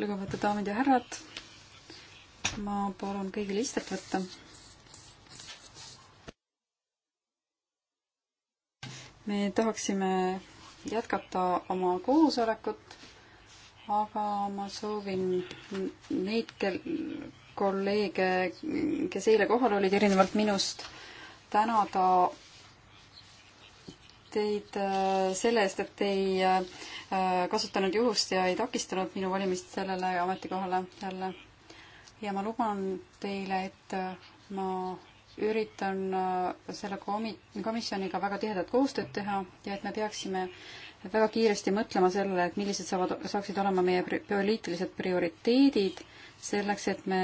lugupeetud daamid ja härrad, ma palun kõigil istet võtta. me tahaksime jätkata oma koosolekut, aga ma soovin neid kolleege, kes eile kohal olid, erinevalt minust, tänada teid äh, selle eest, et te ei äh, kasutanud juhust ja ei takistanud minu valimist sellele ametikohale jälle. ja ma luban teile, et äh, ma üritan selle komi-, komisjoniga väga tihedat koostööd teha ja et me peaksime väga kiiresti mõtlema sellele, et millised saavad, saaksid olema meie poliitilised prioriteedid selleks, et me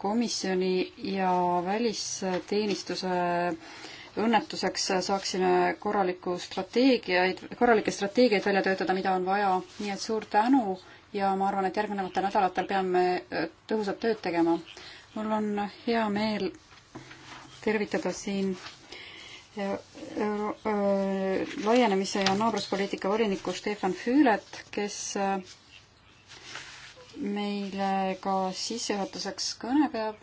komisjoni ja välisteenistuse äh, õnnetuseks saaksime korralikku strateegiaid, korralikke strateegiaid välja töötada, mida on vaja, nii et suur tänu ja ma arvan, et järgnevatel nädalatel peame äh, tõhusat tööd tegema. mul on hea meel tervitada siin äh, äh, laienemise ja naabruspoliitika volinikku Stefan Füület, kes meile ka sissejuhatuseks kõne peab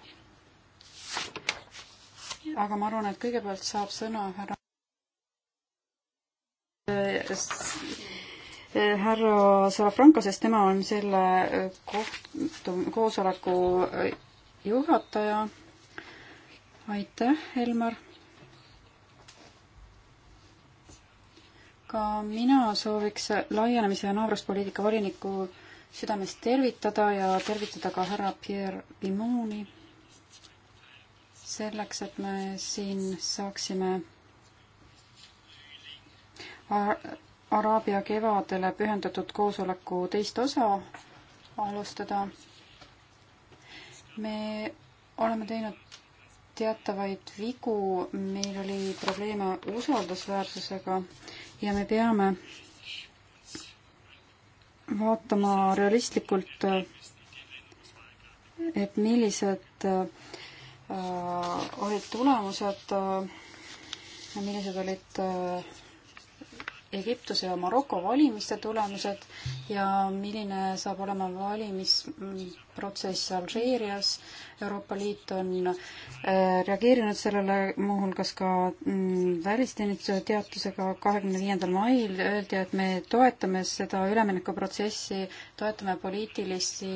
aga ma arvan, et kõigepealt saab sõna härra härra Salafranco, sest tema on selle kohtu, koosoleku juhataja. aitäh, Elmar. ka mina sooviks laienemise ja naabruspoliitika voliniku südamest tervitada ja tervitada ka härra Pierre Pimoni selleks, et me siin saaksime Araabia kevadele pühendatud koosoleku teist osa alustada. me oleme teinud teatavaid vigu, meil oli probleeme usaldusväärsusega ja me peame vaatama realistlikult, et millised Äh, olid tulemused, äh, millised olid äh, Egiptuse ja Maroko valimiste tulemused ja milline saab olema valimisprotsess Alžeerias. Euroopa Liit on reageerinud sellele muuhulgas ka mm, välisteenistuse teatusega kahekümne viiendal mail öeldi, et me toetame seda üleminekuprotsessi, toetame poliitilisi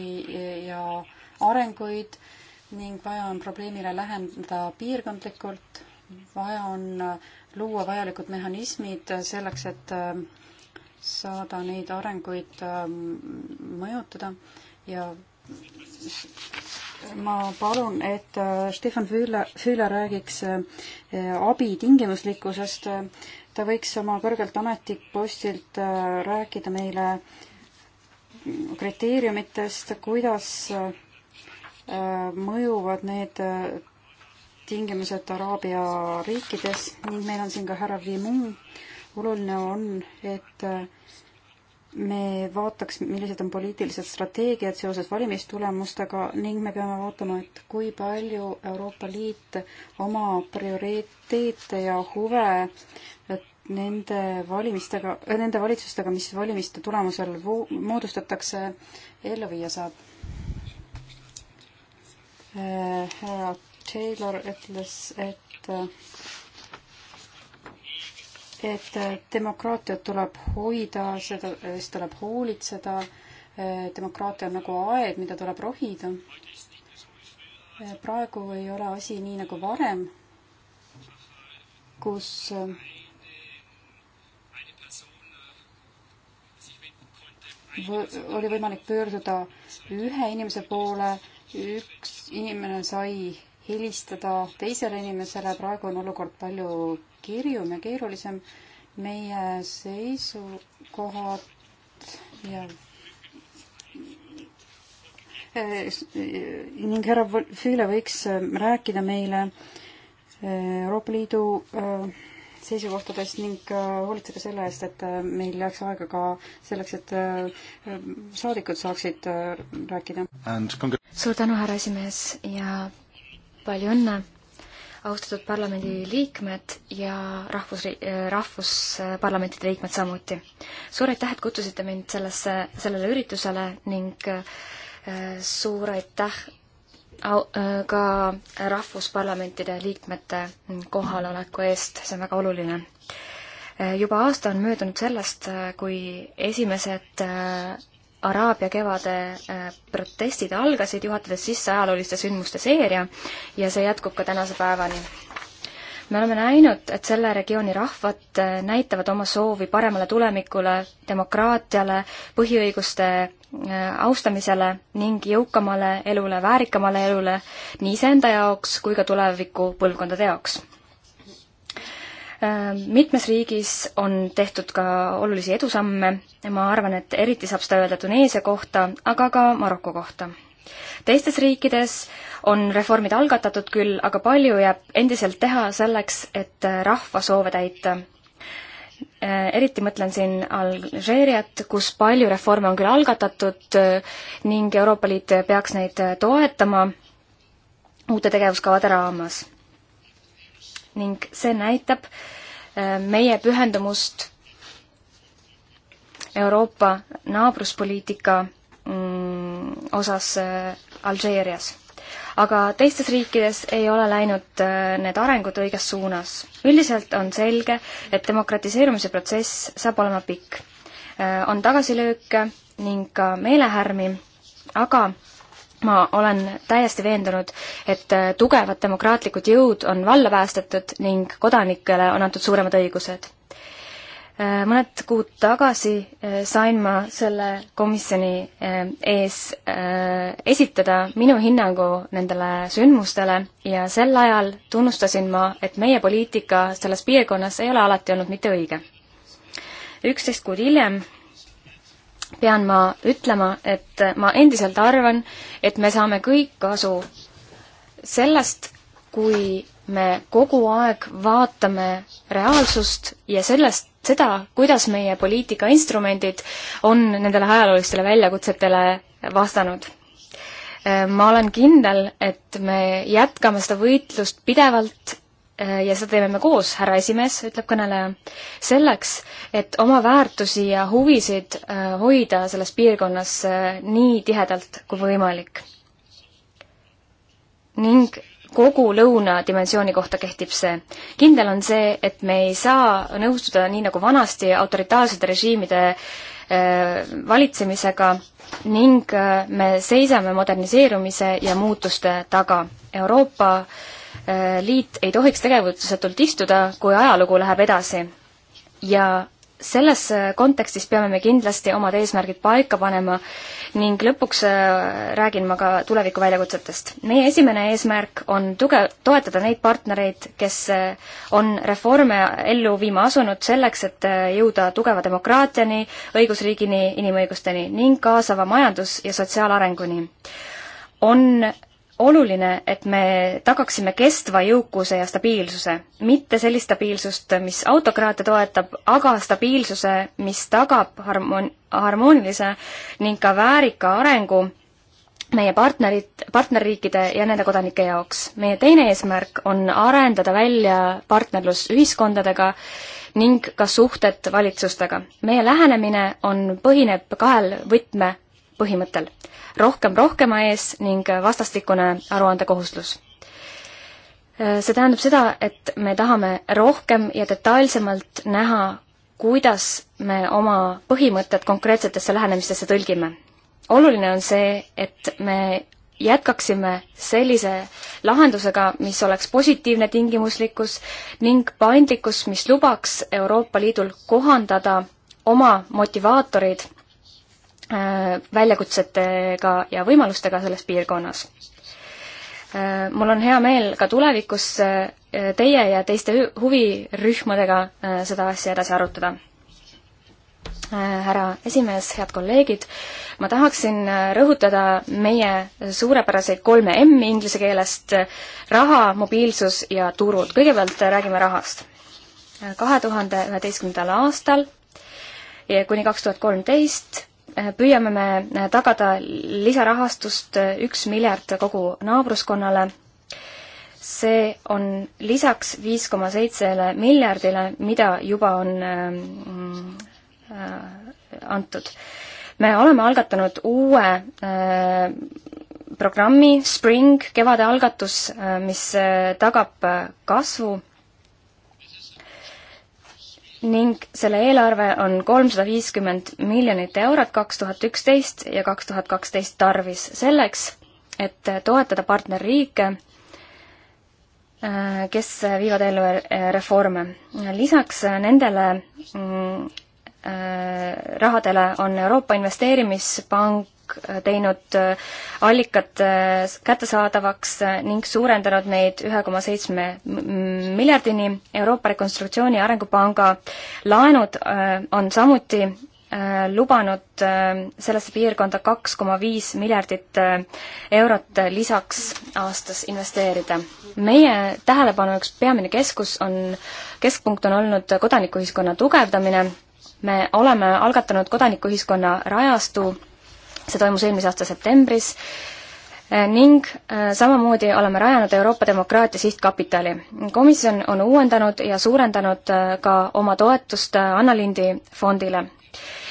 ja arenguid äh, ning vaja on probleemile läheneda piirkondlikult, vaja on äh, luua vajalikud mehhanismid äh, selleks, et äh, saada neid arenguid ähm, mõjutada ja ma palun, et Stefan Füüle, Füüle räägiks abi tingimuslikkusest. ta võiks oma kõrgelt ametipostilt rääkida meile kriteeriumitest, kuidas Äh, mõjuvad need äh, tingimused Araabia riikides ning meil on siin ka härra Vimun. oluline on, et äh, me vaataks, millised on poliitilised strateegiad seoses valimistulemustega ning me peame vaatama, et kui palju Euroopa Liit oma prioriteete ja huve nende valimistega, nende valitsustega, mis valimiste tulemusel moodustatakse, ellu viia saab Eh, härra Taylor ütles, et eh, et eh, demokraatiat tuleb hoida, seda, siis tuleb hoolitseda, demokraatia on nagu aed, mida tuleb rohida. praegu ei ole asi nii nagu varem, kus või, oli võimalik pöörduda ühe inimese poole üks inimene sai helistada teisele inimesele, praegu on olukord palju kirjum ja keerulisem. meie seisukohad ja ning härra Füüle võiks rääkida meile Euroopa Liidu äh, seisukohtades ning äh, hoolitseda selle eest, et äh, meil jääks aega ka selleks, et äh, saadikud saaksid rääkida. suur tänu, härra esimees ja palju õnne, austatud parlamendi liikmed ja rahvus, rahvusparlamentide liikmed samuti. suur aitäh, et kutsusite mind sellesse, sellele üritusele ning suur aitäh Äh, ka rahvusparlamentide liikmete kohaloleku eest, see on väga oluline. Äh, juba aasta on möödunud sellest, äh, kui esimesed Araabia kevade protestid algasid, juhatades sisse ajalooliste sündmuste seeria ja see jätkub ka tänase päevani. me oleme näinud, et selle regiooni rahvad näitavad oma soovi paremale tulemikule, demokraatiale, põhiõiguste Äh, austamisele ning jõukamale elule, väärikamale elule nii iseenda jaoks kui ka tuleviku põlvkondade jaoks. Äh, mitmes riigis on tehtud ka olulisi edusamme, ma arvan, et eriti saab seda öelda Tuneesia kohta, aga ka Maroko kohta. teistes riikides on reformid algatatud küll, aga palju jääb endiselt teha selleks, et rahva soove täita Äh, eriti mõtlen siin Alžeeriat, kus palju reforme on küll algatatud äh, ning Euroopa Liit peaks neid äh, toetama uute tegevuskavade raames. ning see näitab meie pühendumust Euroopa naabruspoliitika mm, osas Alžeerias aga teistes riikides ei ole läinud äh, need arengud õiges suunas. üldiselt on selge, et demokratiseerumise protsess saab olema pikk. Äh, on tagasilööke ning ka meelehärmi, aga ma olen täiesti veendunud, et äh, tugevad demokraatlikud jõud on valla päästetud ning kodanikele on antud suuremad õigused Äh, mõned kuud tagasi äh, sain ma selle komisjoni äh, ees esitada minu hinnangu nendele sündmustele ja sel ajal tunnustasin ma, et meie poliitika selles piirkonnas ei ole alati olnud mitte õige. üksteist kuud hiljem pean ma ütlema, et ma endiselt arvan, et me saame kõik kasu sellest, kui me kogu aeg vaatame reaalsust ja sellest, seda, kuidas meie poliitika instrumendid on nendele ajaloolistele väljakutsetele vastanud. Äh, ma olen kindel, et me jätkame seda võitlust pidevalt äh, ja seda teeme me koos, härra esimees, ütleb kõneleja, selleks, et oma väärtusi ja huvisid äh, hoida selles piirkonnas nii tihedalt kui võimalik. ning kogu lõunadimensiooni kohta kehtib see. kindel on see, et me ei saa nõustuda nii nagu vanasti autoritaarsete režiimide äh, valitsemisega ning äh, me seisame moderniseerumise ja muutuste taga. Euroopa äh, Liit ei tohiks tegevusetult istuda, kui ajalugu läheb edasi. ja selles kontekstis peame me kindlasti omad eesmärgid paika panema ning lõpuks äh, räägin ma ka tuleviku väljakutsetest. meie esimene eesmärk on tuge-, toetada neid partnereid, kes äh, on reforme ellu viima asunud selleks, et äh, jõuda tugeva demokraatiani, õigusriigini, inimõigusteni ning kaasava majandus- ja sotsiaalarenguni. on oluline, et me tagaksime kestva jõukuse ja stabiilsuse. mitte sellist stabiilsust, mis autokraatia toetab, aga stabiilsuse, mis tagab harmoon-, harmoonilise ning ka väärika arengu meie partnerid, partnerriikide ja nende kodanike jaoks. meie teine eesmärk on arendada välja partnerlus ühiskondadega ning ka suhted valitsustega. meie lähenemine on, põhineb kahel võtme põhimõttel. rohkem rohkema ees ning vastastikune aruandekohustus. see tähendab seda, et me tahame rohkem ja detailsemalt näha, kuidas me oma põhimõtted konkreetsetesse lähenemistesse tõlgime. oluline on see, et me jätkaksime sellise lahendusega, mis oleks positiivne tingimuslikkus ning paindlikkus, mis lubaks Euroopa Liidul kohandada oma motivaatorid Äh, väljakutsetega ja võimalustega selles piirkonnas. Äh, mul on hea meel ka tulevikus äh, teie ja teiste huvirühmadega seda asja edasi arutada. härra esimees, head kolleegid, ma tahaksin rõhutada meie suurepäraseid kolme M-i inglise keelest, raha, mobiilsus ja turud. kõigepealt räägime rahast. kahe tuhande üheteistkümnendal aastal kuni kaks tuhat kolmteist püüame me tagada lisarahastust üks miljard kogu naabruskonnale. see on lisaks viis koma seitsele miljardile, mida juba on äh, antud. me oleme algatanud uue äh, programmi Spring, kevade algatus, äh, mis äh, tagab äh, kasvu ning selle eelarve on kolmsada viiskümmend miljonit eurot kaks tuhat üksteist ja kaks tuhat kaksteist tarvis selleks, et toetada partnerriike, äh, kes viivad ellu reforme. lisaks nendele mm, äh, rahadele on Euroopa Investeerimispank teinud äh, allikad kättesaadavaks ning suurendanud neid ühe koma seitsme miljardini. Euroopa Rekonstruktsiooni ja Arengupanga laenud äh, on samuti äh, lubanud äh, sellesse piirkonda kaks koma viis miljardit eurot lisaks aastas investeerida. meie tähelepanu üks peamine keskus on, keskpunkt on olnud kodanikuühiskonna tugevdamine. me oleme algatanud kodanikuühiskonna rajastu, see toimus eelmise aasta septembris Eh, ning eh, samamoodi oleme rajanud Euroopa Demokraatia Sihtkapitali. komisjon on uuendanud ja suurendanud eh, ka oma toetust Anna Lindi fondile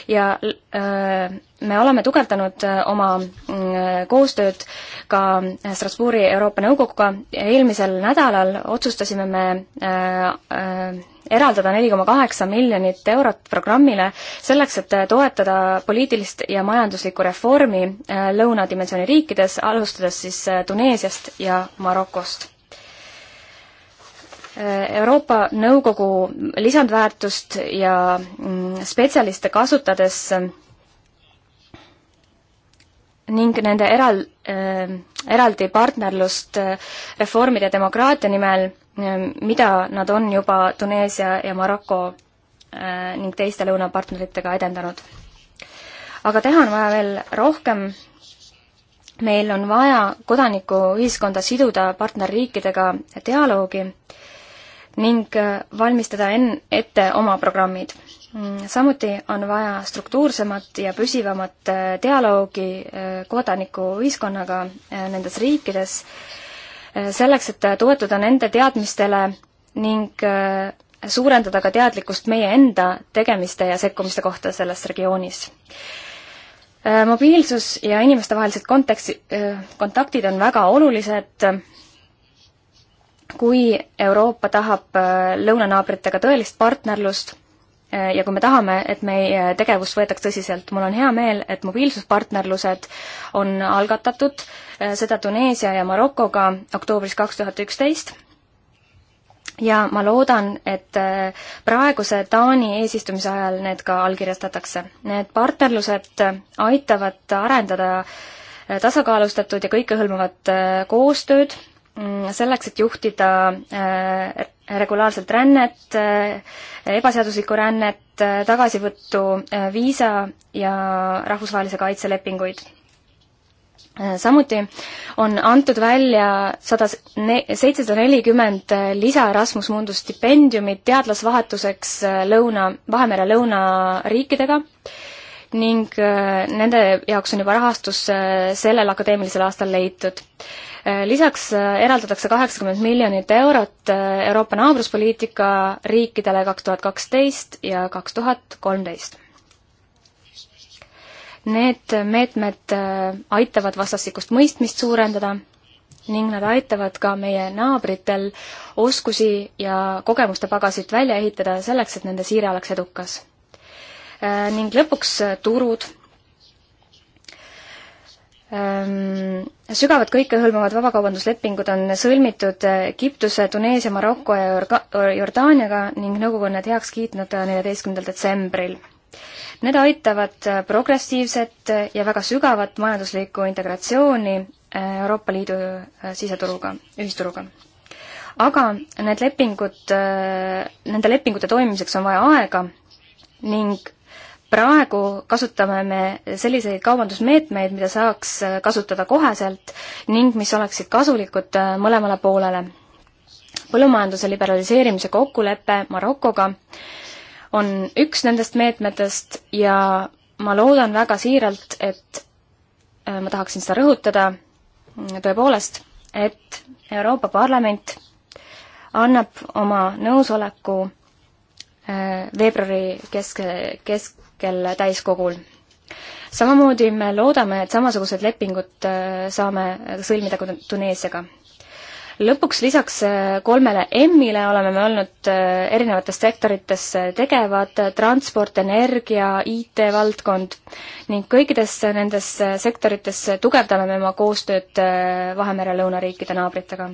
ja äh, me oleme tugevdanud äh, oma äh, koostööd ka Strasbourgi Euroopa Nõukoguga, eelmisel nädalal otsustasime me eraldada neli koma kaheksa miljonit eurot programmile selleks, et toetada poliitilist ja majanduslikku reformi lõunadimensiooni riikides, alustades siis Tuneesiast ja Marokost Euroopa Nõukogu lisandväärtust ja mm, spetsialiste kasutades ning nende eral-, äh, eraldi partnerlust äh, reformide demokraatia nimel, äh, mida nad on juba Tuneesia ja Maroko ning teiste lõunapartneritega edendanud. aga teha on vaja veel rohkem, meil on vaja kodanikuühiskonda siduda partnerriikidega dialoogi, ning äh, valmistada enn-, ette oma programmid. Mm, samuti on vaja struktuursemat ja püsivamat äh, dialoogi äh, kodanikuühiskonnaga nendes riikides, selleks, et toetuda nende teadmistele ning suurendada ka teadlikkust meie enda tegemiste ja sekkumiste kohta selles regioonis mobiilsus ja inimestevahelised konteksti, kontaktid on väga olulised kui Euroopa tahab äh, lõunanaabritega tõelist partnerlust äh, ja kui me tahame, et meie äh, tegevust võetaks tõsiselt, mul on hea meel, et mobiilsuspartnerlused on algatatud, seda Tuneesia ja Marokoga oktoobris kaks tuhat üksteist, ja ma loodan, et praeguse Taani eesistumise ajal need ka allkirjastatakse. Need partnerlused aitavad arendada tasakaalustatud ja kõikehõlmavat koostööd Mm, selleks, et juhtida äh, regulaarselt rännet, äh, ebaseaduslikku rännet, äh, tagasivõttu viisa ja rahvusvahelise kaitse lepinguid. samuti on antud välja sada, seitsesada nelikümmend lisa Erasmus Mundus stipendiumit teadlasvahetuseks lõuna, Vahemere lõunariikidega ning äh, nende jaoks on juba rahastus äh, sellel akadeemilisel aastal leitud. Äh, lisaks eraldatakse kaheksakümmend miljonit eurot Euroopa naabruspoliitika riikidele kaks tuhat kaksteist ja kaks tuhat kolmteist. Need meetmed aitavad vastastikust mõistmist suurendada ning nad aitavad ka meie naabritel oskusi ja kogemuste pagasit välja ehitada selleks, et nende siire oleks edukas Äh, ning lõpuks äh, turud ähm, sügavad kõikehõlmavad vabakaubanduslepingud on sõlmitud äh, Egiptuse, Tuneesia, Maroko ja Jorga-, Jordaaniaga ning nõukogu on need heaks kiitnud neljateistkümnendal detsembril. Need aitavad progressiivset ja väga sügavat majanduslikku integratsiooni Euroopa Liidu siseturuga, ühisturuga. aga need lepingud, nende lepingute toimimiseks on vaja aega ning praegu kasutame me selliseid kaubandusmeetmeid, mida saaks kasutada koheselt ning mis oleksid kasulikud mõlemale poolele. põllumajanduse liberaliseerimise kokkulepe Marokoga on üks nendest meetmetest ja ma loodan väga siiralt, et äh, ma tahaksin seda rõhutada tõepoolest, et Euroopa Parlament annab oma nõusoleku äh, veebruari kesk, kesk, kell täiskogul. samamoodi me loodame, et samasugused lepingud äh, saame sõlmida ka Tuneesiaga lõpuks lisaks äh, kolmele M-ile oleme me olnud äh, erinevates sektorites tegevad, transport, energia, IT-valdkond ning kõikides nendes sektorites tugevdame me oma koostööd Vahemere lõunariikide naabritega.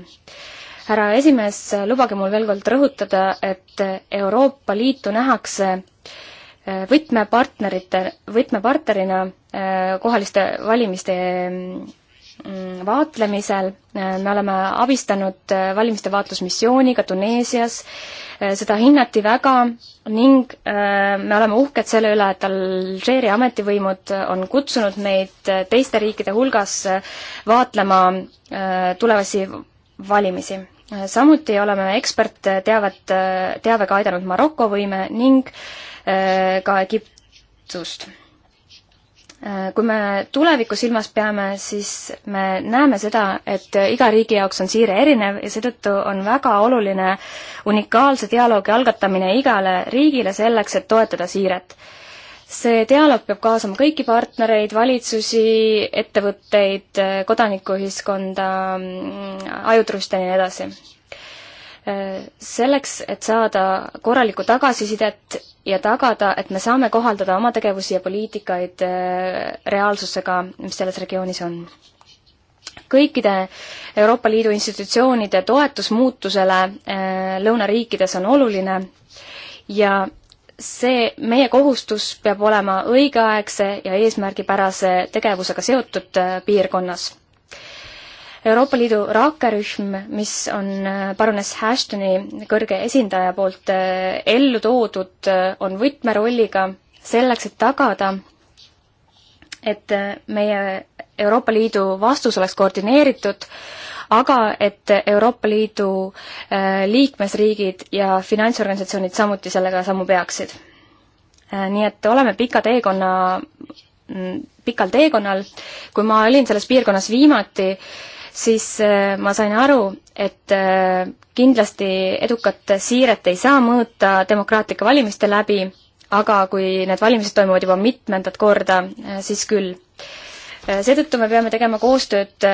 härra esimees, lubage mul veel kord rõhutada, et Euroopa Liitu nähakse võtmepartnerite, võtmepartnerina äh, kohaliste valimiste mm, vaatlemisel, äh, me oleme abistanud äh, valimiste vaatlusmissiooniga Tuneesias, seda hinnati väga ning me oleme uhked selle üle, et Alžeeri ametivõimud on kutsunud meid teiste riikide hulgas vaatlema tulevasi valimisi. samuti oleme ekspertteavet, teavega aidanud Maroko võime ning äh, Äh, ka Egiptust. Äh, kui me tulevikku silmas peame, siis me näeme seda, et iga riigi jaoks on siire erinev ja seetõttu on väga oluline unikaalse dialoogi algatamine igale riigile selleks, et toetada siiret see dialoog peab kaasama kõiki partnereid, valitsusi, ettevõtteid, äh, kodanikuühiskonda, mm, ajutruste ja nii edasi selleks, et saada korralikku tagasisidet ja tagada, et me saame kohaldada oma tegevusi ja poliitikaid äh, reaalsusega, mis selles regioonis on. kõikide Euroopa Liidu institutsioonide toetus muutusele äh, lõunariikides on oluline ja see meie kohustus peab olema õigeaegse ja eesmärgipärase tegevusega seotud äh, piirkonnas Euroopa Liidu rakkerühm, mis on äh, parunes Ashtoni kõrge esindaja poolt äh, ellu toodud, äh, on võtmerolliga selleks, et tagada, et meie Euroopa Liidu vastus oleks koordineeritud, aga et Euroopa Liidu liikmesriigid ja finantsorganisatsioonid samuti sellega sammu peaksid. nii et oleme pika teekonna, mm, pikal teekonnal, kui ma olin selles piirkonnas viimati, siis äh, ma sain aru, et äh, kindlasti edukat siiret ei saa mõõta demokraatlike valimiste läbi, aga kui need valimised toimuvad juba mitmendat korda, äh, siis küll. seetõttu me peame tegema koostööd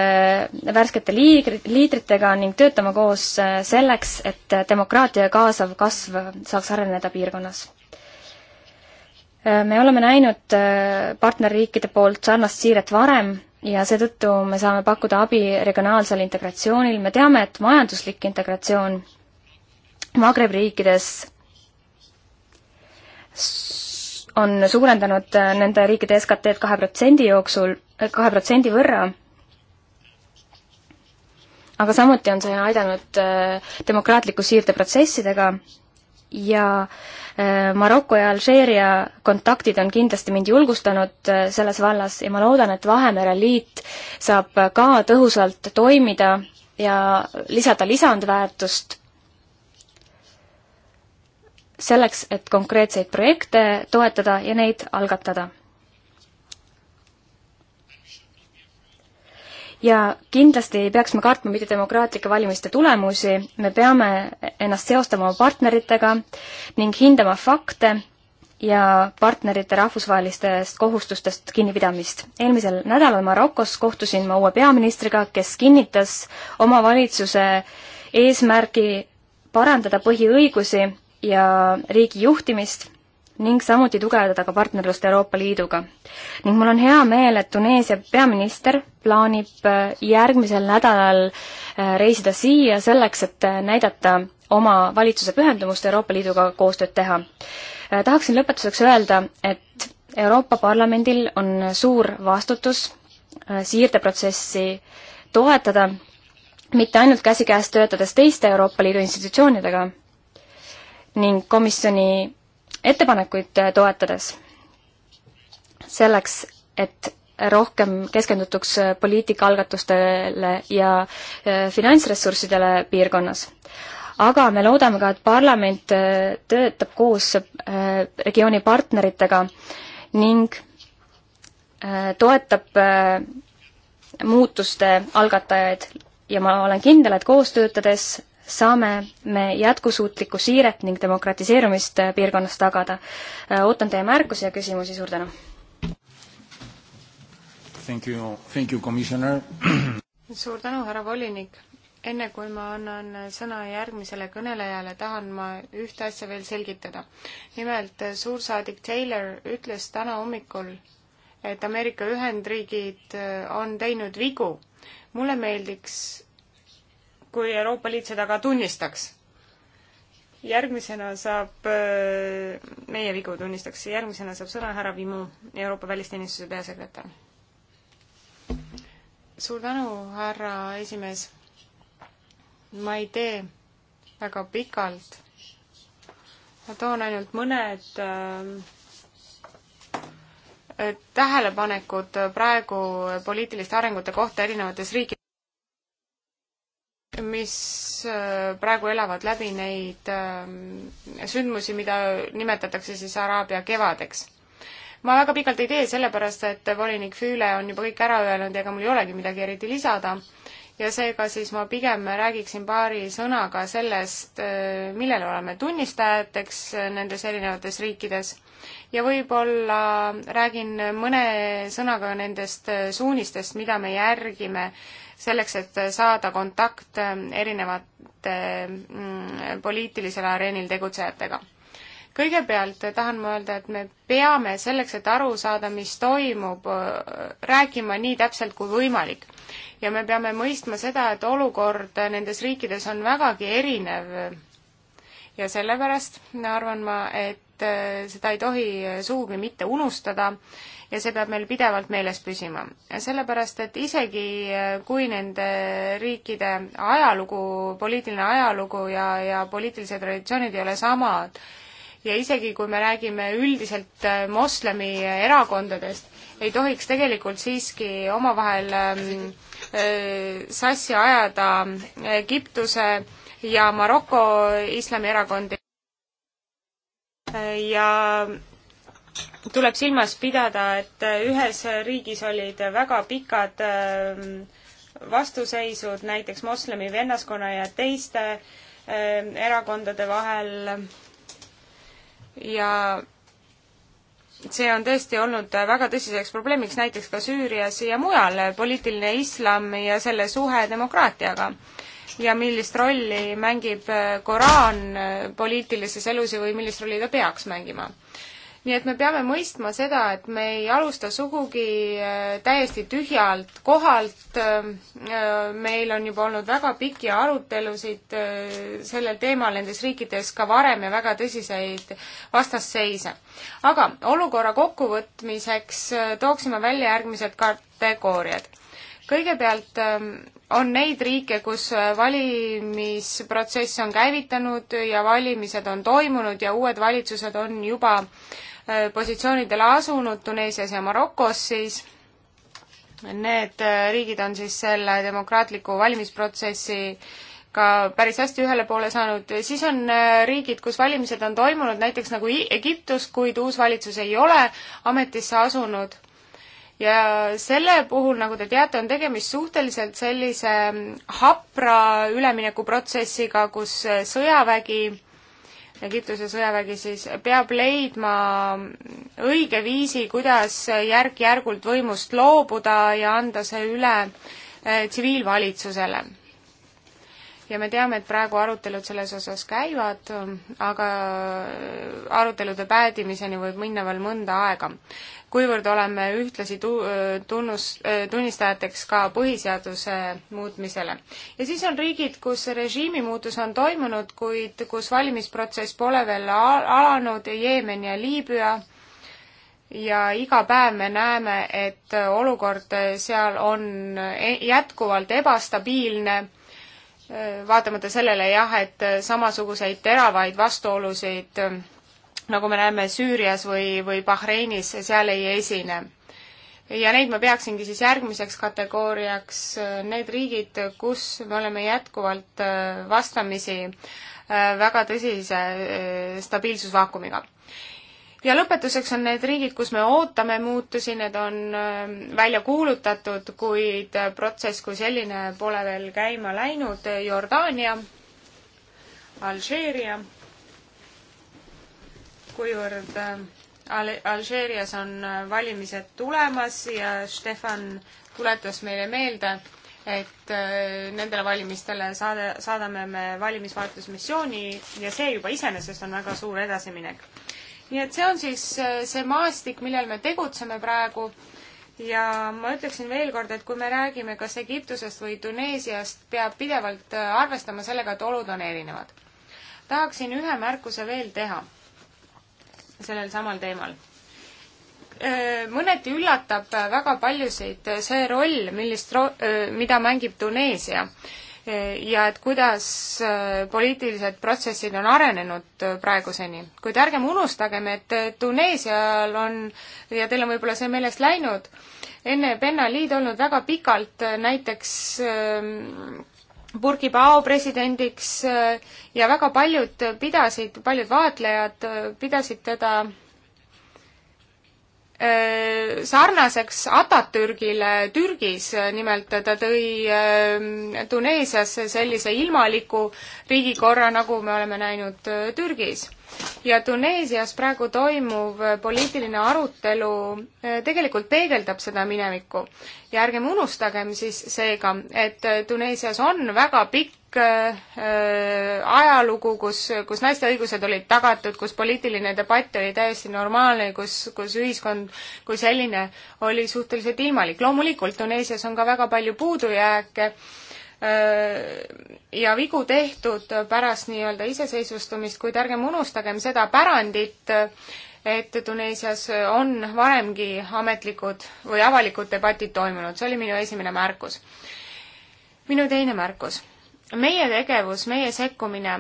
värskete liigri, liidritega ning töötama koos selleks, et demokraatia kaasav kasv saaks areneda piirkonnas me oleme näinud partnerriikide poolt sarnast siiret varem ja seetõttu me saame pakkuda abi regionaalsel integratsioonil, me teame, et majanduslik integratsioon Magrebi riikides on suurendanud nende riikide SKT-d kahe protsendi jooksul, kahe protsendi võrra, aga samuti on see aidanud äh, demokraatliku siirde protsessidega ja äh, Äh, Maroko ja Alžeeria kontaktid on kindlasti mind julgustanud äh, selles vallas ja ma loodan, et Vahemere Liit saab ka tõhusalt toimida ja lisada lisandväärtust selleks, et konkreetseid projekte toetada ja neid algatada. ja kindlasti ei peaks me kartma mitte demokraatlike valimiste tulemusi, me peame ennast seostama oma partneritega ning hindama fakte ja partnerite rahvusvahelistest kohustustest kinnipidamist. eelmisel nädalal Marokos kohtusin ma uue peaministriga, kes kinnitas oma valitsuse eesmärgi parandada põhiõigusi ja riigi juhtimist ning samuti tugevdada ka partnerlust Euroopa Liiduga. ning mul on hea meel, et Tuneesia peaminister plaanib äh, järgmisel nädalal äh, reisida siia selleks, et äh, näidata oma valitsuse pühendumust Euroopa Liiduga koostööd teha. tahaksin lõpetuseks öelda, et Euroopa Parlamendil on suur vastutus siirdeprotsessi toetada, mitte ainult käsikäes töötades teiste Euroopa Liidu institutsioonidega ning komisjoni ettepanekuid äh, toetades selleks, et rohkem keskendutuks äh, poliitikaalgatustele ja äh, finantsressurssidele piirkonnas. aga me loodame ka, et parlament töötab koos regiooni partneritega ning toetab muutuste algatajaid ja ma olen kindel, et koos töötades saame me jätkusuutlikku siiret ning demokratiseerumist piirkonnas tagada. ootan teie märkusi ja küsimusi, suur tänu! suur tänu, härra volinik! enne kui ma annan sõna järgmisele kõnelejale, tahan ma ühte asja veel selgitada. nimelt suursaadik Taylor ütles täna hommikul, et Ameerika Ühendriigid äh, on teinud vigu. mulle meeldiks kui Euroopa Liit seda ka tunnistaks. järgmisena saab, äh, meie vigu tunnistaks, järgmisena saab sõna härra Vimu, Euroopa Välisteenistuse peasekretär. suur tänu, härra esimees. ma ei tee väga pikalt. ma toon ainult mõned äh, tähelepanekud praegu poliitiliste arengute kohta erinevates riikides mis äh, praegu elavad läbi neid ähm, sündmusi, mida nimetatakse siis Araabia kevadeks. ma väga pikalt ei tee, sellepärast et volinik Füüle on juba kõik ära öelnud ja ega mul ei olegi midagi eriti lisada ja seega siis ma pigem räägiksin paari sõnaga sellest, äh, millele oleme tunnistajateks äh, nendes erinevates riikides ja võib-olla räägin mõne sõnaga nendest suunistest, mida me järgime selleks, et saada kontakt äh, erinevate mm, poliitilisel areenil tegutsejatega. kõigepealt tahan ma öelda, et me peame selleks, et aru saada, mis toimub, äh, rääkima nii täpselt kui võimalik. ja me peame mõistma seda, et olukord nendes riikides on vägagi erinev ja sellepärast arvan ma, et äh, seda ei tohi sugugi mitte unustada ja see peab meil pidevalt meeles püsima. sellepärast, et isegi äh, kui nende riikide ajalugu, poliitiline ajalugu ja, ja poliitilised traditsioonid ei ole samad, ja isegi, kui me räägime üldiselt äh, moslemi erakondadest, ei tohiks tegelikult siiski omavahel ähm, äh, sassi ajada Egiptuse ja Maroko islamierakondi ja tuleb silmas pidada, et äh, ühes riigis olid väga pikad ähm, vastuseisud näiteks moslemi vennaskonna ja teiste ähm, erakondade vahel ja see on tõesti olnud väga tõsiseks probleemiks näiteks ka Süürias ja mujal, äh, poliitiline islam ja selle suhe demokraatiaga. ja millist rolli mängib äh, Koraan poliitilises elus ja või millist rolli ta peaks mängima nii et me peame mõistma seda, et me ei alusta sugugi äh, täiesti tühjalt kohalt. Äh, äh, meil on juba olnud väga pikki arutelusid sellel teemal nendes riikides ka varem ja väga tõsiseid vastasseise. aga olukorra kokkuvõtmiseks tooksime välja järgmised kategooriad kõigepealt ähm, on neid riike, kus valimisprotsess on käivitanud ja valimised on toimunud ja uued valitsused on juba Äh, positsioonidele asunud Tuneesias ja Marokos, siis need äh, riigid on siis selle demokraatliku valimisprotsessi ka päris hästi ühele poole saanud, siis on äh, riigid, kus valimised on toimunud, näiteks nagu Egiptus, kuid uus valitsus ei ole ametisse asunud. ja selle puhul, nagu te teate, on tegemist suhteliselt sellise hapra üleminekuprotsessiga, kus sõjavägi Egiptuse sõjavägi siis peab leidma õige viisi, kuidas järk-järgult võimust loobuda ja anda see üle eh, tsiviilvalitsusele ja me teame, et praegu arutelud selles osas käivad, aga arutelude päädimiseni võib minna veel mõnda aega. kuivõrd oleme ühtlasi tu-, tunnus, tunnistajateks ka põhiseaduse muutmisele. ja siis on riigid, kus režiimi muutus on toimunud, kuid kus valimisprotsess pole veel alanud, Jeemen ja Liibüa, ja iga päev me näeme, et olukord seal on e-, jätkuvalt ebastabiilne vaatamata sellele jah, et samasuguseid teravaid vastuolusid, äh, nagu me näeme Süürias või, või Bahreinis, seal ei esine. ja neid ma peaksingi siis järgmiseks kategooriaks, äh, need riigid, kus me oleme jätkuvalt äh, vastamisi väga tõsise stabiilsusvaakumiga ja lõpetuseks on need riigid, kus me ootame muutusi, need on ähm, välja kuulutatud, kuid äh, protsess kui selline pole veel käima läinud. Jordaania, Alžeeria, kuivõrd ähm, Al-, Alžeerias on äh, valimised tulemas ja Stefan tuletas meile meelde, et äh, nendele valimistele saade, saadame me valimisvaatlusmissiooni ja see juba iseenesest on väga suur edasiminek nii et see on siis äh, see maastik, millel me tegutseme praegu ja ma ütleksin veel kord, et kui me räägime kas Egiptusest või Tuneesiast, peab pidevalt äh, arvestama sellega, et olud on erinevad. tahaksin ühe märkuse veel teha sellel samal teemal. Äh, mõneti üllatab väga paljusid see roll, millist ro-, mida mängib Tuneesia ja et kuidas äh, poliitilised protsessid on arenenud äh, praeguseni. kuid ärgem unustagem, et äh, Tuneesial on, ja teil on võib-olla see meelest läinud, enne Bennaliid olnud väga pikalt näiteks ähm, Burkibao presidendiks ja väga paljud pidasid, paljud vaatlejad pidasid teda Äh, sarnaseks Atatürgile Türgis, nimelt ta tõi ähm, Tuneesiasse sellise ilmaliku riigikorra, nagu me oleme näinud äh, Türgis. ja Tuneesias praegu toimuv poliitiline arutelu äh, tegelikult peegeldab seda minevikku. ja ärgem unustagem siis seega, et Tuneesias on väga pikk Äh, ajalugu, kus, kus naiste õigused olid tagatud, kus poliitiline debatt oli täiesti normaalne, kus, kus ühiskond kui selline oli suhteliselt ilmalik. loomulikult Tuneesias on ka väga palju puudujääke äh, ja vigu tehtud pärast nii-öelda iseseisvustumist, kuid ärgem unustagem seda pärandit, et Tuneesias on varemgi ametlikud või avalikud debatid toimunud, see oli minu esimene märkus. minu teine märkus meie tegevus, meie sekkumine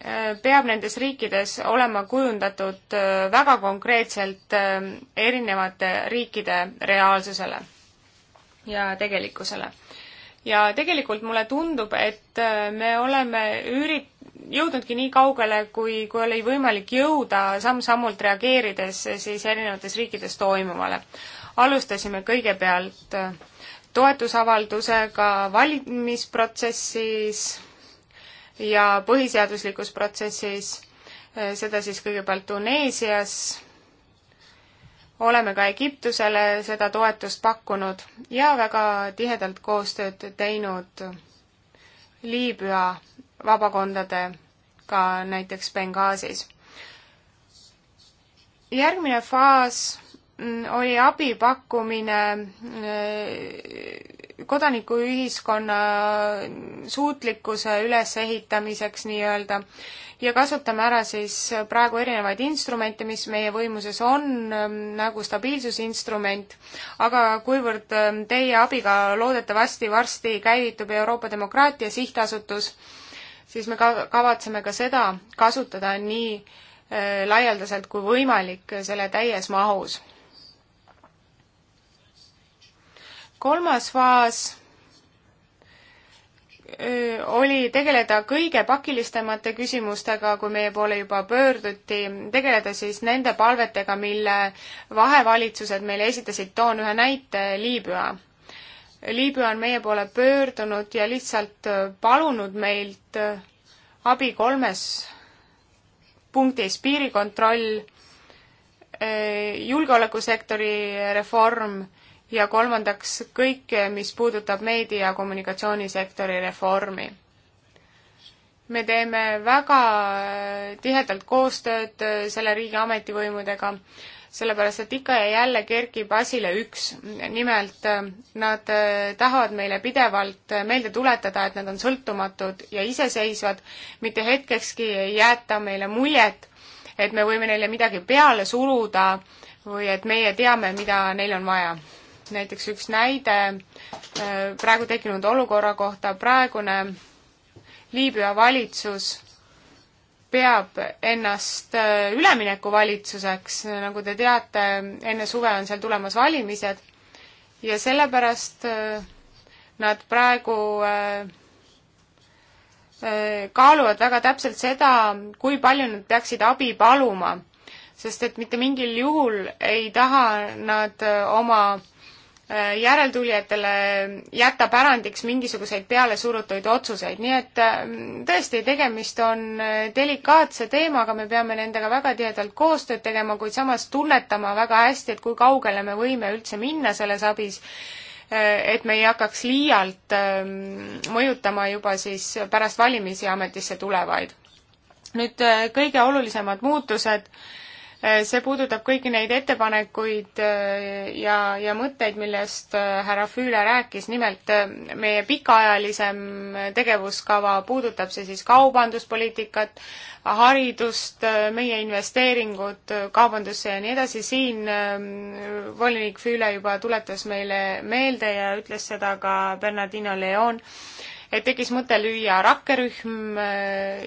äh, peab nendes riikides olema kujundatud äh, väga konkreetselt äh, erinevate riikide reaalsusele ja tegelikkusele. ja tegelikult mulle tundub, et me oleme ürit-, jõudnudki nii kaugele, kui, kui oli võimalik jõuda samm-sammult reageerides siis erinevates riikides toimuvale. alustasime kõigepealt äh, toetusavaldusega valimisprotsessis ja põhiseaduslikus protsessis, eh, seda siis kõigepealt Tuneesias, oleme ka Egiptusele seda toetust pakkunud ja väga tihedalt koostööd teinud Liibüa vabakondadega näiteks Benghazis. järgmine faas oli abi pakkumine äh, kodanikuühiskonna suutlikkuse ülesehitamiseks nii-öelda ja kasutame ära siis praegu erinevaid instrumente, mis meie võimuses on, ähm, nagu stabiilsusinstrument, aga kuivõrd ähm, teie abiga loodetavasti varsti käivitub Euroopa Demokraatia Sihtasutus, siis me ka-, kavatseme ka seda kasutada nii äh, laialdaselt kui võimalik selle täies mahus kolmas faas oli tegeleda kõige pakilistemate küsimustega, kui meie poole juba pöörduti, tegeleda siis nende palvetega, mille vahevalitsused meile esitasid, toon ühe näite, Liibüa. Liibüa on meie poole pöördunud ja lihtsalt palunud meilt abi kolmes punktis, piirikontroll, julgeolekusektori reform ja kolmandaks kõik, mis puudutab meedia- ja kommunikatsioonisektori reformi. me teeme väga tihedalt koostööd äh, selle riigi ametivõimudega, sellepärast et ikka ja jälle kerkib asile üks. nimelt äh, nad äh, tahavad meile pidevalt meelde tuletada, et nad on sõltumatud ja iseseisvad, mitte hetkekski ei jäeta meile muljet, et me võime neile midagi peale suruda või et meie teame, mida neil on vaja näiteks üks näide äh, praegu tekkinud olukorra kohta, praegune Liibüa valitsus peab ennast äh, üleminekuvalitsuseks, nagu te teate, enne suve on seal tulemas valimised ja sellepärast äh, nad praegu kaaluvad väga täpselt seda, kui palju nad peaksid abi paluma, sest et mitte mingil juhul ei taha nad oma Äh, järeltulijatele jätta pärandiks mingisuguseid pealesurutuid otsuseid, nii et äh, tõesti, tegemist on äh, delikaatse teemaga, me peame nendega väga tihedalt koostööd tegema, kuid samas tunnetama väga hästi, et kui kaugele me võime üldse minna selles abis, et me ei hakkaks liialt ähm, mõjutama juba siis pärast valimisi ametisse tulevaid. nüüd kõige olulisemad muutused Eh, see puudutab kõiki neid ettepanekuid eh, ja, ja mõtteid, millest eh, härra Füüle rääkis, nimelt meie pikaajalisem tegevuskava, puudutab see siis kaubanduspoliitikat, haridust, meie investeeringud kaubandusse ja nii edasi, siin volinik Füüle juba tuletas meile meelde ja ütles seda ka Bernardino Leon, et tekkis mõte lüüa rakkerühm,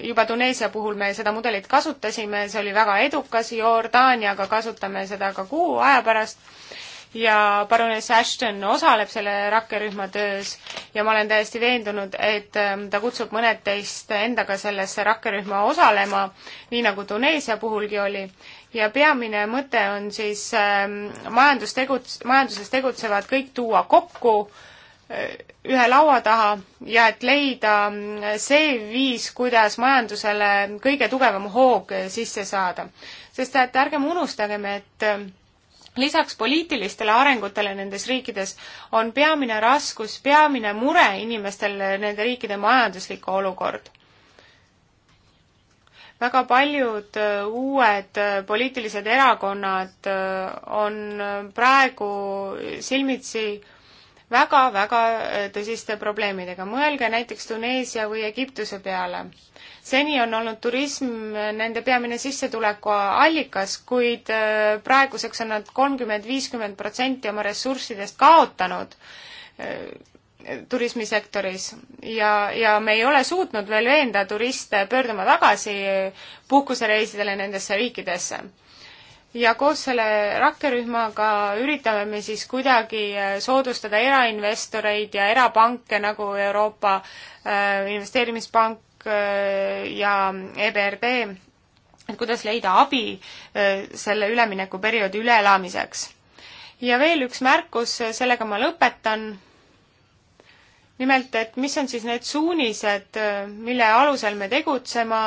juba Tuneesia puhul me seda mudelit kasutasime, see oli väga edukas, Jordaaniaga kasutame seda ka kuu aja pärast ja paruness Ashton osaleb selle rakkerühma töös ja ma olen täiesti veendunud, et ähm, ta kutsub mõned teist endaga sellesse rakkerühma osalema, nii nagu Tuneesia puhulgi oli. ja peamine mõte on siis ähm, majandustegut-, majanduses tegutsevad kõik tuua kokku äh, ühe laua taha ja et leida see viis, kuidas majandusele kõige tugevam hoog sisse saada. sest et ärgem unustagem, et lisaks poliitilistele arengutele nendes riikides on peamine raskus, peamine mure inimestel nende riikide majanduslik olukord. väga paljud uh, uued uh, poliitilised erakonnad uh, on praegu silmitsi väga-väga äh, tõsiste probleemidega. mõelge näiteks Tuneesia või Egiptuse peale. seni on olnud turism äh, nende peamine sissetulekuallikas, kuid äh, praeguseks on nad kolmkümmend, viiskümmend protsenti oma ressurssidest kaotanud turismisektoris ja, ja me ei ole suutnud veel veenda turiste pöörduma tagasi puhkusereisidele nendesse riikidesse ja koos selle rakkerühmaga üritame me siis kuidagi äh, soodustada erainvestoreid ja erapanke nagu Euroopa äh, Investeerimispank äh, ja EBRD, et kuidas leida abi selle üleminekuperioodi üleelamiseks. ja veel üks märkus, sellega ma lõpetan nimelt, et mis on siis need suunised, mille alusel me tegutsema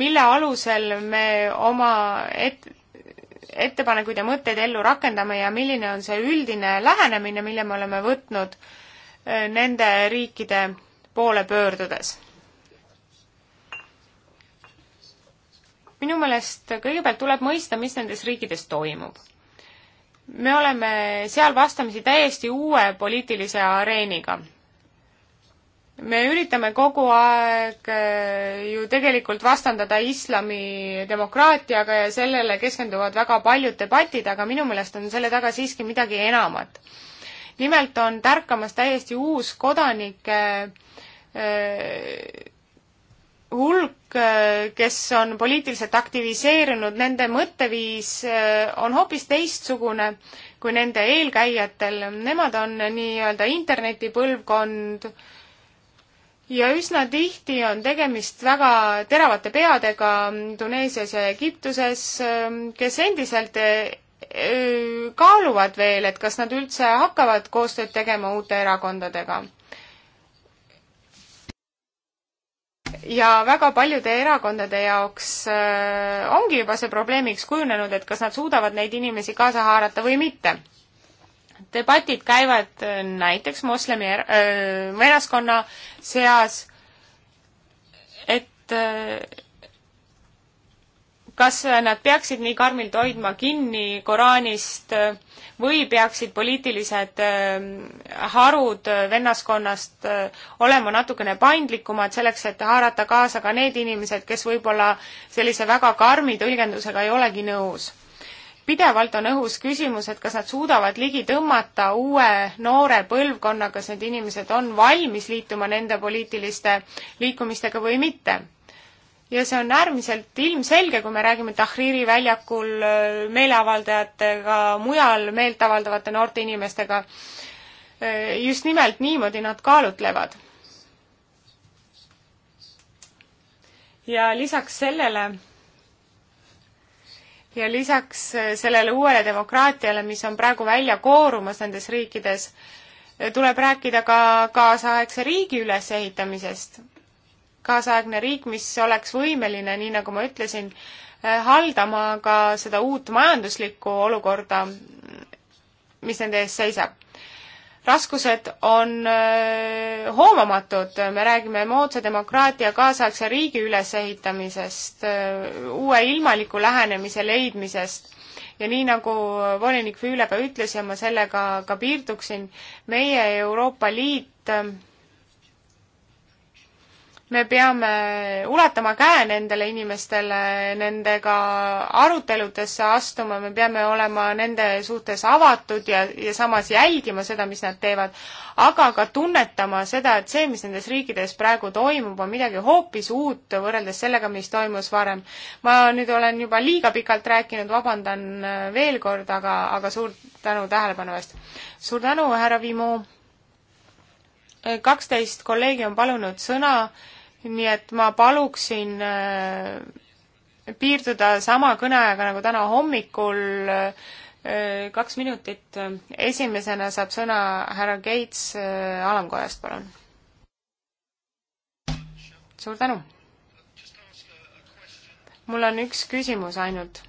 mille alusel me oma et-, ettepanekuid ja mõtteid ellu rakendame ja milline on see üldine lähenemine, mille me oleme võtnud äh, nende riikide poole pöördudes. minu meelest kõigepealt tuleb mõista, mis nendes riikides toimub. me oleme seal vastamisi täiesti uue poliitilise areeniga me üritame kogu aeg äh, ju tegelikult vastandada islami demokraatiaga ja sellele keskenduvad väga paljud debatid, aga minu meelest on selle taga siiski midagi enamat. nimelt on tärkamas täiesti uus kodanike äh, hulk, äh, kes on poliitiliselt aktiviseerunud, nende mõtteviis on hoopis teistsugune kui nende eelkäijatel, nemad on nii-öelda internetipõlvkond, ja üsna tihti on tegemist väga teravate peadega Tuneesias ja Egiptuses, ähm, kes endiselt äh, äh, kaaluvad veel, et kas nad üldse hakkavad koostööd tegema uute erakondadega. ja väga paljude erakondade jaoks äh, ongi juba see probleemiks kujunenud, et kas nad suudavad neid inimesi kaasa haarata või mitte debatid käivad äh, näiteks moslemi er-, äh, venaskonna seas, et äh, kas nad peaksid nii karmilt hoidma kinni Koraanist äh, või peaksid poliitilised äh, harud vennaskonnast olema natukene paindlikumad selleks, et haarata kaasa ka need inimesed, kes võib-olla sellise väga karmi tõlgendusega ei olegi nõus? pidevalt on õhus küsimus, et kas nad suudavad ligi tõmmata uue noore põlvkonna, kas need inimesed on valmis liituma nende poliitiliste liikumistega või mitte. ja see on äärmiselt ilmselge, kui me räägime Tahriri väljakul meeleavaldajatega, mujal meelt avaldavate noorte inimestega. just nimelt niimoodi nad kaalutlevad. ja lisaks sellele ja lisaks eh, sellele uuele demokraatiale, mis on praegu välja koorumas nendes riikides, eh, tuleb rääkida ka kaasaegse riigi ülesehitamisest. kaasaegne riik, mis oleks võimeline, nii nagu ma ütlesin, eh, haldama ka seda uut majanduslikku olukorda, mis nende ees seisab raskused on äh, hoomamatud, me räägime moodsa demokraatia kaasaegse riigi ülesehitamisest, äh, uue ilmaliku lähenemise leidmisest ja nii, nagu volinik Füüle ka ütles ja ma sellega ka piirduksin, meie Euroopa Liit äh, me peame ulatama käe nendele inimestele, nendega aruteludesse astuma, me peame olema nende suhtes avatud ja, ja samas jälgima seda, mis nad teevad, aga ka tunnetama seda, et see, mis nendes riikides praegu toimub, on midagi hoopis uut võrreldes sellega, mis toimus varem. ma nüüd olen juba liiga pikalt rääkinud, vabandan veel kord, aga, aga suur tänu tähelepanu eest. suur tänu, härra Vimo! kaksteist kolleegi on palunud sõna nii et ma paluksin äh, piirduda sama kõneajaga nagu täna hommikul, äh, kaks minutit. esimesena saab sõna härra Gates äh, alamkojast, palun. suur tänu. mul on üks küsimus ainult.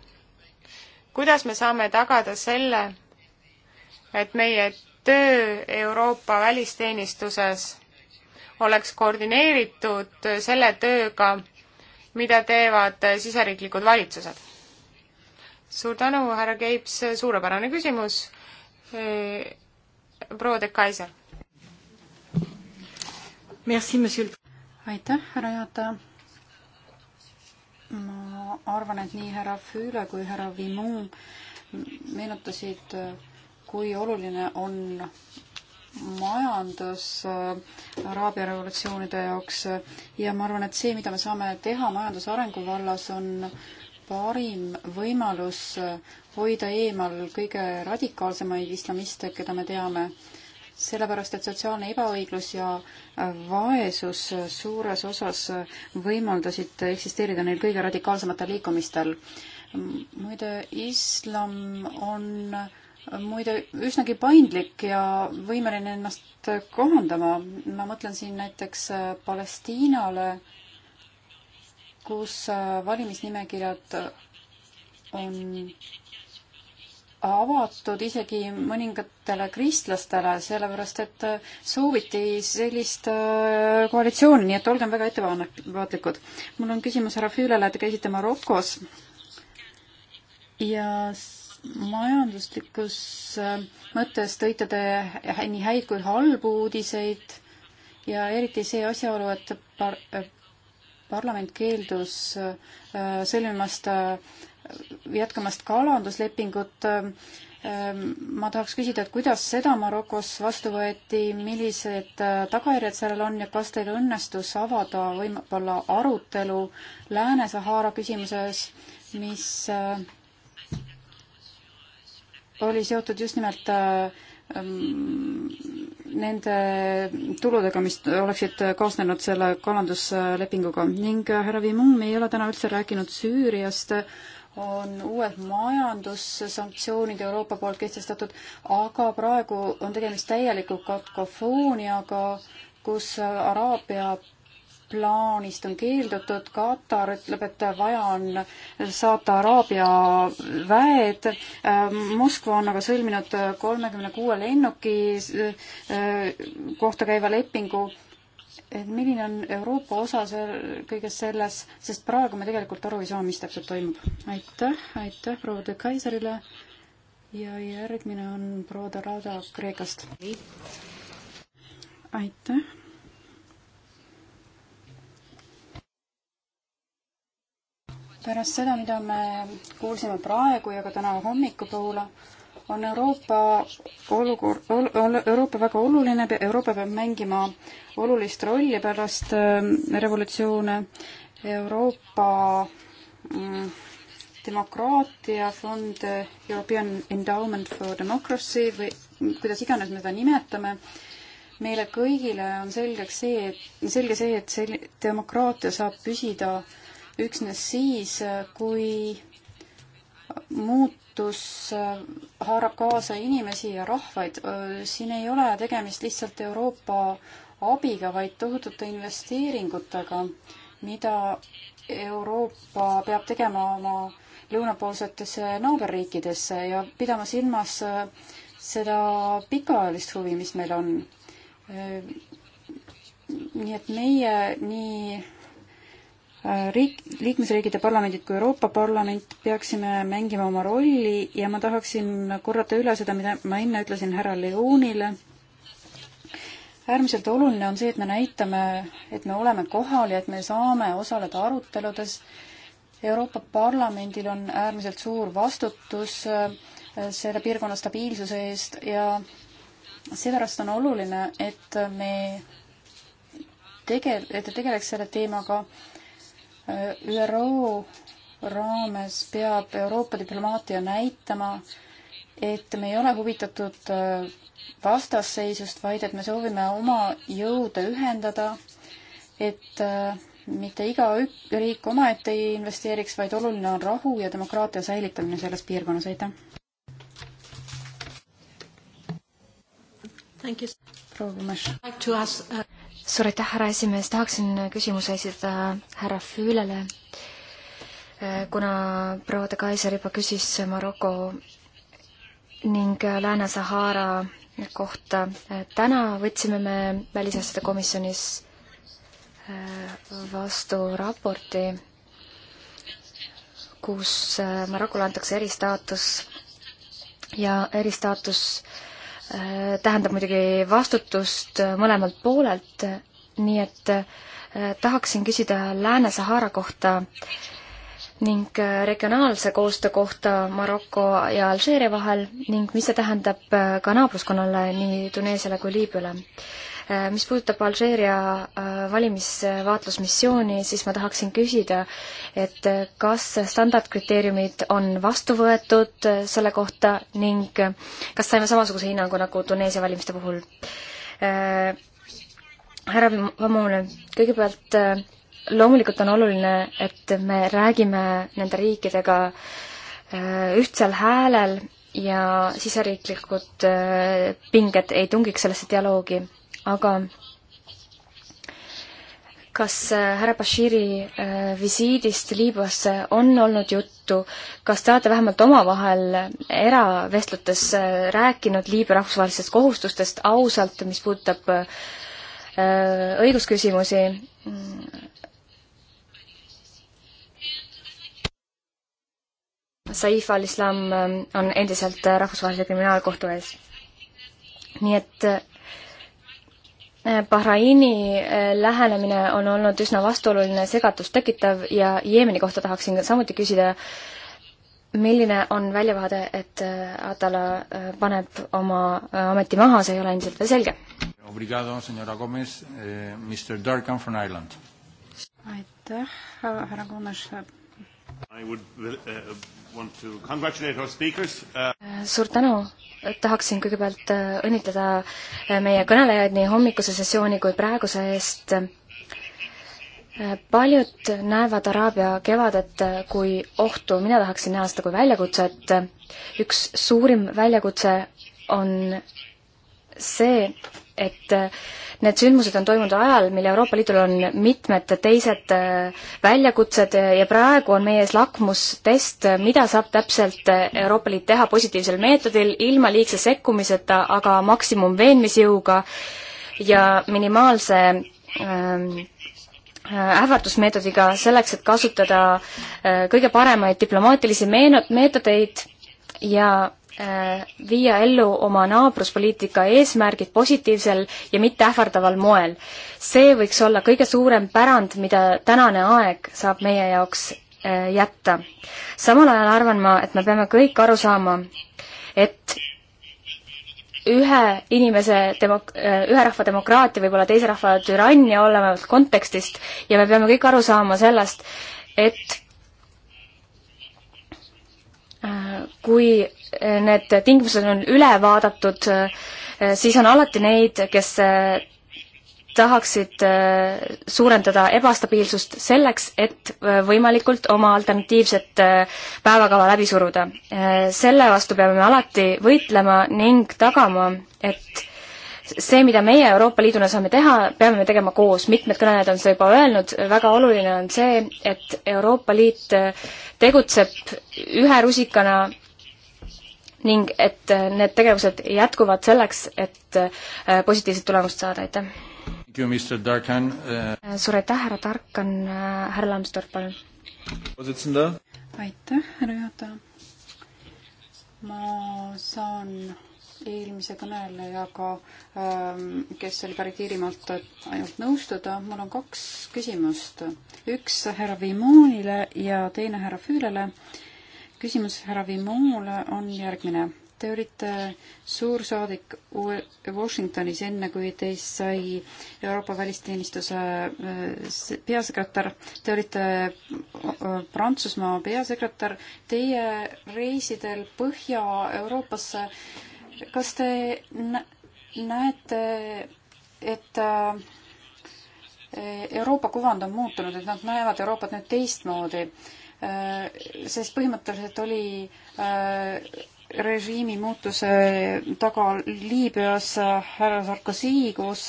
kuidas me saame tagada selle, et meie töö Euroopa välisteenistuses oleks koordineeritud selle tööga, mida teevad siseriiklikud valitsused. suur tänu, härra Keips, suurepärane küsimus. Eh, proua de Kaiser. aitäh, härra juhataja ma arvan, et nii härra Füüle kui härra Vimon meenutasid, kui oluline on majandus äh, Araabia revolutsioonide jaoks ja ma arvan, et see, mida me saame teha majandusarengu vallas, on parim võimalus äh, hoida eemal kõige radikaalsemaid islamiste, keda me teame, sellepärast et sotsiaalne ebaõiglus ja äh, vaesus suures osas võimaldasid eksisteerida neil kõige radikaalsematel liikumistel. muide, islam on äh, muide üsnagi paindlik ja võimeline ennast kohandama. ma mõtlen siin näiteks äh, Palestiinale, kus äh, valimisnimekirjad on avatud isegi mõningatele kristlastele, sellepärast et äh, sooviti sellist koalitsiooni, nii et olgem väga ettevaatlikud. mul on küsimus härra Füülele, te käisite Marokos ja majanduslikus äh, mõttes tõite te nii häid kui halbu uudiseid ja eriti see asjaolu, et par-, äh, parlament keeldus äh, sõlmimast, jätkamast kalanduslepingut. ma tahaks küsida, et kuidas seda Marokos vastu võeti, millised tagajärjed sellel on ja kas teil õnnestus avada võib-olla arutelu Lääne-Sahara küsimuses, mis oli seotud just nimelt äh, mm, nende tuludega, mis oleksid kaasnenud selle kalanduslepinguga ning äh, härra Vimung, me ei ole täna üldse rääkinud Süüriast, on uued majandussanktsioonid Euroopa poolt kehtestatud, aga praegu on tegemist täieliku kakofooniaga, kus Araabia plaanist on keeldutud, Katar ütleb, et vaja on saata Araabia väed, Moskva on aga sõlminud kolmekümne kuue lennuki eh, kohta käiva lepingu, et milline on Euroopa osa seal kõiges selles, sest praegu me tegelikult aru ei saa, mis täpselt toimub. aitäh, aitäh proua de Kaiserile ja järgmine on proua Dorada Kreekast. aitäh pärast seda, mida me kuulsime praegu ja ka täna hommikupoole, on Euroopa olukord ol,, on Euroopa väga oluline, Euroopa peab mängima olulist rolli pärast ähm, revolutsioone. Euroopa mm, demokraatia fond, European Endowment for Democracy või kuidas iganes me seda nimetame, meile kõigile on selgeks see, et, selge see, et sel-, demokraatia saab püsida äh, üksnes siis, kui muutus äh, haarab kaasa inimesi ja rahvaid. Äh, siin ei ole tegemist lihtsalt Euroopa abiga, vaid tohutute investeeringutega, mida Euroopa peab tegema oma lõunapoolsetesse naaberriikidesse ja pidama silmas äh, seda pikaajalist huvi, mis meil on. nii et meie nii riik, liikmesriigid ja parlamendid kui Euroopa Parlament peaksime mängima oma rolli ja ma tahaksin korrata üle seda, mida ma enne ütlesin härra Leonile. äärmiselt oluline on see, et me näitame, et me oleme kohal ja et me saame osaleda aruteludes. Euroopa Parlamendil on äärmiselt suur vastutus äh, selle piirkonna stabiilsuse eest ja seepärast on oluline, et me tege-, et te tegeleks selle teemaga äh, ÜRO raames peab Euroopa diplomaatia näitama, et me ei ole huvitatud äh, vastasseisust, vaid et me soovime oma jõude ühendada, et äh, mitte iga riik omaette ei investeeriks, vaid oluline on rahu ja demokraatia säilitamine selles piirkonnas, aitäh! proua Kumes suur aitäh, härra esimees, tahaksin küsimuse esitada härra Füülele. kuna proua de Kaiser juba küsis Maroko ning Lääne-Sahara kohta, täna võtsime me välisasjade komisjonis äh, vastu raporti, kus äh, Marokole antakse eristaatus ja eristaatus äh, Äh, tähendab muidugi vastutust äh, mõlemalt poolelt, nii et äh, tahaksin küsida Lääne-Sahara kohta ning regionaalse koostöö kohta Maroko ja Alžeeria vahel ning mis see tähendab ka naabruskonnale, nii Tuneesiale kui Liibüale. Äh, mis puudutab Alžeeria äh, valimisvaatlusmissiooni, siis ma tahaksin küsida, et äh, kas standardkriteeriumid on vastu võetud selle kohta ning kas saime samasuguse hinnangu nagu Tuneesia valimiste puhul? härra Vamone, kõigepealt loomulikult on oluline, et me räägime nende riikidega ühtsel häälel ja siseriiklikud pinged ei tungiks sellesse dialoogi aga kas äh, härra Bashiri äh, visiidist Liibüasse on olnud juttu, kas te olete vähemalt omavahel eravestlutes äh, rääkinud Liibüa rahvusvahelistest kohustustest ausalt, mis puudutab õigusküsimusi? Saif al-Islam on endiselt Rahvusvahelise Kriminaalkohtu ees. nii et Bahraini äh, lähenemine on olnud üsna vastuoluline, segadust tekitav ja Jeemeni kohta tahaksin samuti küsida, milline on väljavaade, et äh, Atala äh, paneb oma ameti maha, see ei ole endiselt veel selge? Eh, aitäh, härra Gomes. Uh, uh, suur tänu tahaksin kõigepealt äh, õnnitleda äh, meie kõnelejaid nii hommikuse sessiooni kui praeguse eest. Äh, paljud näevad Araabia kevadet kui ohtu, mina tahaksin näha seda kui väljakutset. üks suurim väljakutse on see, et äh, need sündmused on toimunud ajal, mil Euroopa Liidul on mitmed teised äh, väljakutsed äh, ja praegu on meie ees lakmustest, mida saab täpselt Euroopa Liit teha positiivsel meetodil, ilma liigse sekkumiseta, aga maksimum veenmisjõuga ja minimaalse ähm, ähvardusmeetodiga selleks, et kasutada kõige paremaid diplomaatilisi meenot-, meetodeid ja Äh, viia ellu oma naabruspoliitika eesmärgid positiivsel ja mitte ähvardaval moel. see võiks olla kõige suurem pärand, mida tänane aeg saab meie jaoks äh, jätta. samal ajal arvan ma, et me peame kõik aru saama, et ühe inimese demok-, äh, ühe rahva demokraatia, võib-olla teise rahva türannia olenevalt kontekstist ja me peame kõik aru saama sellest, et kui eh, need tingimused on üle vaadatud, eh, siis on alati neid, kes eh, tahaksid suurendada ebastabiilsust selleks, et võimalikult oma alternatiivset päevakava läbi suruda. selle vastu peame alati võitlema ning tagama, et see, mida meie Euroopa Liiduna saame teha, peame me tegema koos, mitmed kõnelejad on seda juba öelnud, väga oluline on see, et Euroopa Liit äh, tegutseb ühe rusikana ning et äh, need tegevused jätkuvad selleks, et äh, positiivset tulemust saada, aitäh! suur aitäh, härra Tarkan, härra Lambsdorff, palun! aitäh, härra juhataja! ma saan eelmise kõnelejaga, ähm, kes oli pärit Iirimaalt, ainult nõustuda. mul on kaks küsimust. üks härra Vimonile ja teine härra Füülele. küsimus härra Vimonile on järgmine. Te olite suursaadik Washingtonis enne, kui teist sai Euroopa välisteenistuse äh, peasekretär. Te olite äh, Prantsusmaa peasekretär. Teie reisidel Põhja-Euroopasse kas te näete, et äh, Euroopa kuvand on muutunud, et nad näevad Euroopat nüüd teistmoodi, äh, sest põhimõtteliselt oli äh, režiimi muutuse taga Liibüas härra Sarkozy, kus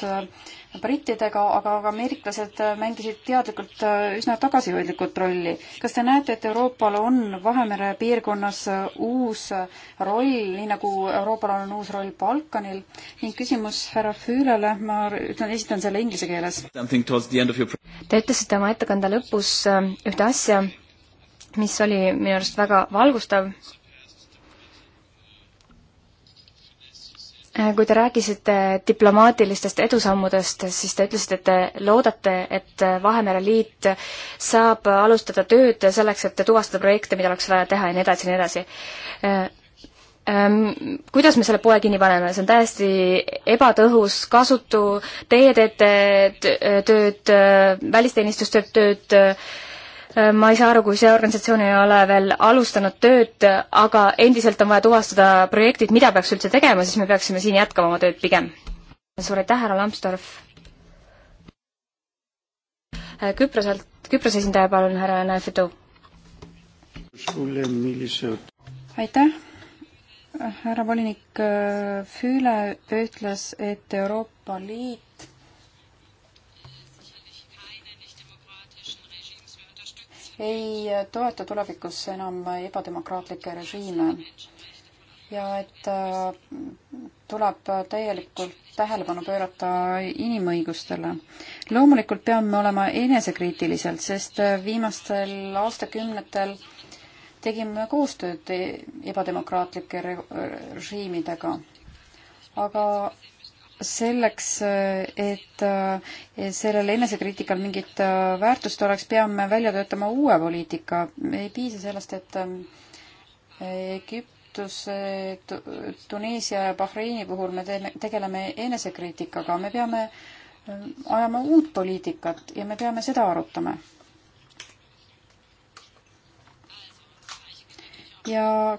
brittidega, aga ka ameeriklased mängisid teadlikult äh, üsna tagasihoidlikult rolli. kas te näete, et Euroopal on Vahemere piirkonnas äh, uus äh, roll, nii nagu Euroopal on uus roll Balkanil? ning küsimus härra Füülele, ma ütlen, esitan selle inglise keeles. Te ütlesite oma ettekande lõpus ühte asja, mis oli minu arust väga valgustav Äh, kui te rääkisite diplomaatilistest edusammudest, siis te ütlesite, et te loodate, et äh, Vahemere Liit saab alustada tööd selleks, et tuvastada projekte, mida oleks vaja teha ja nii edasi ja nii edasi. Äh, ähm, kuidas me selle poe kinni paneme, see on täiesti ebatõhus, kasutu, teie teete tööd, välisteenistus teeb tööd, tööd Äh, ma ei saa aru, kui see organisatsioon ei ole veel alustanud tööd, aga endiselt on vaja tuvastada projektid, mida peaks üldse tegema, siis me peaksime siin jätkama oma tööd pigem. suur aitäh, härra Lambsdorff! Äh, Küproselt, Küprose esindaja, palun, härra Naefetu! aitäh! härra volinik äh, Füüle ütles, et Euroopa Liit ei toeta tulevikus enam ebademokraatlikke režiime ja et äh, tuleb täielikult tähelepanu pöörata inimõigustele. loomulikult peame olema enesekriitilised, sest äh, viimastel aastakümnetel tegime koostööd ebademokraatlike režiimidega. aga selleks, et eh, sellel enesekriitikal mingit eh, väärtust oleks, peame välja töötama uue poliitika. ei piisa sellest, et eh, Egiptuse, Tuneesia ja Bahreini puhul me teeme, tegeleme enesekriitikaga, me peame ajama uut poliitikat ja me peame seda arutama. ja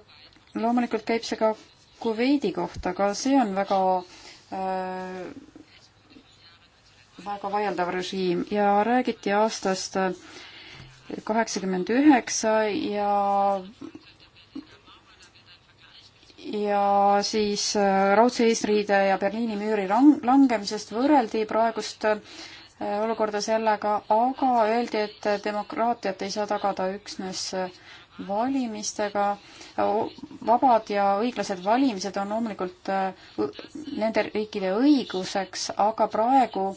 loomulikult käib see ka Kuveidi kohta, ka see on väga äh, Äh, väga vaieldav režiim ja räägiti aastast äh, kaheksakümmend üheksa ja ja siis äh, raudse eesriide ja Berliini müüri lang-, langemisest võrreldi praegust olukorda sellega, aga öeldi, et demokraatiat ei saa tagada üksnes valimistega. vabad ja õiglased valimised on loomulikult äh, nende riikide õiguseks, aga praegu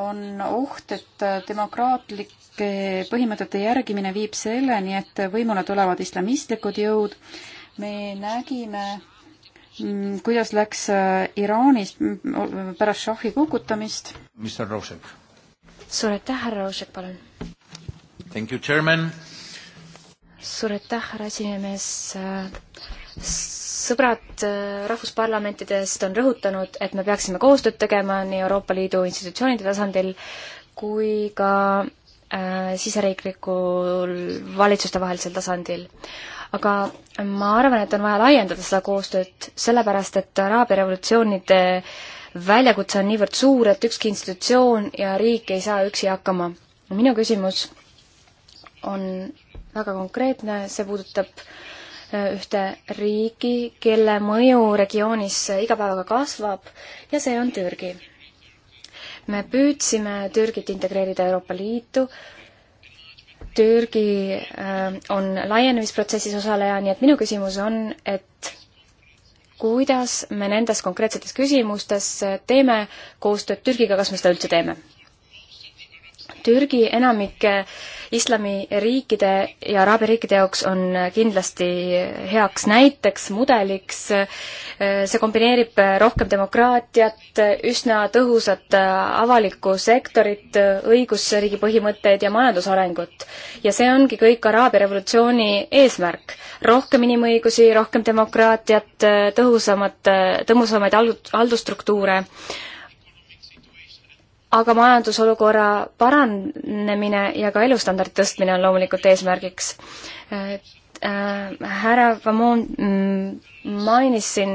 on oht, et demokraatlike põhimõtete järgimine viib selleni, et võimule tulevad islamistlikud jõud. me nägime, mm, kuidas läks äh, Iraanis pärast šahhi kukutamist. suur aitäh, härra Ožek, palun! Thank you, chairman! suur aitäh, härra esimees. sõbrad äh, rahvusparlamentidest on rõhutanud, et me peaksime koostööd tegema nii Euroopa Liidu institutsioonide tasandil kui ka äh, siseriiklikul valitsustevahelisel tasandil. aga ma arvan, et on vaja laiendada seda koostööd, sellepärast et Araabia revolutsioonide väljakutse on niivõrd suur, et ükski institutsioon ja riik ei saa üksi hakkama. minu küsimus on väga konkreetne, see puudutab äh, ühte riigi, kelle mõju regioonis iga päevaga kasvab ja see on Türgi. me püüdsime Türgit integreerida Euroopa Liitu, Türgi äh, on laienemisprotsessis osaleja, nii et minu küsimus on, et kuidas me nendes konkreetsetes küsimustes teeme koostööd Türgiga, kas me seda üldse teeme? Türgi enamike islamiriikide ja araabia riikide jaoks on kindlasti heaks näiteks, mudeliks. see kombineerib rohkem demokraatiat, üsna tõhusat avalikku sektorit, õigusriigi põhimõtteid ja majandusarengut. ja see ongi kõik Araabia revolutsiooni eesmärk. rohkem inimõigusi, rohkem demokraatiat, tõhusamat, tõhusamaid haldusstruktuure aga majandusolukorra paranemine ja ka elustandardi tõstmine on loomulikult eesmärgiks. Äh, härra Vamon mm, mainis siin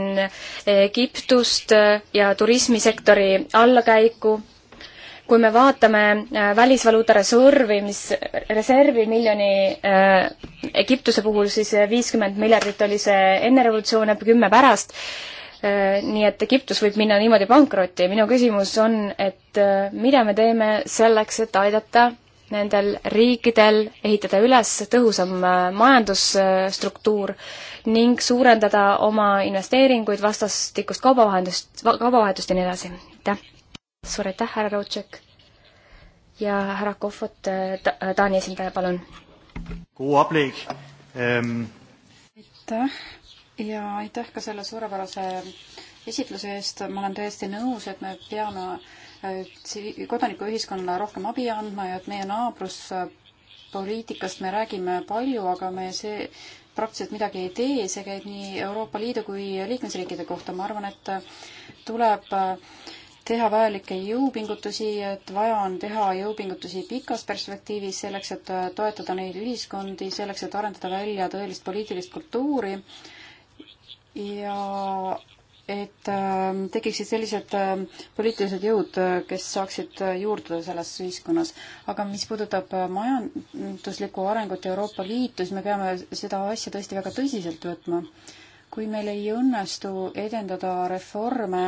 Egiptust äh, ja turismisektori allakäiku. kui me vaatame äh, välisvaluuta reservi, mis, reservi miljoni Egiptuse puhul, siis viiskümmend miljardit oli see enne revolutsiooni, kümme pärast Äh, nii et Egiptus võib minna niimoodi pankrotti. minu küsimus on, et äh, mida me teeme selleks, et aidata nendel riikidel ehitada üles tõhusam äh, majandusstruktuur ning suurendada oma investeeringuid, vastastikust kaubavahendust, kaubavahetust ja nii edasi. aitäh! suur aitäh, härra Raudšek! ja härra Kohvot, Taani esindaja, palun! aitäh! ja aitäh ka selle suurepärase esitluse eest, ma olen täiesti nõus, et me peame äh, kodanikuühiskonnale rohkem abi andma ja et meie naabruspoliitikast äh, me räägime palju, aga me see praktiliselt midagi ei tee, see käib nii Euroopa Liidu kui liikmesriikide kohta, ma arvan, et äh, tuleb teha vajalikke jõupingutusi, et vaja on teha jõupingutusi pikas perspektiivis selleks, et toetada neid ühiskondi, selleks, et arendada välja tõelist poliitilist kultuuri ja et äh, tekiksid sellised äh, poliitilised jõud, äh, kes saaksid äh, juurduda selles ühiskonnas. aga mis puudutab äh, majanduslikku arengut Euroopa Liitu, siis me peame seda asja tõesti väga tõsiselt võtma. kui meil ei õnnestu edendada reforme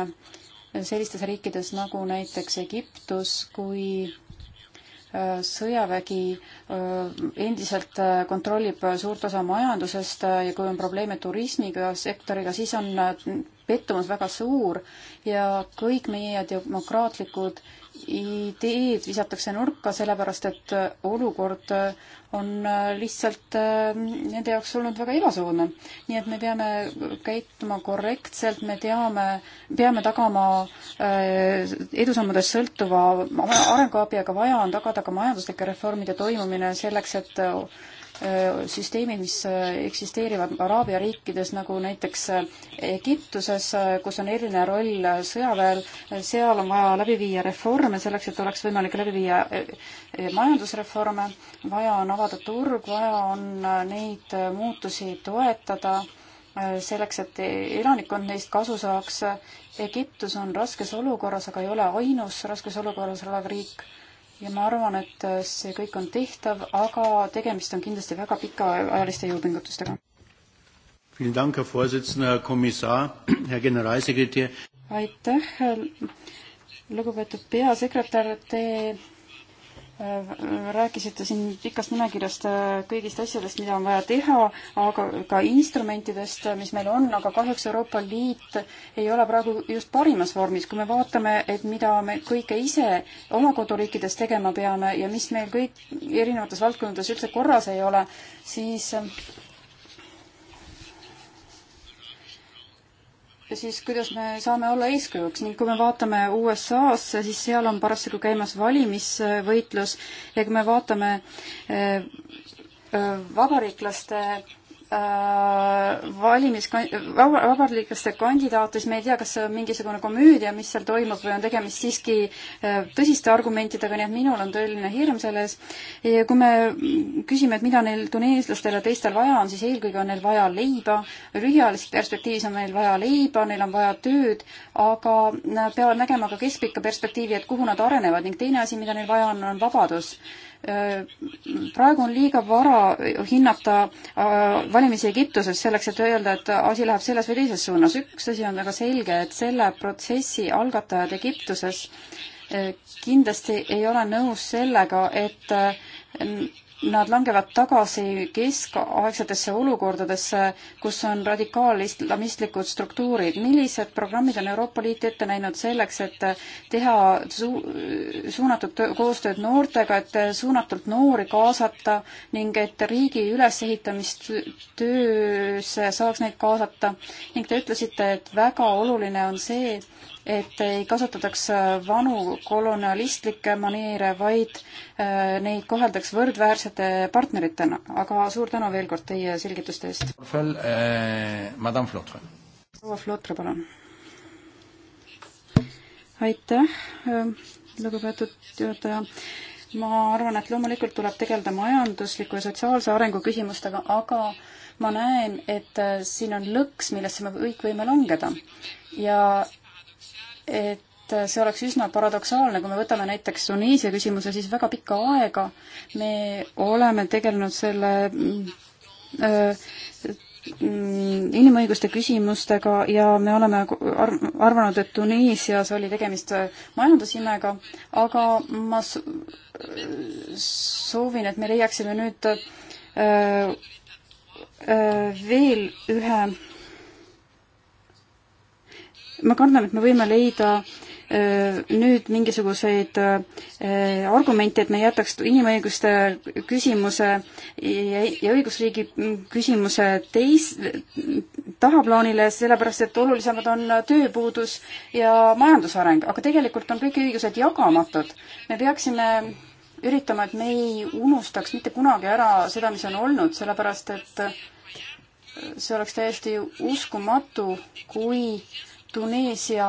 sellistes riikides nagu näiteks Egiptus, kui äh, Äh, sõjavägi äh, endiselt äh, kontrollib suurt osa majandusest ja kui on probleeme turismiga, sektoriga, siis on pettumus väga suur ja kõik meie demokraatlikud ideed visatakse nurka, sellepärast et olukord on lihtsalt äh, nende jaoks olnud väga ebasoodne. nii et me peame käituma korrektselt, me teame, peame tagama äh, edusammudest sõltuva arenguabi, aga vaja on tagada ka majanduslike reformide toimumine selleks, et Äh, süsteemid, mis äh, eksisteerivad Araabia riikides, nagu näiteks äh, Egiptuses, kus on eriline roll sõjaväel, seal on vaja läbi viia reforme selleks, et oleks võimalik läbi viia majandusreforme, vaja on avada turg, vaja on neid muutusi toetada selleks, et elanikkond neist kasu saaks. Egiptus on raskes olukorras, aga ei ole ainus raskes olukorras olev riik ja ma arvan, et äh, see kõik on tehtav, aga tegemist on kindlasti väga pikaajaliste jõupingutustega. aitäh, äh, lugupeetud peasekretär, te Äh, rääkisite siin pikast nimekirjast äh, kõigist asjadest, mida on vaja teha, aga ka instrumentidest, äh, mis meil on, aga kahjuks Euroopa Liit ei ole praegu just parimas vormis. kui me vaatame, et mida me kõike ise oma koduriikides tegema peame ja mis meil kõik erinevates valdkondades üldse korras ei ole, siis siis kuidas me saame olla eeskujuks ning kui me vaatame USA-sse, siis seal on parasjagu käimas valimisvõitlus ja kui me vaatame eh, eh, vabariiklaste Äh, valimis, vabariiklaste kandidaat, siis me ei tea, kas see on mingisugune komöödia, mis seal toimub või on tegemist siiski äh, tõsiste argumentidega, nii et minul on tõeline hirm selles. kui me küsime, et mida neil tuneeslastel ja teistel vaja on, siis eelkõige on neil vaja leiba, lühiajalises perspektiivis on meil vaja leiba, neil on vaja tööd, aga nad äh, peavad nägema ka keskpikka perspektiivi, et kuhu nad arenevad ning teine asi, mida neil vaja on, on vabadus Äh, praegu on liiga vara hinnata äh, valimisi Egiptuses selleks, et öelda, et asi läheb selles või teises suunas. üks asi on väga selge, et selle protsessi algatajad Egiptuses äh, kindlasti ei ole nõus sellega, et nad langevad tagasi keskaegsetesse olukordadesse, kus on radikaalislamistlikud struktuurid. millised programmid on Euroopa Liit ette näinud selleks, et teha su-, suunatud koostööd noortega, et suunatult noori kaasata ning et riigi ülesehitamistöösse saaks neid kaasata? ning te ütlesite, et väga oluline on see, et ei kasutataks vanu kolonialistlikke maneere, vaid äh, neid koheldaks võrdväärsete partneritena. aga suur tänu veel kord teie selgituste eest. Äh, proua Flotre, palun. aitäh, äh, lugupeetud juhataja ma arvan, et loomulikult tuleb tegeleda majandusliku ja sotsiaalse arengu küsimustega, aga ma näen, et siin on lõks, millesse me kõik võime langeda. ja et see oleks üsna paradoksaalne, kui me võtame näiteks Tuneesia küsimuse, siis väga pikka aega me oleme tegelenud selle öö, mm, mm, inimõiguste küsimustega ja me oleme ar arvanud, et Tuneesias oli tegemist majandusimega, aga ma soovin, et me leiaksime nüüd öö, äh, öö, äh, veel ühe ma kardan, et me võime leida äh, nüüd mingisuguseid äh, argumente, et me jätaks inimõiguste küsimuse ja õigusriigi küsimuse teis-, tahaplaanile, sellepärast et olulisemad on tööpuudus ja majandusareng, aga tegelikult on kõik õigused jagamatud. me peaksime üritama, et me ei unustaks mitte kunagi ära seda, mis on olnud, sellepärast et see oleks täiesti uskumatu, kui äh, Tuneesia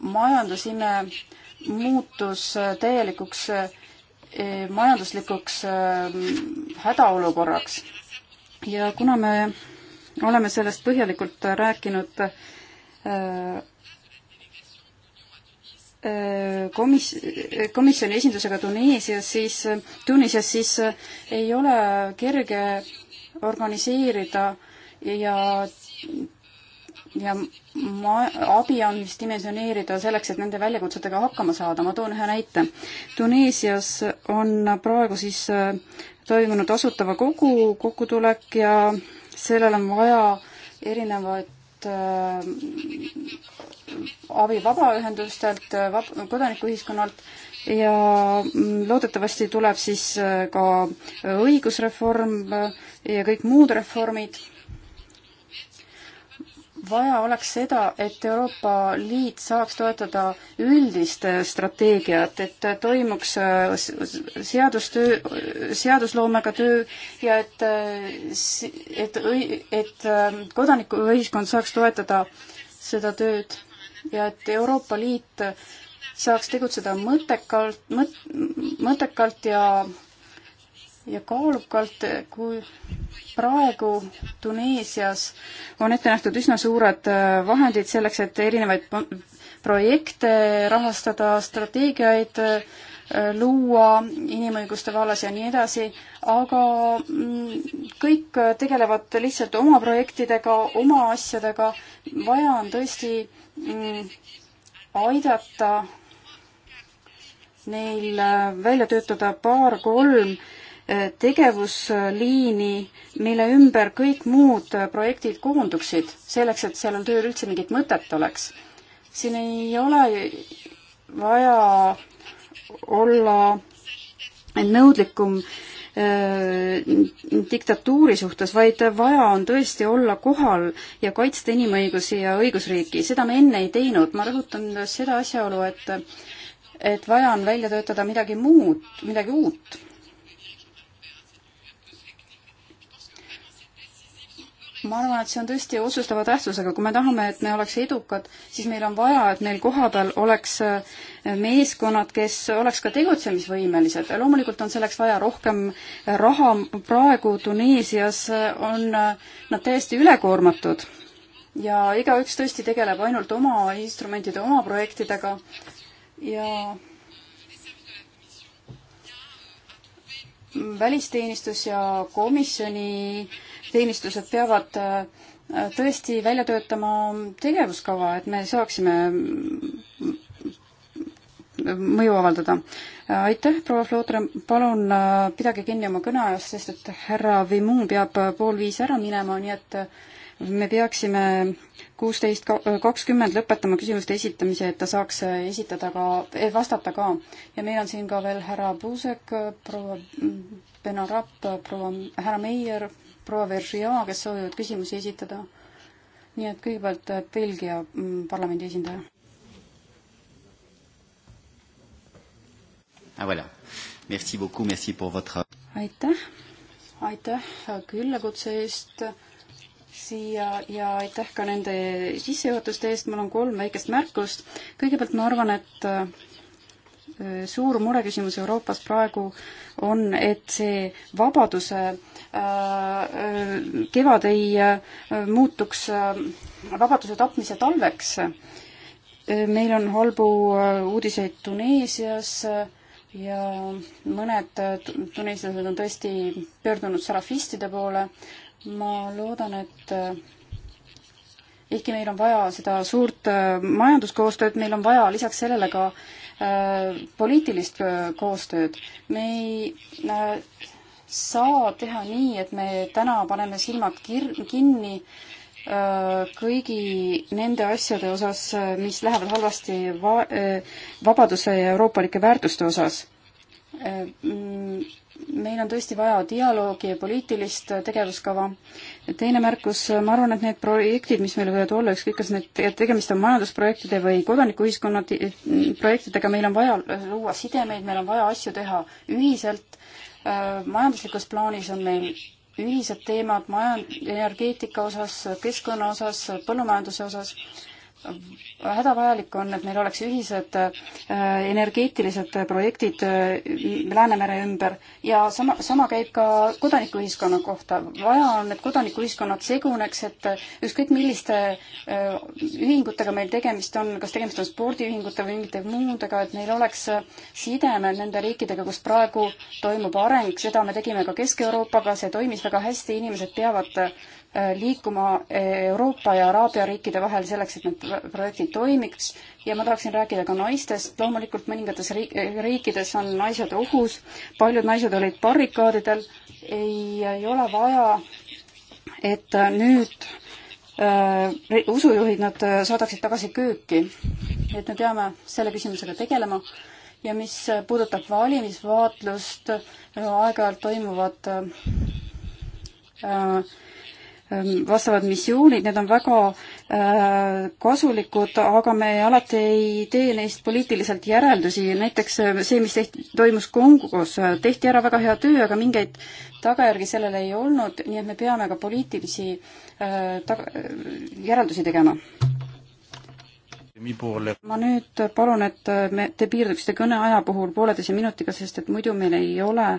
majandusime muutus täielikuks eh, majanduslikuks eh, hädaolukorraks. ja kuna me oleme sellest põhjalikult rääkinud eh, komis-, komisjoni esindusega Tuneesias, siis, Tunisias, siis ei ole kerge organiseerida ja ja ma, abi andmist dimensioneerida selleks, et nende väljakutsetega hakkama saada, ma toon ühe näite. Tuneesias on praegu siis äh, toimunud Asutava Kogu kokkutulek ja sellel on vaja erinevat äh, abi vabaühendustelt äh, vab, kodanikuühiskonnalt ja mm, loodetavasti tuleb siis äh, ka õigusreform ja kõik muud reformid vaja oleks seda, et Euroopa Liit saaks toetada üldist äh, strateegiat, et äh, toimuks äh, seadustöö, seadusloomega töö ja et, et, et kodanikuühiskond saaks toetada seda tööd ja et Euroopa Liit saaks tegutseda mõttekalt, mõt-, mõttekalt ja ja kaalukalt, kui praegu Tuneesias on ette nähtud üsna suured äh, vahendid selleks, et erinevaid projekte rahastada, strateegiaid äh, luua inimõiguste vallas ja nii edasi, aga mm, kõik äh, tegelevad lihtsalt oma projektidega, oma asjadega, vaja on tõesti mm, aidata neil välja töötada paar-kolm Äh, tegevusliini, mille ümber kõik muud äh, projektid koonduksid, selleks et sellel tööl üldse mingit mõtet oleks. siin ei ole vaja olla nõudlikum äh, diktatuuri suhtes, vaid vaja on tõesti olla kohal ja kaitsta inimõigusi ja õigusriiki. seda me enne ei teinud. ma rõhutan seda asjaolu, et et vaja on välja töötada midagi muud, midagi uut ma arvan, et see on tõesti otsustava tähtsusega, kui me tahame, et me oleks edukad, siis meil on vaja, et meil kohapeal oleks äh, meeskonnad, kes oleks ka tegutsemisvõimelised. loomulikult on selleks vaja rohkem äh, raha, praegu Tuneesias äh, on nad täiesti ülekoormatud ja igaüks tõesti tegeleb ainult oma instrumentide, oma projektidega ja välisteenistus ja komisjoni äh, teenistused peavad äh, tõesti välja töötama tegevuskava, et me saaksime mõju avaldada. aitäh, proua Flootre, palun äh, pidage kinni oma kõneajast, sest et härra Vimun peab äh, pool viis ära minema, nii et me peaksime kuusteist kakskümmend lõpetama küsimuste esitamise, et ta saaks esitada ka, eh, vastata ka. ja meil on siin ka veel härra Puusek, proua Benarap, proua härra Meier, proua Veržia, kes soovivad küsimusi esitada. nii et kõigepealt äh, Belgia mm, parlamendi esindaja. Ah, aitäh, aitäh küllakutse eest siia ja aitäh ka nende sissejuhatuste eest, mul on kolm väikest märkust. kõigepealt ma arvan, et äh, Äh, suur mureküsimus Euroopas praegu on, et see vabaduse äh, kevad ei äh, muutuks vabaduse tapmise talveks. meil on halbu uudiseid Tuneesias ja mõned tuneeslased on tõesti pöördunud sarafistide poole. ma loodan, et ehkki meil on vaja seda suurt majanduskoostööd, meil on vaja lisaks sellele ka Äh, poliitilist äh, koostööd. me ei äh, saa teha nii, et me täna paneme silmad kir-, kinni kõigi nende asjade osas, mis lähevad halvasti va-, vabaduse ja euroopalike väärtuste osas mm, meil on tõesti vaja dialoogi ja poliitilist tegevuskava. teine märkus, ma arvan, et need projektid, mis meil võivad olla, ükskõik kas need, tegemist on majandusprojektide või kodanikuühiskonna projektidega, meil on vaja luua sidemeid, meil on vaja asju teha ühiselt, äh, majanduslikus plaanis on meil ühised teemad maja, energeetika osas, keskkonna osas, põllumajanduse osas hädavajalik on, et meil oleks ühised äh, energeetilised projektid äh, Läänemere ümber ja sama, sama käib ka kodanikuühiskonna kohta. vaja on, et kodanikuühiskonnad seguneks, et äh, ükskõik milliste ühingutega meil tegemist on, kas tegemist on spordiühingute või mingite muudega, et meil oleks sidemed nende riikidega, kus praegu toimub areng, seda me tegime ka Kesk-Euroopaga, see toimis väga hästi, inimesed teavad, liikuma Euroopa ja Araabia riikide vahel selleks, et need projektid toimiks ja ma tahaksin rääkida ka naistest. loomulikult mõningates riik riikides on naised ohus, paljud naised olid barrikaadidel, ei, ei ole vaja, et nüüd äh, usujuhid nad äh, saadaksid tagasi kööki. et me peame selle küsimusega tegelema ja mis puudutab valimisvaatlust, äh, aeg-ajalt toimuvad äh, Ähm, vastavad missioonid, need on väga äh, kasulikud, aga me alati ei tee neist poliitiliselt järeldusi, näiteks äh, see, mis tehti, toimus Kongos, äh, tehti ära väga hea töö, aga mingeid tagajärgi sellel ei olnud, nii et me peame ka poliitilisi tag-, järeldusi tegema. ma nüüd palun, et me, te piirduksite kõneaja puhul pooleteise minutiga, sest et muidu meil ei ole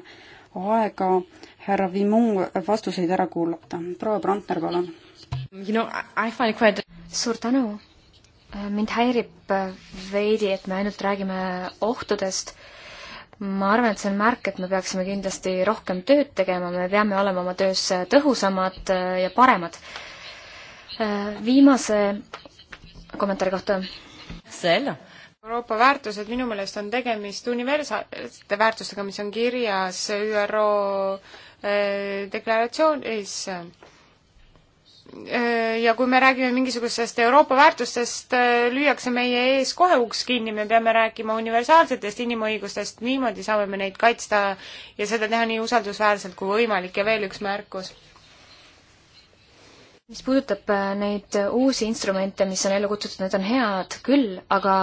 aega äh, härra Vimon vastuseid ära kuulata. proua Brandner, palun. You know, I find quite suur tänu. mind häirib veidi, et me ainult räägime ohtudest. ma arvan, et see on märk, et me peaksime kindlasti rohkem tööd tegema, me peame olema oma töös tõhusamad ja paremad. viimase kommentaari kohta. selge Euroopa väärtused, minu meelest on tegemist universaalsete väärtustega, mis on kirjas ÜRO Äh, deklaratsioonis äh, ja kui me räägime mingisugustest Euroopa väärtustest, äh, lüüakse meie ees kohe uks kinni, me peame rääkima universaalsetest inimõigustest, niimoodi saame me neid kaitsta ja seda teha nii usaldusväärselt kui võimalik ja veel üks märkus. mis puudutab neid uusi instrumente, mis on ellu kutsutud, need on head küll, aga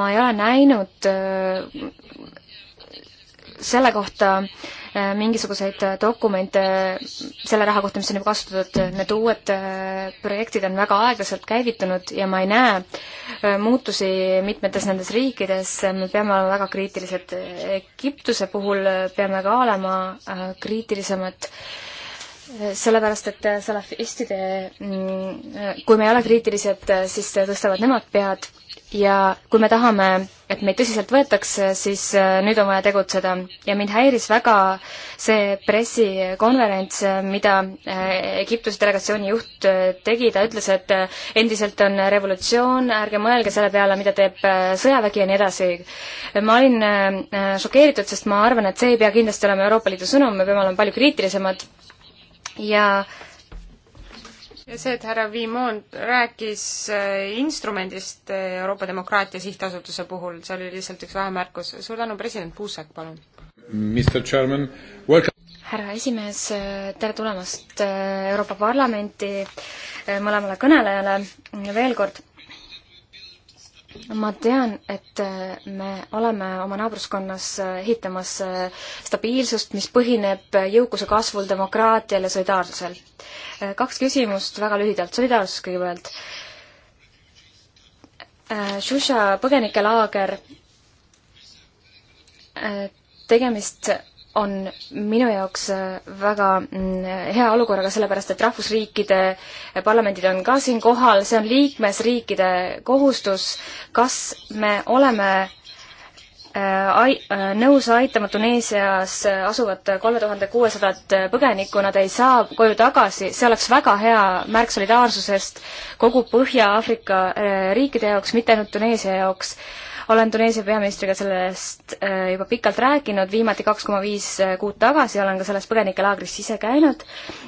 ma ei ole näinud selle kohta äh, mingisuguseid äh, dokumente äh, selle raha kohta, mis on juba kasutatud, need uued projektid on väga aeglaselt käivitunud ja ma ei näe muutusi mitmetes nendes riikides, me peame olema väga kriitilised. Egiptuse puhul peame ka olema kriitilisemad sellepärast, et salafistide, mm, kui me ei ole kriitilised, siis tõstavad nemad pead ja kui me tahame, et meid tõsiselt võetakse, siis äh, nüüd on vaja tegutseda. ja mind häiris väga see pressikonverents, äh, mida äh, Egiptuse delegatsiooni juht tegi, ta ütles, et endiselt on revolutsioon, ärge mõelge selle peale, mida teeb sõjavägi ja nii edasi. ma olin šokeeritud, sest ma arvan, et see ei pea kindlasti olema Euroopa Liidu sõnum, me peame olema palju kriitilisemad ja äh, ja see, et härra Vimond rääkis äh, instrumendist äh, Euroopa Demokraatia Sihtasutuse puhul, see oli lihtsalt üks vahemärkus. suur tänu, president Puusek, palun! härra esimees, äh, tere tulemast Euroopa Parlamenti mõlemale kõnelejale veel kord ma tean, et äh, me oleme oma naabruskonnas äh, ehitamas äh, stabiilsust, mis põhineb jõukuse kasvul, demokraatial ja solidaarsusel. kaks küsimust väga lühidalt, solidaarsus kõigepealt. Shusha põgenikelaager, tegemist on minu jaoks äh, väga mm, hea olukorraga, sellepärast et rahvusriikide parlamendid on ka siin kohal, see on liikmesriikide kohustus, kas me oleme äh, ai-, äh, nõus aitama Tuneesias asuvat kolme tuhande kuuesadat põgenikku, nad ei saa koju tagasi, see oleks väga hea märk solidaarsusest kogu Põhja-Aafrika riikide jaoks, mitte ainult Tuneesia jaoks olen Tuneesia peaministriga sellest äh, juba pikalt rääkinud, viimati kaks koma viis äh, kuud tagasi olen ka selles põgenikelaagris ise käinud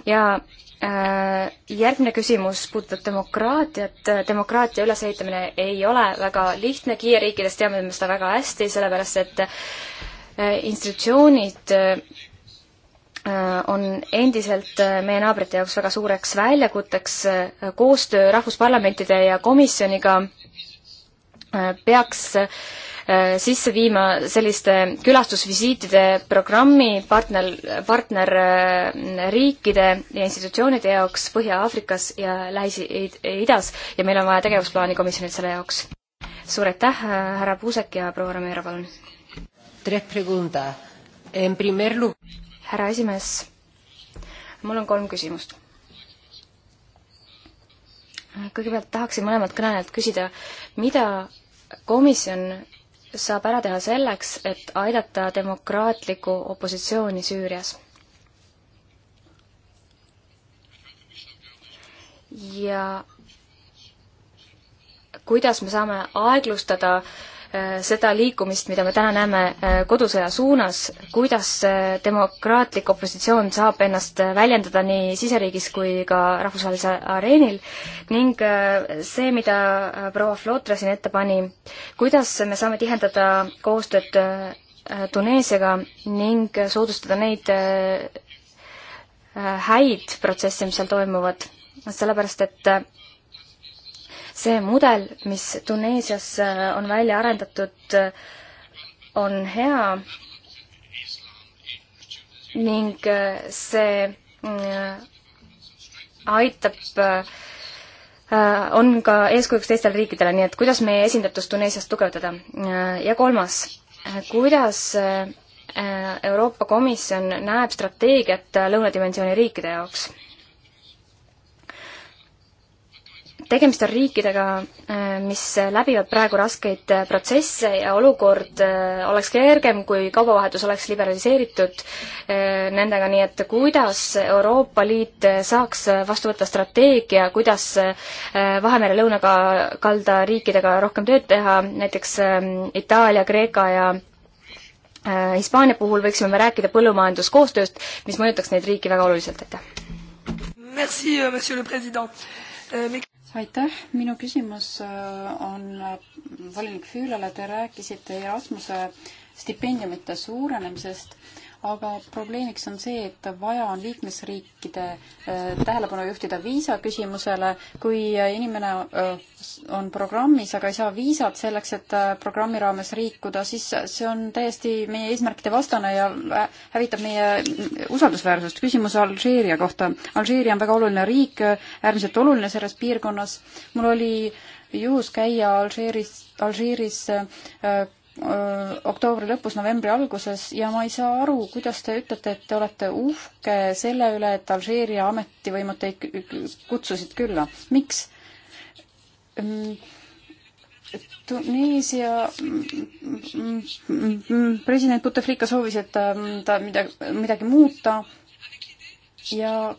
ja äh, Järgmine küsimus puudutab demokraatiat. demokraatia ülesehitamine ei ole väga lihtne, Kiie riikides teame me seda väga hästi, sellepärast et institutsioonid on endiselt meie naabrite jaoks väga suureks väljakutseks. koostöö rahvusparlamentide ja komisjoniga Äh, peaks äh, sisse viima selliste külastusvisiitide programmi partner, partnerriikide äh, ja institutsioonide jaoks Põhja-Aafrikas ja Lähis-Idas ja meil on vaja tegevusplaani komisjonilt selle jaoks. suur aitäh, härra Puusek ja proua Ramiro, palun! härra esimees, mul on kolm küsimust kõigepealt tahaksin mõlemalt kõnelejalt küsida, mida komisjon saab ära teha selleks, et aidata demokraatlikku opositsiooni Süürias? ja kuidas me saame aeglustada äh, Äh, seda liikumist, mida me täna näeme äh, kodusõja suunas, kuidas äh, demokraatlik opositsioon saab ennast väljendada nii siseriigis kui ka rahvusvahelisel areenil ning see, mida proua Flotre siin ette pani, kuidas me saame tihendada koostööd Tuneesiaga ning soodustada neid häid protsesse, mis seal toimuvad, sellepärast et see mudel, mis Tuneesias äh, on välja arendatud, äh, on hea ning äh, see aitab, on ka eeskujuks teistele riikidele, nii et kuidas meie esindatust Tuneesias tugevdada. ja kolmas, kuidas Euroopa Komisjon näeb strateegiat Lõunadimensiooni riikide jaoks? tegemist on riikidega, äh, mis läbivad praegu raskeid äh, protsesse ja olukord äh, oleks kergem, kui kaubavahetus oleks liberaliseeritud nendega, nii et kuidas Euroopa Liit saaks vastu võtta strateegia, kuidas Vahemere lõunakalda riikidega rohkem tööd teha, näiteks ähm, Itaalia, Kreeka ja Hispaania puhul võiksime me rääkida põllumajanduskoostööst, mis mõjutaks neid riike väga oluliselt, aitäh! Merci, euh, monsieur le président. Euh, aitäh, minu küsimus äh, on äh, volinik Füülele, te rääkisite Erasmuse stipendiumite suurenemisest aga probleemiks on see, et vaja on liikmesriikide äh, tähelepanu juhtida viisa küsimusele, kui äh, inimene äh, on programmis, aga ei saa viisat selleks, et programmi raames liikuda, siis see on täiesti meie eesmärkide vastane ja hävitab meie mm, usaldusväärsust. küsimus Alžeeria kohta. Alžeeria on väga oluline riik, äärmiselt oluline selles piirkonnas. mul oli juhus käia Alžeeris, Alžeeris oktoobri lõpus, novembri alguses ja ma ei saa aru, kuidas te ütlete, et te olete uhke selle üle, et Alžeeria ametivõimud teid kutsusid külla. miks? Tuneesia president Bouteflika soovis, et ähm, ta midagi, midagi muuta ja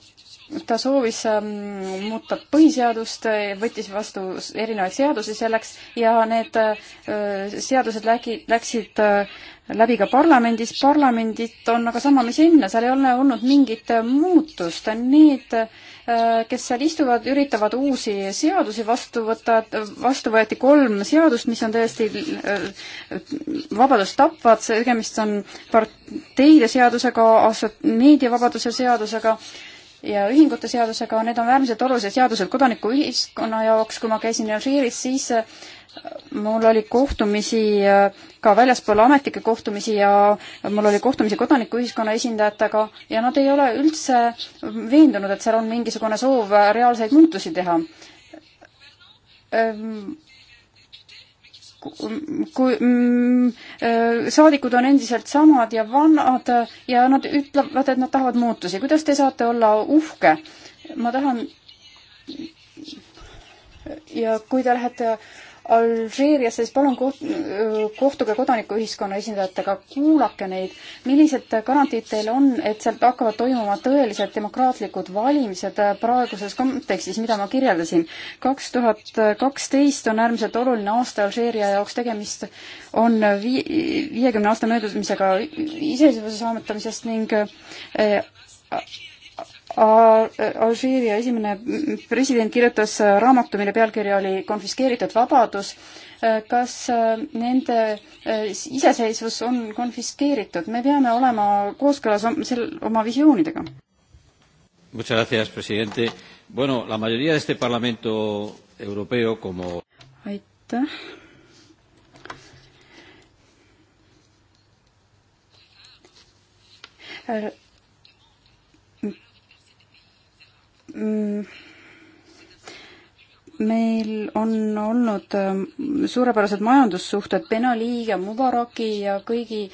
ta soovis ähm, muuta põhiseadust, võttis vastu erinevaid seadusi selleks ja need äh, seadused lägi, läksid äh, läbi ka parlamendis. parlamendit on aga sama, mis enne, seal ei ole olnud mingit muutust. Need, äh, kes seal istuvad, üritavad uusi seadusi vastu võtta, vastu võeti kolm seadust, mis on täiesti vabadust tapvad, tegemist on parteide seadusega, meediavabaduse seadusega ja ühingute seadusega, need on äärmiselt olulised seadused kodanikuühiskonna jaoks, kui ma käisin Alžeeris, siis äh, mul oli kohtumisi äh, ka väljaspool ametlikke kohtumisi ja mul oli kohtumisi kodanikuühiskonna esindajatega ja nad ei ole üldse veendunud, et seal on mingisugune soov reaalseid muutusi teha äh, kui mm, äh, saadikud on endiselt samad ja vanad ja nad ütlevad, et nad tahavad muutusi. kuidas te saate olla uhke? ma tahan ja kui te lähete äh, Alžeeriasse, siis palun koht-, kohtuge kodanikuühiskonna esindajatega, kuulake neid, millised garantiid teil on, et sealt hakkavad toimuma tõelised demokraatlikud valimised praeguses kontekstis, mida ma kirjeldasin. kaks tuhat kaksteist on äärmiselt oluline aasta Alžeeria jaoks, tegemist on vii-, viiekümne aasta möödumisega iseseisvuse saavutamisest ning eh, Alžeeria esimene president kirjutas raamatu, mille pealkiri oli Konfiskeeritud vabadus. kas nende iseseisvus on konfiskeeritud? me peame olema kooskõlas sel, oma visioonidega. Muchas gracias, presidente. Bueno, la mayoría de este Parlamento Europeo como aitäh. Mm. meil on olnud ähm, suurepärased majandussuhted Benali ja Mubaraki ja kõigi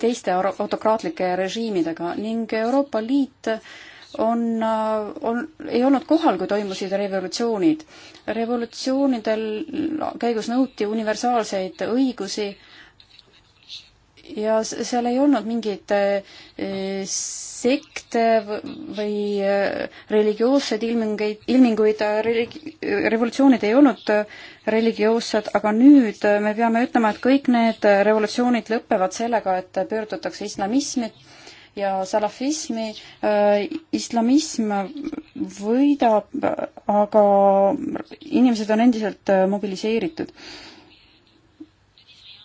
teiste autokraatlike režiimidega ning Euroopa Liit on, äh, on, ei olnud kohal, kui toimusid revolutsioonid. revolutsioonidel käigus nõuti universaalseid õigusi ja seal ei olnud mingeid äh, sekte või äh, religioosseid ilminguid, ilminguid, äh, religi-, revolutsioonid ei olnud religioossed, aga nüüd me peame ütlema, et kõik need revolutsioonid lõpevad sellega, et pöördutakse islamismi ja salafismi. islamism võidab, aga inimesed on endiselt mobiliseeritud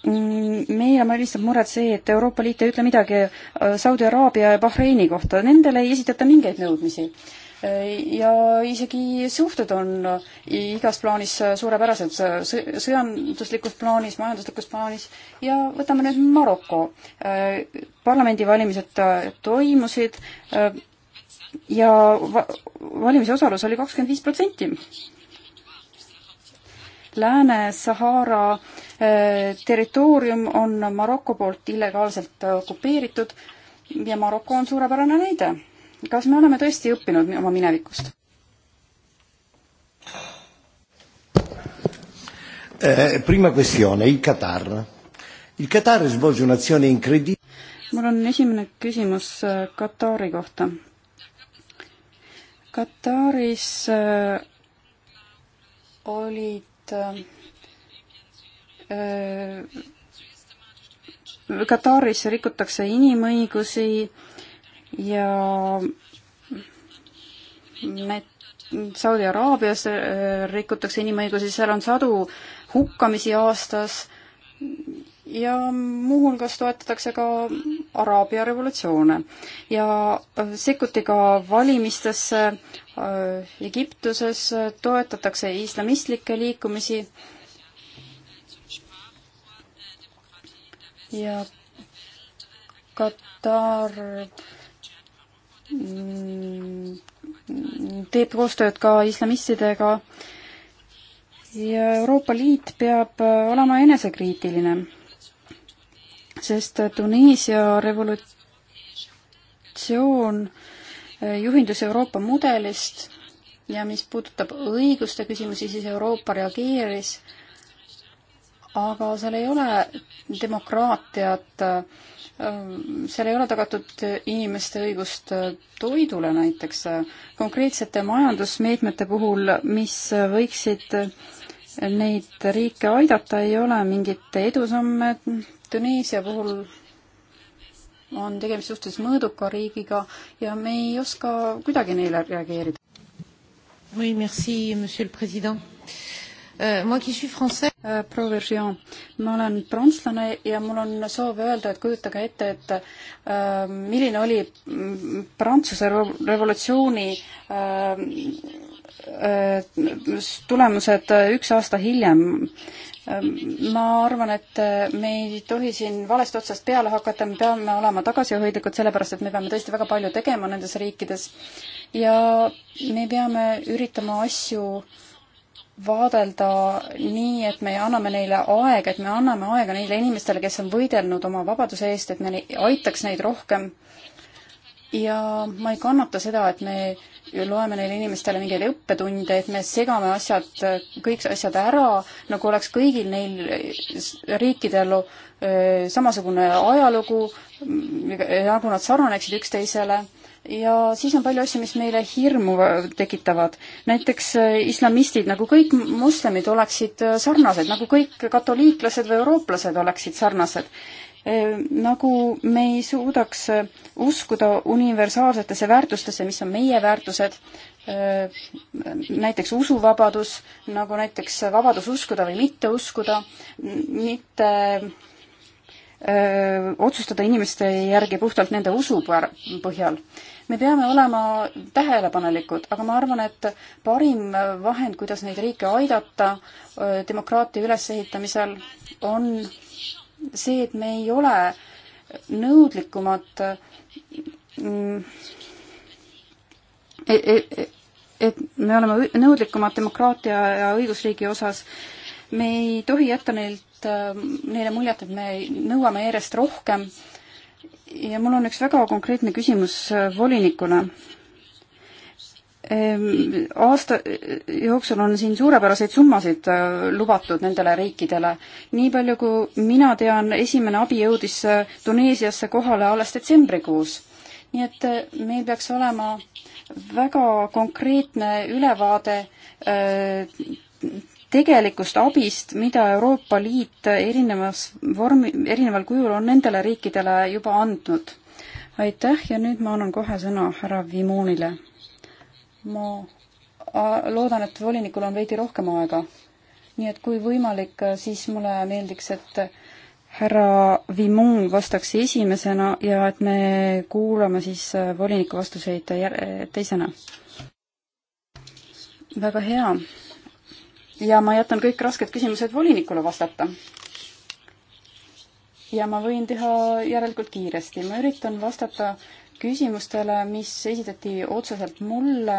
Mm, meile valmistab muret see, et Euroopa Liit ei ütle midagi äh, Saudi Araabia ja Bahreini kohta, nendele ei esitata mingeid nõudmisi. Äh, ja isegi suhted on äh, igas plaanis suurepärased, sõjanduslikus plaanis, majanduslikus plaanis ja võtame nüüd Maroko. parlamendivalimised toimusid ja valimisosalus oli kakskümmend viis protsenti Lääne-Sahara eh, territoorium on Maroko poolt illegaalselt okupeeritud ja Maroko on suurepärane näide. kas me oleme tõesti õppinud oma minevikust? Eh, prima questione, il Qatar. Il Qatar svolge un'azione incredibile. mul on esimene küsimus eh, Katari kohta. Kataris eh, olid et äh, Kataris rikutakse inimõigusi ja Saudi Araabias äh, rikutakse inimõigusi, seal on sadu hukkamisi aastas ja muuhulgas toetatakse ka Araabia revolutsioone ja äh, sekkuti ka valimistesse äh, Egiptuses, äh, toetatakse islamistlikke liikumisi ja Katar mm, teeb koostööd ka islamistidega ja Euroopa Liit peab olema enesekriitiline sest Tuneesia revolutsioon eh, juhindus Euroopa mudelist ja mis puudutab õiguste küsimusi, siis Euroopa reageeris, aga seal ei ole demokraatiat, eh, seal ei ole tagatud inimeste õigust toidule näiteks. konkreetsete majandusmeetmete puhul, mis võiksid neid riike aidata, ei ole mingit edusamme Tuneesia puhul on tegemist suhteliselt mõõduka riigiga ja me ei oska kuidagi neile reageerida. Oui, merci, monsieur le président. Euh, moi qui suis français. Äh, proua Virgion, ma olen prantslane ja mul on soov öelda, et kujutage ette, et äh, milline oli mm, Prantsuse revolutsiooni äh, Äh, tulemused äh, üks aasta hiljem. Ähm, ma arvan, et äh, me ei tohi siin valest otsast peale hakata, me peame olema tagasihoidlikud, sellepärast et me peame tõesti väga palju tegema nendes riikides ja me peame üritama asju vaadelda nii, et me anname neile aega, et me anname aega neile inimestele, kes on võidelnud oma vabaduse eest, et me aitaks neid rohkem äh, ja ma ei kannata seda, et me loeme neile inimestele mingeid õppetunde, et me segame asjad, kõik asjad ära, nagu oleks kõigil neil riikidel äh, samasugune ajalugu, nagu nad sarnaneksid üksteisele ja siis on palju asju, mis meile hirmu tekitavad. näiteks äh, islamistid, nagu kõik moslemid oleksid äh, sarnased, nagu kõik katoliiklased või eurooplased oleksid sarnased. Ehm, nagu me ei suudaks äh, uskuda universaalsetesse väärtustesse, mis on meie väärtused, äh, näiteks usuvabadus, nagu näiteks vabadus uskuda või mitte uskuda, mitte öö, äh, otsustada inimeste järgi puhtalt nende usu põhjal. me peame olema tähelepanelikud, aga ma arvan, et parim vahend, kuidas neid riike aidata demokraatia ülesehitamisel, on see, et me ei ole nõudlikumad et, mm, et, e, e, et me oleme nõudlikumad demokraatia ja õigusriigi osas, me ei tohi jätta neilt, neile muljet, et me nõuame järjest rohkem. ja mul on üks väga konkreetne küsimus volinikule aasta jooksul on siin suurepäraseid summasid äh, lubatud nendele riikidele. nii palju kui mina tean, esimene abi jõudis äh, Tuneesiasse kohale alles detsembrikuus. nii et äh, meil peaks olema väga konkreetne ülevaade tegelikust abist, mida Euroopa Liit erinevas vormi, erineval kujul on nendele riikidele juba andnud. aitäh ja nüüd ma annan kohe sõna härra Vimunile ma loodan, et volinikul on veidi rohkem aega. nii et kui võimalik, siis mulle meeldiks, et härra Vimon vastaks esimesena ja et me kuulame siis voliniku vastuseid teisena. väga hea. ja ma jätan kõik rasked küsimused volinikule vastata. ja ma võin teha järelikult kiiresti, ma üritan vastata äh, küsimustele, mis esitati otseselt mulle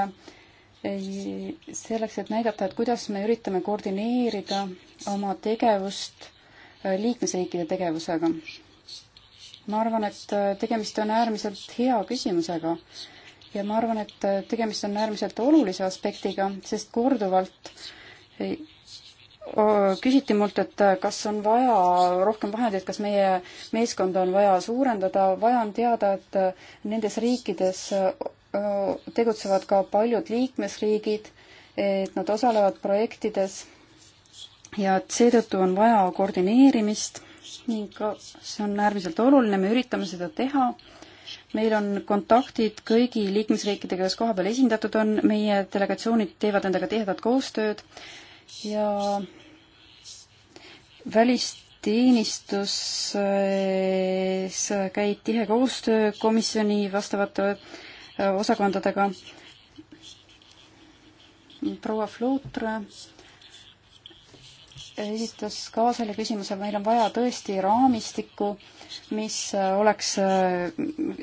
selleks, et näidata, et kuidas me üritame koordineerida oma tegevust äh, liikmesriikide tegevusega. ma arvan, et äh, tegemist on äärmiselt hea küsimusega ja ma arvan, et äh, tegemist on äärmiselt olulise aspektiga, sest korduvalt küsiti mult, et äh, kas on vaja rohkem vahendeid, kas meie meeskonda on vaja suurendada, vaja on teada, et äh, nendes riikides tegutsevad ka paljud liikmesriigid, et nad osalevad projektides ja et seetõttu on vaja koordineerimist ning see on äärmiselt oluline, me üritame seda teha. meil on kontaktid kõigi liikmesriikidega, kes kohapeal esindatud on, meie delegatsioonid teevad nendega tihedat koostööd ja välisteenistuses eh, käib tihe koostöö komisjoni vastavate eh, osakondadega. proua Flutre esitas ka selle küsimuse, meil on vaja tõesti raamistikku, mis äh, oleks äh,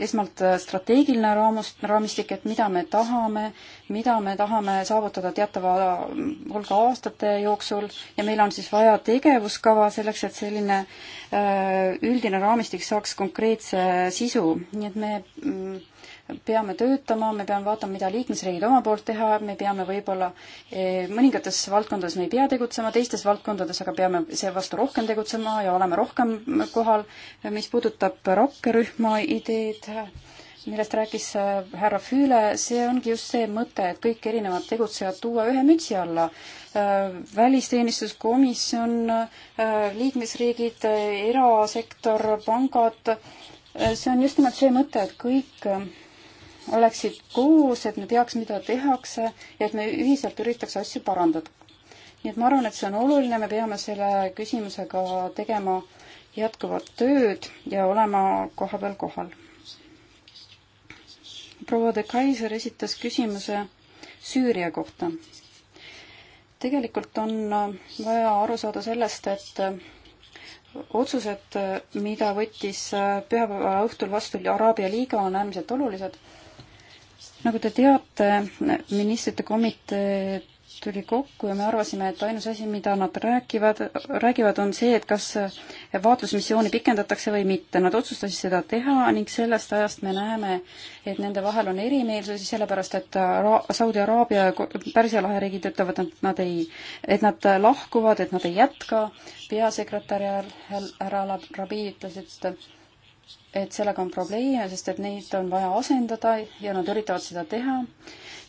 esmalt äh, strateegiline raamust, raamistik, et mida me tahame, mida me tahame saavutada teatava mm, hulga aastate jooksul ja meil on siis vaja tegevuskava selleks, et selline üldine raamistik saaks konkreetse sisu, nii et me mm, peame töötama, me peame vaatama, mida liikmesriigid oma poolt teha, me peame võib-olla eh, mõningates valdkondades me ei pea tegutsema, teistes valdkondades aga peame seevastu rohkem tegutsema ja olema rohkem kohal. mis puudutab rakkerühma ideed, millest rääkis äh, härra Füüle, see ongi just see mõte, et kõik erinevad tegutsejad tuua ühe mütsi alla. Äh, välisteenistuskomisjon, äh, liikmesriigid, erasektor, pangad, see on just nimelt see mõte, et kõik oleksid koos, et me teaks, mida tehakse ja et me ühiselt üritaks asju parandada. nii et ma arvan, et see on oluline, me peame selle küsimusega tegema jätkuvat tööd ja olema kohapeal kohal. proua de Kaiser esitas küsimuse Süüria kohta. tegelikult on vaja aru saada sellest, et otsused, mida võttis pühapäeva õhtul vastu Araabia liiga, on äärmiselt olulised nagu te teate, ministrite komitee tuli kokku ja me arvasime, et ainus asi, mida nad räägivad, räägivad, on see, et kas vaatlusmissiooni pikendatakse või mitte. Nad otsustasid seda teha ning sellest ajast me näeme, et nende vahel on erimeelsusi, sellepärast et Saudi Araabia ja Pärsia lahe riigid ütlevad, et nad ei, et nad lahkuvad, et nad ei jätka. peasekretär härra Al-Rabi ütles, et et sellega on probleeme, sest et neid on vaja asendada ja nad üritavad seda teha.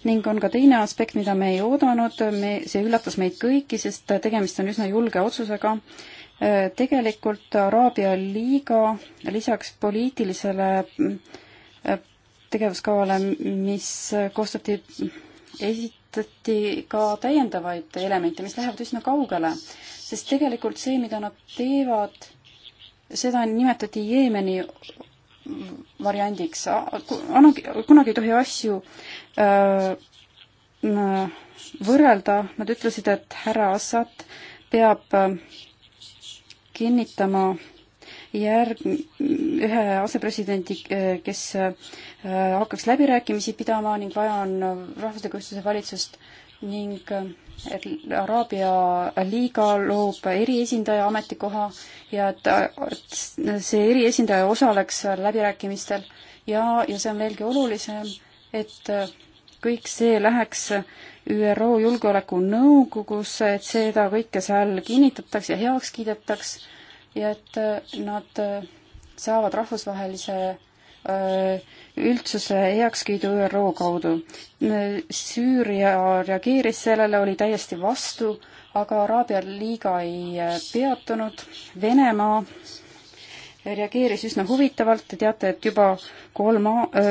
ning on ka teine aspekt, mida me ei oodanud, me, see üllatas meid kõiki, sest tegemist on üsna julge otsusega. tegelikult Araabia liiga lisaks poliitilisele äh, tegevuskavale, mis koostati, esitati ka täiendavaid elemente, mis lähevad üsna kaugele, sest tegelikult see, mida nad teevad, seda nimetati Jeemeni variandiks. kunagi ei tohi asju võrrelda, nad ütlesid, et härra Assad peab kinnitama järg-, ühe asepresidendi, kes hakkaks läbirääkimisi pidama ning vaja on rahvusliku ühtsuse valitsust ning et Araabia liiga loob eriesindaja ametikoha ja et, et see eriesindaja osaleks läbirääkimistel ja, ja see on veelgi olulisem, et kõik see läheks ÜRO Julgeolekunõukogusse, et seda kõike seal kinnitataks ja heaks kiidetaks ja et nad saavad rahvusvahelise öö, äh, üldsuse heakskiidu ÜRO kaudu. Süüria reageeris sellele, oli täiesti vastu, aga Araabia liiga ei äh, peatunud. Venemaa reageeris üsna huvitavalt, te teate, et juba kolm äh,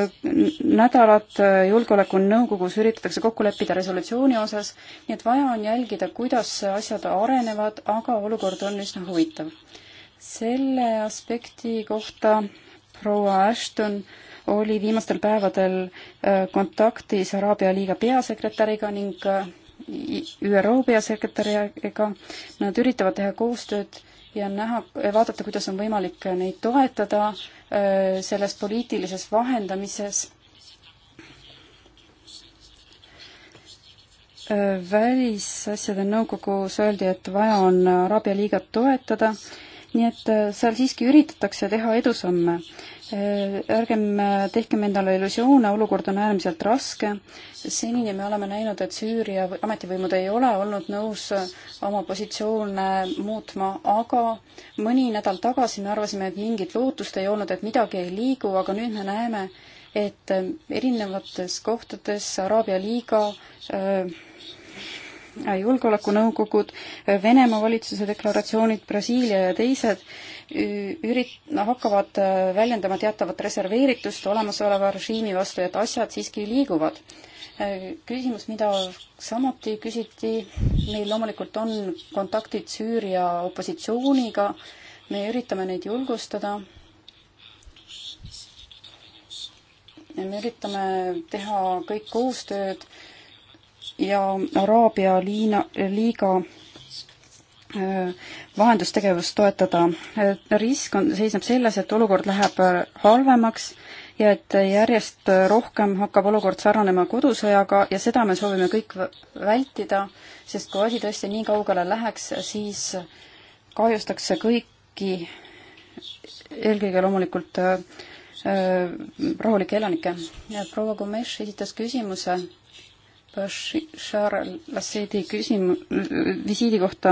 nädalat äh, Julgeolekunõukogus üritatakse kokku leppida resolutsiooni osas, nii et vaja on jälgida, kuidas asjad arenevad, aga olukord on üsna huvitav. selle aspekti kohta proua Ashton äh, oli viimastel päevadel äh, kontaktis Araabia liiga peasekretäriga ning äh, ÜRO peasekretäriga. Nad üritavad teha koostööd ja näha, vaadata, kuidas on võimalik neid toetada äh, selles poliitilises vahendamises. välisasjade nõukogus öeldi, et vaja on Araabia liigat toetada, nii et seal siiski üritatakse teha edusamme Äh, ärgem äh, tehkem endale illusioone, olukord on äärmiselt raske. senini me oleme näinud, et Süüria ametivõimud ei ole olnud nõus äh, oma positsioone muutma, aga mõni nädal tagasi me arvasime, et mingit lootust ei olnud, et midagi ei liigu, aga nüüd me näeme, et erinevates kohtades Araabia liiga julgeolekunõukogud, Venemaa valitsuse deklaratsioonid, Brasiilia ja teised äh, ürit-, no hakkavad äh, väljendama teatavat reserveeritust olemasoleva režiimi vastu, et asjad siiski liiguvad. Äh, küsimus, mida samuti küsiti, meil loomulikult on kontaktid Süüria opositsiooniga, me üritame neid julgustada, me üritame teha kõik koostööd ja Araabia liina, liiga vahendustegevust toetada. risk on, seisneb selles, et olukord läheb halvemaks ja et järjest rohkem hakkab olukord sarnanema kodusõjaga ja seda me soovime kõik vältida, sest kui asi tõesti nii kaugele läheks, siis kahjustaks see kõiki, eelkõige loomulikult äh, äh rahulikke elanikke. proua Gomes esitas küsimuse Bashar al-Assadi küsim-, visiidi kohta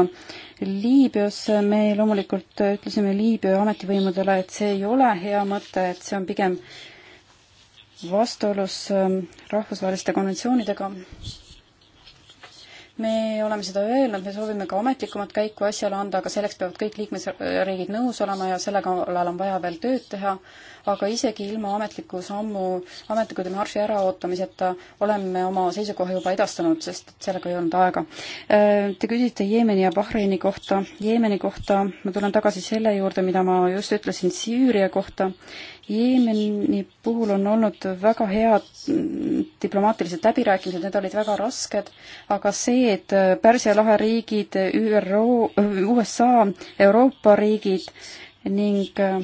Liibüasse, me loomulikult ütlesime Liibüa ametivõimudele, et see ei ole hea mõte, et see on pigem vastuolus ähm, rahvusvaheliste konventsioonidega me oleme seda öelnud, me soovime ka ametlikumat käiku asjale anda, aga selleks peavad kõik liikmesriigid nõus olema ja selle kallal on vaja veel tööd teha, aga isegi ilma ametliku sammu, ametliku demarši äraootamiseta oleme oma seisukoha juba edastanud, sest et sellega ei olnud aega. Äh, te küsisite Jeemeni ja Bahreini kohta. Jeemeni kohta ma tulen tagasi selle juurde, mida ma just ütlesin Süüria kohta. Jeemeni puhul on olnud väga head diplomaatilised läbirääkimised, need olid väga rasked, aga see, et Pärsia lahe riigid, ÜRO, USA, Euroopa riigid ning äh,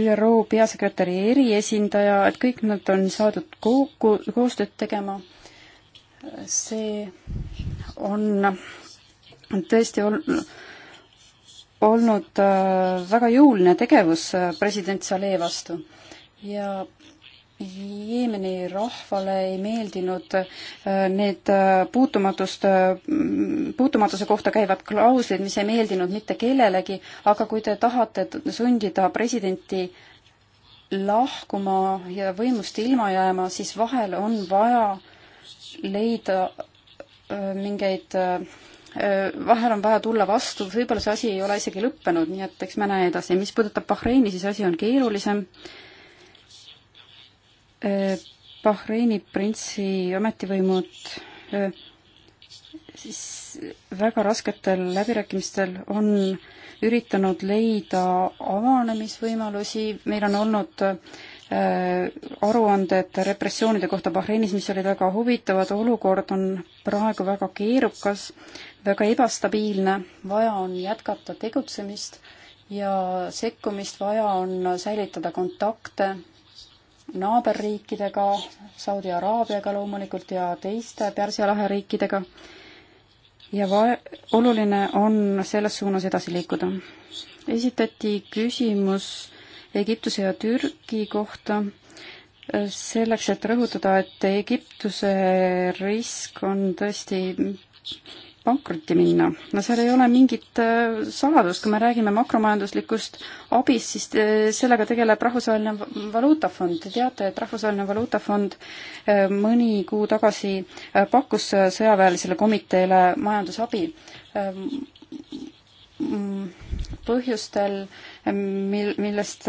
ÜRO peasekretäri eriesindaja, et kõik nad on saadud kokku, koostööd tegema, see on tõesti ol-, olnud äh, väga jõuline tegevus äh, president Saleh vastu ja Jeemeni rahvale ei meeldinud äh, need puutumatust, puutumatuse kohta käivad klauslid, mis ei meeldinud mitte kellelegi, aga kui te tahate sundida presidenti lahkuma ja võimust ilma jääma, siis vahel on vaja leida mingeid Äh, vahel on vaja tulla vastu, võib-olla see asi ei ole isegi lõppenud, nii et eks me näe edasi. mis puudutab Bahreini, siis asi on keerulisem. Äh, Bahreini printsi ametivõimud äh, siis väga rasketel läbirääkimistel on üritanud leida avanemisvõimalusi, meil on olnud aruanded repressioonide kohta Bahreinis, mis olid väga huvitavad, olukord on praegu väga keerukas, väga ebastabiilne, vaja on jätkata tegutsemist ja sekkumist, vaja on säilitada kontakte naaberriikidega, Saudi Araabiaga loomulikult ja teiste Pärsia lahe riikidega. ja va-, oluline on selles suunas edasi liikuda. esitati küsimus Egiptuse ja Türgi kohta eh, selleks, et rõhutada, et Egiptuse risk on tõesti pankrotti minna. no seal ei ole mingit äh, saladust, kui me räägime makromajanduslikust abist, siis äh, sellega tegeleb Rahvusvaheline Valuutafond. Te teate, et Rahvusvaheline Valuutafond äh, mõni kuu tagasi pakkus sõjaväelisele komiteele majandusabi ähm, põhjustel, ähm, mil, millest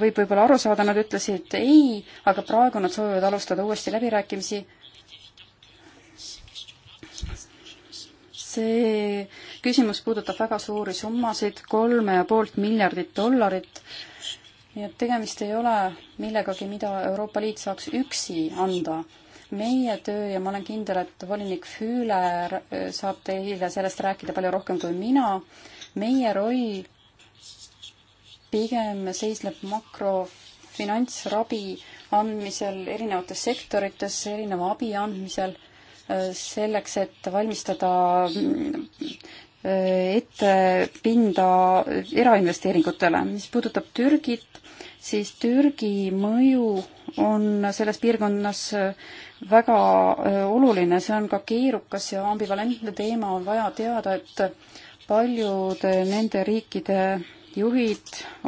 võib võib-olla aru saada, nad ütlesid ei, aga praegu nad soovivad alustada uuesti läbirääkimisi see küsimus puudutab väga suuri summasid, kolme ja poolt miljardit dollarit, nii et tegemist ei ole millegagi, mida Euroopa Liit saaks üksi anda. meie töö ja ma olen kindel, et volinik Füüle saab teile sellest rääkida palju rohkem kui mina, meie roll pigem seisneb makrofinantsrabi andmisel erinevates sektorites, erineva abi andmisel selleks, et valmistada äh, ette pinda erainvesteeringutele. mis puudutab Türgit, siis Türgi mõju on selles piirkonnas äh, väga äh, oluline, see on ka keerukas ja ambivalentne teema, on vaja teada, et paljude nende riikide juhid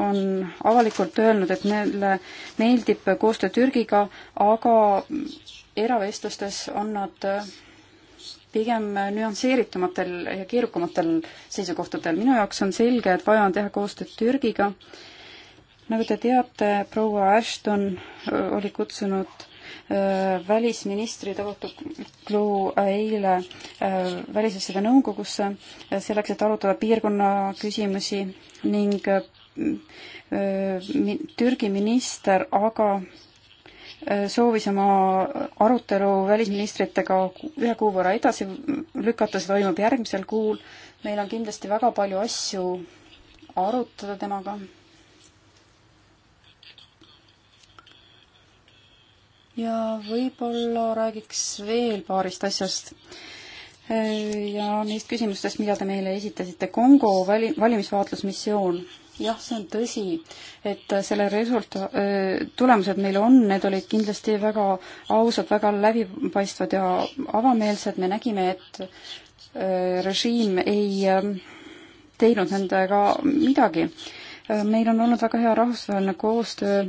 on avalikult öelnud, et neile meeldib koostöö Türgiga, aga eravestlustes on nad äh, pigem nüansseeritumatel ja keerukamatel seisukohtadel. minu jaoks on selge, et vaja on teha koostööd Türgiga. nagu te teate, proua Ashton äh, oli kutsunud äh, välisministri Davutoglu eile Välisasjade Nõukogusse selleks, et arutada piirkonna küsimusi ning Türgi minister aga soovis oma arutelu välisministritega ühe kuu võrra edasi lükata, see toimub järgmisel kuul. meil on kindlasti väga palju asju arutada temaga. ja võib-olla räägiks veel paarist asjast ja neist küsimustest, mida te meile esitasite. Kongo vali-, valimisvaatlusmissioon jah, see on tõsi, et äh, selle resulta-, äh, tulemused meil on, need olid kindlasti väga ausad, väga läbipaistvad ja avameelsed, me nägime, et äh, režiim ei ähm, teinud nendega midagi. meil on olnud väga hea rahvusvaheline koostöö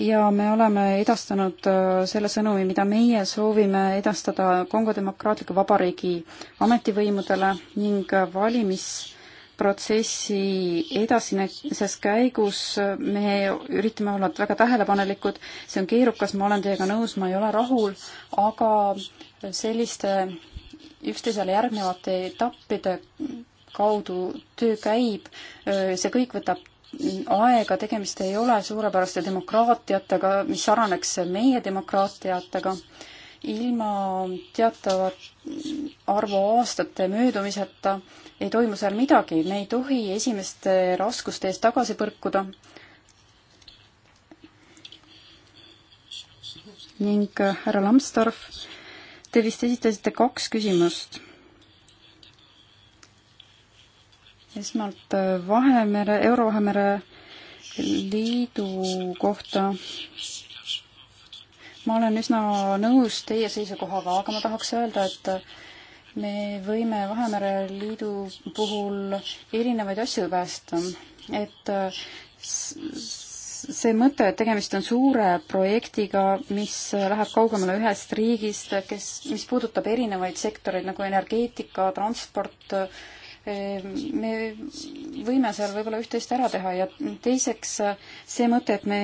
ja me oleme edastanud selle sõnumi, mida meie soovime edastada Kongo Demokraatliku Vabariigi ametivõimudele ning valimis protsessi edasises käigus me üritame olla väga tähelepanelikud, see on keerukas, ma olen teiega nõus, ma ei ole rahul, aga selliste üksteisele järgnevate etappide kaudu töö käib, see kõik võtab aega, tegemist ei ole suurepäraste demokraatiatega, mis sarnaneks meie demokraatiatega ilma teatava arvu aastate möödumiseta ei toimu seal midagi, me ei tohi esimeste raskuste eest tagasi põrkuda. ning äh, härra Lambsdorff, te vist esitasite kaks küsimust. esmalt äh, Vahemere, Euro-Vahemere liidu kohta ma olen üsna nõus teie seisukohaga, aga ma tahaks öelda, et äh, me võime Vahemere Liidu puhul erinevaid asju päästa, et äh, see mõte, et tegemist on suure projektiga, mis läheb kaugemale ühest riigist, kes, mis puudutab erinevaid sektoreid nagu energeetika, transport, äh, me võime seal võib-olla üht-teist ära teha ja teiseks see mõte, et me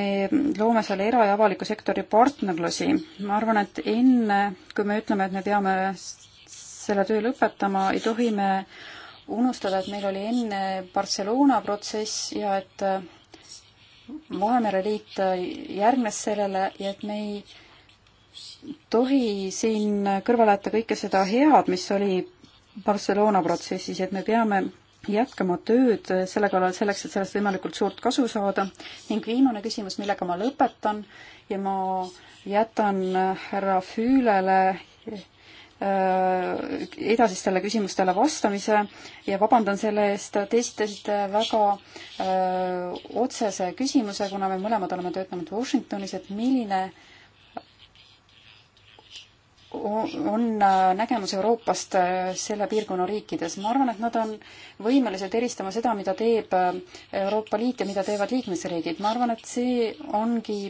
loome seal era- ja avaliku sektori partnerlusi. ma arvan, et enne, kui me ütleme, et me peame selle töö lõpetama, ei tohi me unustada, et meil oli enne Barcelona protsess ja et äh, Vahemere liit äh, järgnes sellele ja et me ei tohi siin kõrvale jätta kõike seda head, mis oli Barcelona protsessis, et me peame jätkama tööd äh, selle kallal selleks, et sellest võimalikult suurt kasu saada. ning viimane küsimus, millega ma lõpetan ja ma jätan härra Füülele Äh, edasistele küsimustele vastamise ja vabandan selle eest, te esitasite väga öö, äh, otsese küsimuse, kuna me mõlemad oleme töötanud Washingtonis, et milline on äh, nägemus Euroopast selle piirkonna riikides. ma arvan, et nad on võimelised eristama seda, mida teeb Euroopa Liit ja mida teevad liikmesriigid. ma arvan, et see ongi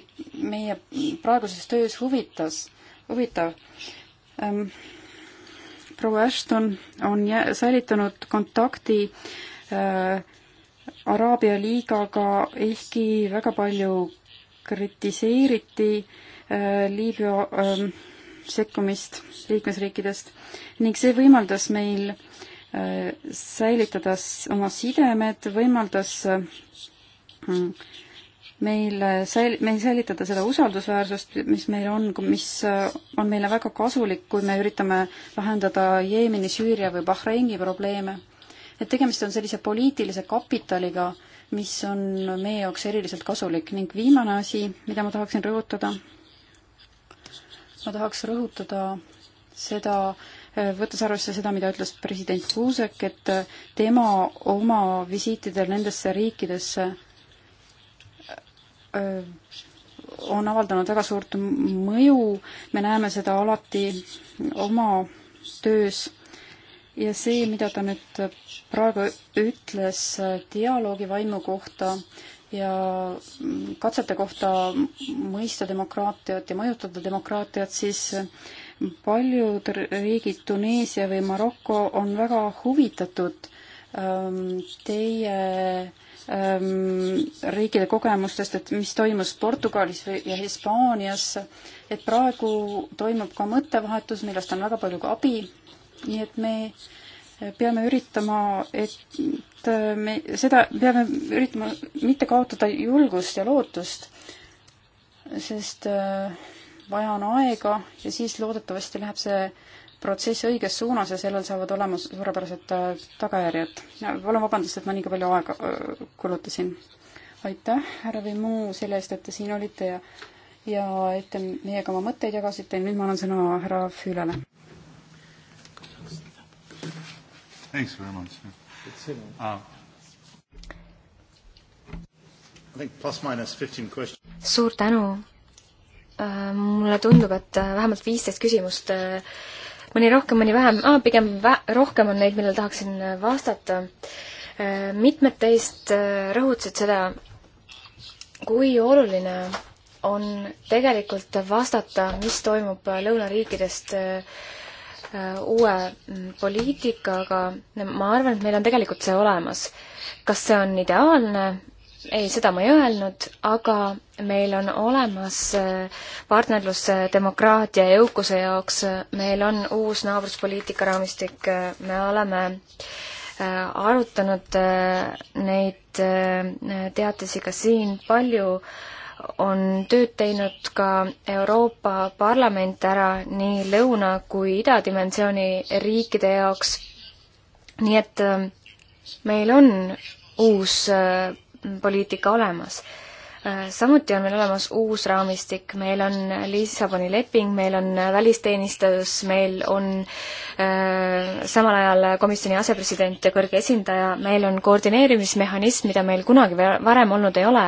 meie praeguses töös huvitas, huvitav. Ehm, proua Ashton on säilitanud kontakti äh, Araabia liigaga, ehkki väga palju kritiseeriti äh, Liibüa äh, sekkumist liikmesriikidest ning see võimaldas meil äh, säilitada oma sidemed, võimaldas äh, meil säil-, meil säilitada seda usaldusväärsust, mis meil on, mis äh, on meile väga kasulik, kui me üritame lahendada Jeemeni, Süüria või Bahreini probleeme. et tegemist on sellise poliitilise kapitaliga, mis on meie jaoks eriliselt kasulik ning viimane asi, mida ma tahaksin rõhutada, ma tahaks rõhutada seda, äh, võttes arvesse seda, mida ütles president Kuusek, et äh, tema oma visiitidel nendesse riikidesse Äh, on avaldanud väga suurt mõju, me näeme seda alati oma töös ja see, mida ta nüüd praegu ütles äh, dialoogi vaimu kohta ja mm, katsete kohta mõista demokraatiat ja mõjutada demokraatiat, siis äh, paljud riigid, Tuneesia või Maroko, on väga huvitatud ähm, teie Ehm, riikide kogemustest, et mis toimus Portugalis ja Hispaanias, et praegu toimub ka mõttevahetus, millest on väga palju ka abi, nii et me peame üritama, et äh, me seda, peame üritama mitte kaotada julgust ja lootust, sest äh, vaja on aega ja siis loodetavasti läheb see protsessi õiges suunas ja sellel saavad olema suurepärased äh, tagajärjed. palun vabandust, et ma liiga palju aega äh, kulutasin. aitäh, härra Vimu, selle eest, et te siin olite ja ja et te meiega oma mõtteid jagasite, nüüd ma annan sõna härra Füülele. Thanks very much. Uh, suur tänu. Äh, mulle tundub, et vähemalt viisteist küsimust mõni rohkem, mõni vähem ah,, pigem vä rohkem on neid, millele tahaksin äh, vastata. Äh, mitmed teist äh, rõhutasid seda, kui oluline on tegelikult vastata, mis toimub lõunariikidest uue mm, poliitikaga. ma arvan, et meil on tegelikult see olemas. kas see on ideaalne, ei, seda ma ei öelnud, aga meil on olemas äh, partnerlus äh, demokraatia ja jõukuse jaoks, meil on uus naabruspoliitika raamistik, me oleme äh, arutanud neid teatisi ka siin, palju on tööd teinud ka Euroopa Parlament ära nii lõuna- kui idadimensiooni riikide jaoks, nii et meil on uus poliitika olemas. Äh, samuti on meil olemas uus raamistik, meil on Lissaboni leping, meil on välisteenistus, meil on äh, samal ajal komisjoni asepresident ja kõrge esindaja, meil on koordineerimismehhanism, mida meil kunagi varem olnud ei ole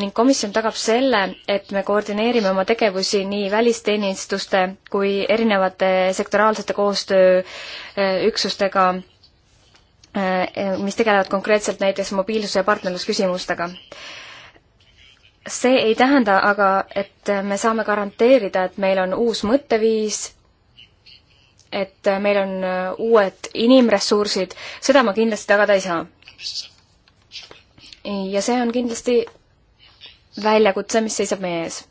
ning komisjon tagab selle, et me koordineerime oma tegevusi nii välisteenistuste kui erinevate sektoraalsete koostööüksustega äh, Äh, mis tegelevad konkreetselt näiteks mobiilsuse ja partnerlusküsimustega. see ei tähenda aga, et me saame garanteerida, et meil on uus mõtteviis, et meil on äh, uued inimressursid, seda ma kindlasti tagada ei saa. ja see on kindlasti väljakutse, mis seisab meie ees.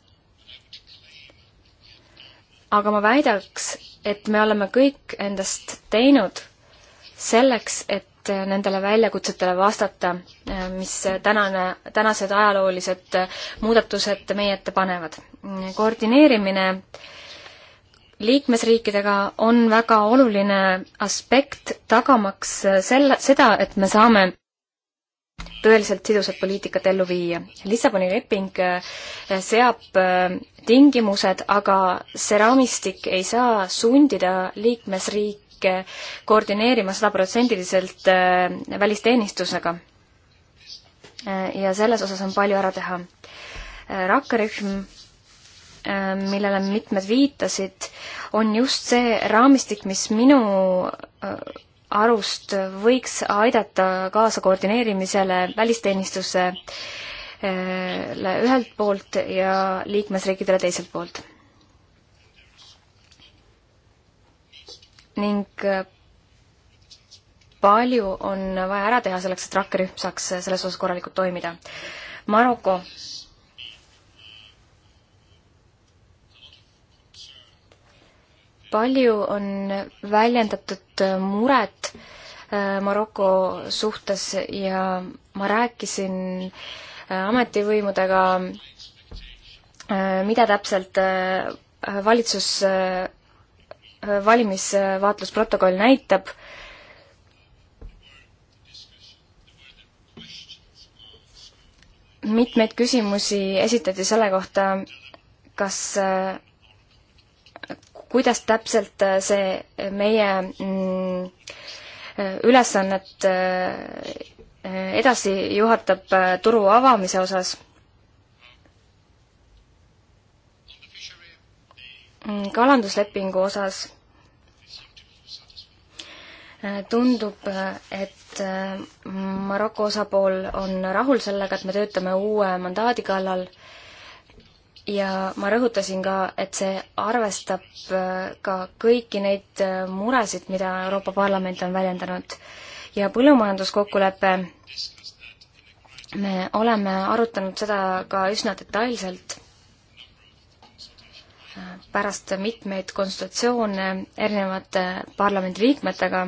aga ma väidaks, et me oleme kõik endast teinud selleks, et et nendele väljakutsetele vastata, mis tänane, tänased ajaloolised muudatused meie ette panevad. koordineerimine liikmesriikidega on väga oluline aspekt, tagamaks selle, seda, et me saame tõeliselt sidusat poliitikat ellu viia. Lissaboni leping eh, seab eh, tingimused, aga see raamistik ei saa sundida liikmesriike kõike koordineerima sadaprotsendiliselt äh, välisteenistusega. Äh, ja selles osas on palju ära teha. Äh, rakkerühm millele mitmed viitasid, on just see raamistik, mis minu arust võiks aidata kaasa koordineerimisele välisteenistuse ühelt poolt ja liikmesriikidele teiselt poolt ning äh, palju on vaja ära teha selleks, et rakkerühm saaks selles osas korralikult toimida. Maroko. palju on väljendatud muret äh, Maroko suhtes ja ma rääkisin äh, ametivõimudega, mida täpselt valitsus valimisvaatlusprotokoll näitab, mitmeid küsimusi esitati selle kohta, kas, kuidas täpselt see meie mm, ülesannet edasi juhatab äh, turu avamise osas Mm, kalanduslepingu osas äh, tundub, äh, et äh, Maroko osapool on rahul sellega, et me töötame uue mandaadi kallal ja ma rõhutasin ka, et see arvestab ka kõiki neid muresid, mida Euroopa Parlament on väljendanud. ja põllumajanduskokkulepe, me oleme arutanud seda ka üsna detailselt pärast mitmeid konsultatsioone erinevate parlamendiliikmetega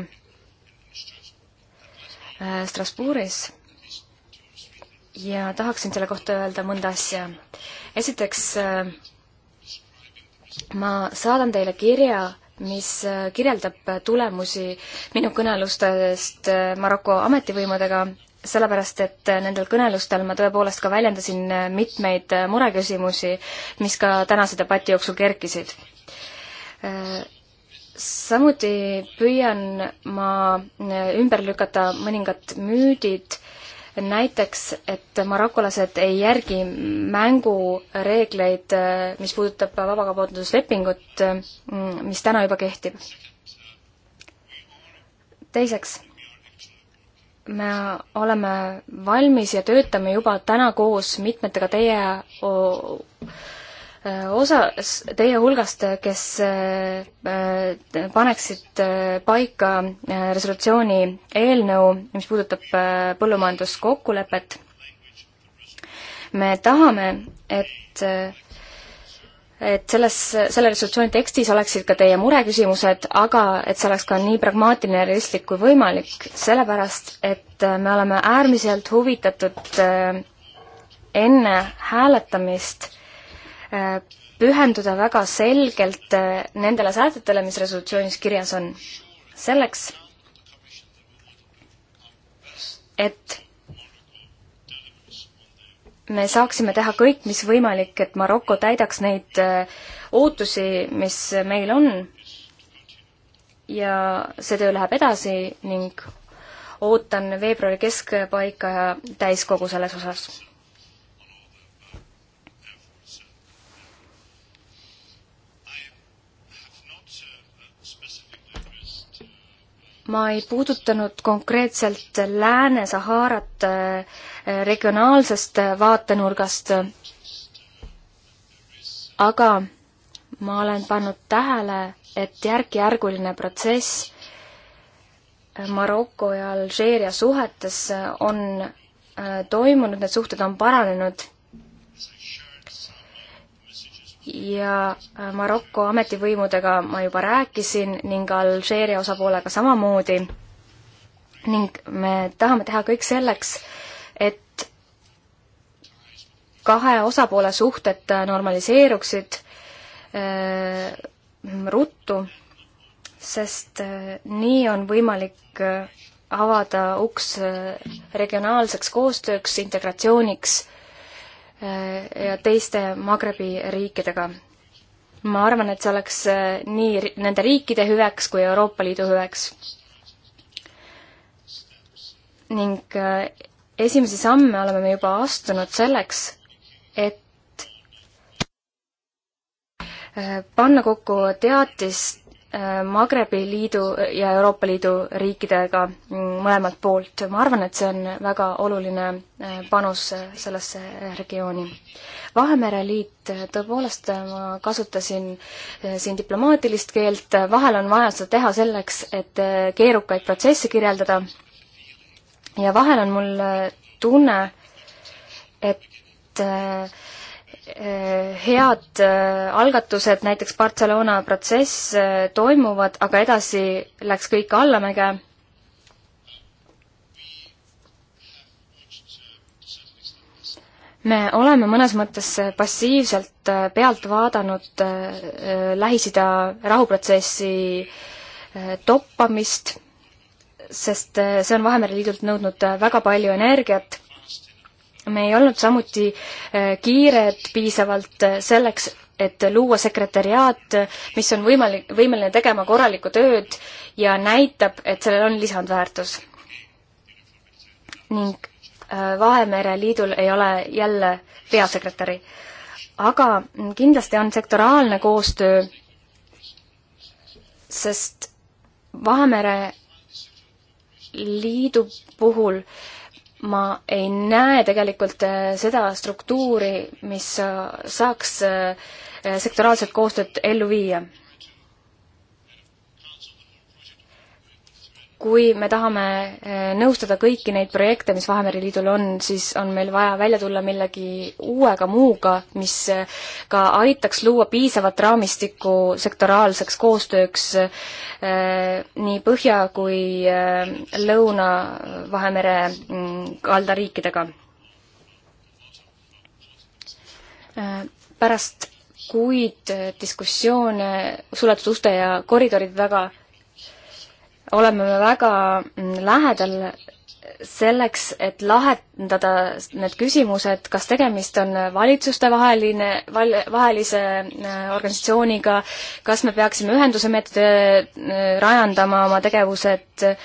äh, Strasbourgis ja tahaksin selle kohta öelda mõnda asja. esiteks, äh, ma saadan teile kirja, mis äh, kirjeldab tulemusi minu kõnelustest Maroko ametivõimudega sellepärast, et nendel kõnelustel ma tõepoolest ka väljendasin mitmeid mureküsimusi, mis ka tänase debati jooksul kerkisid. samuti püüan ma ümber lükata mõningad müüdid, näiteks, et marokolased ei järgi mängureegleid, mis puudutab vabakaubanduslepingut, mis täna juba kehtib. teiseks me oleme valmis ja töötame juba täna koos mitmetega teie osas, teie hulgast, kes äh, paneksid äh, paika äh, resolutsiooni eelnõu, mis puudutab põllumajanduskokkulepet. me tahame, et et selles, selle resolutsiooni tekstis oleksid ka teie mureküsimused, aga et see oleks ka nii pragmaatiline ja realistlik kui võimalik, sellepärast et äh, me oleme äärmiselt huvitatud äh, enne hääletamist äh, pühenduda väga selgelt nendele sätetele, mis resolutsioonis kirjas on. selleks, et me saaksime teha kõik, mis võimalik, et Maroko täidaks neid äh, ootusi, mis meil on. ja see töö läheb edasi ning ootan veebruari keskpaika täiskogu selles osas. ma ei puudutanud konkreetselt Lääne-Saharat äh, regionaalsest vaatenurgast, aga ma olen pannud tähele, et järk-järguline protsess Maroko ja Alžeeria suhetes on äh, toimunud, need suhted on paranenud ja äh, Maroko ametivõimudega ma juba rääkisin ning Alžeeria osapoolega samamoodi ning me tahame teha kõik selleks, et kahe osapoole suhted normaliseeruksid äh, ruttu, sest äh, nii on võimalik äh, avada uks regionaalseks koostööks, integratsiooniks äh, Äh, ja teiste Magrebi riikidega. ma arvan, et see oleks äh, nii nende riikide hüveks kui Euroopa Liidu hüveks. ning äh, esimesi samme oleme me juba astunud selleks, et panna kokku teatist Äh, Magrebi liidu ja Euroopa Liidu riikidega mõlemalt poolt. ma arvan, et see on väga oluline äh, panus äh, sellesse regiooni. Vahemere liit, tõepoolest ma kasutasin siin diplomaatilist keelt, vahel on vaja seda teha selleks, et keerukaid protsesse kirjeldada ja vahel on mul tunne, et äh, Eh, head eh, algatused, näiteks Barcelona protsess eh, toimuvad, aga edasi läks kõik allamäge. me oleme mõnes mõttes passiivselt pealt vaadanud Lähis-Ida rahuprotsessi toppamist, sest see on Vahemere Liidult nõudnud väga palju energiat me ei olnud samuti äh, kiired piisavalt äh, selleks, et luua sekretäriaat, mis on võimalik, võimeline tegema korralikku tööd ja näitab, et sellel on lisandväärtus. ning äh, Vahemere Liidul ei ole jälle peasekretäri. aga mm, kindlasti on sektoraalne koostöö, sest Vahemere Liidu puhul äh, ma ei näe tegelikult äh, seda struktuuri, mis äh, saaks äh, sektoraalset koostööd ellu viia kui me tahame eh, nõustada kõiki neid projekte, mis Vahemere Liidul on, siis on meil vaja välja tulla millegi uuega, muuga, mis eh, ka aitaks luua piisavat raamistikku sektoraalseks koostööks eh, nii Põhja kui Lõuna-Vahemere mm, kaldariikidega. pärast kuid diskussioone suletud uste ja koridoride taga oleme me väga mm, lähedal selleks, et lahendada need küsimused, kas tegemist on valitsustevaheline, val-, vahelise mm, organisatsiooniga, kas me peaksime ühenduse meetodi mm, rajandama oma tegevused äh,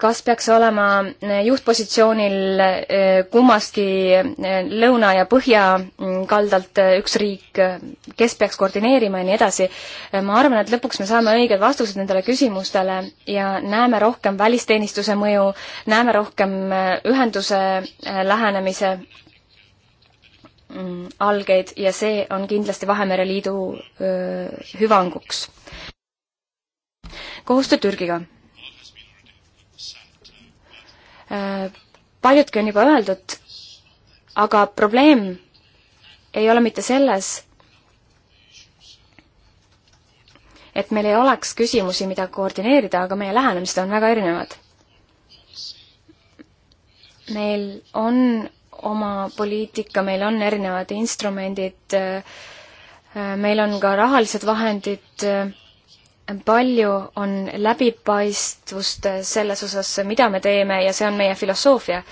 kas peaks olema eh, juhtpositsioonil eh, kummastki eh, lõuna ja põhja mm, kaldalt üks riik, kes peaks koordineerima ja nii edasi. ma arvan, et lõpuks me saame õiged vastused nendele küsimustele ja näeme rohkem välisteenistuse mõju, näeme rohkem ühenduse lähenemise mm, algeid ja see on kindlasti Vahemere Liidu hüvanguks. koostöö Türgiga Äh, paljudki on juba öeldud, aga probleem ei ole mitte selles, et meil ei oleks küsimusi, mida koordineerida, aga meie lähenemised on väga erinevad. meil on oma poliitika, meil on erinevad instrumendid, äh, meil on ka rahalised vahendid, äh, palju on läbipaistvust selles osas, mida me teeme ja see on meie filosoofia.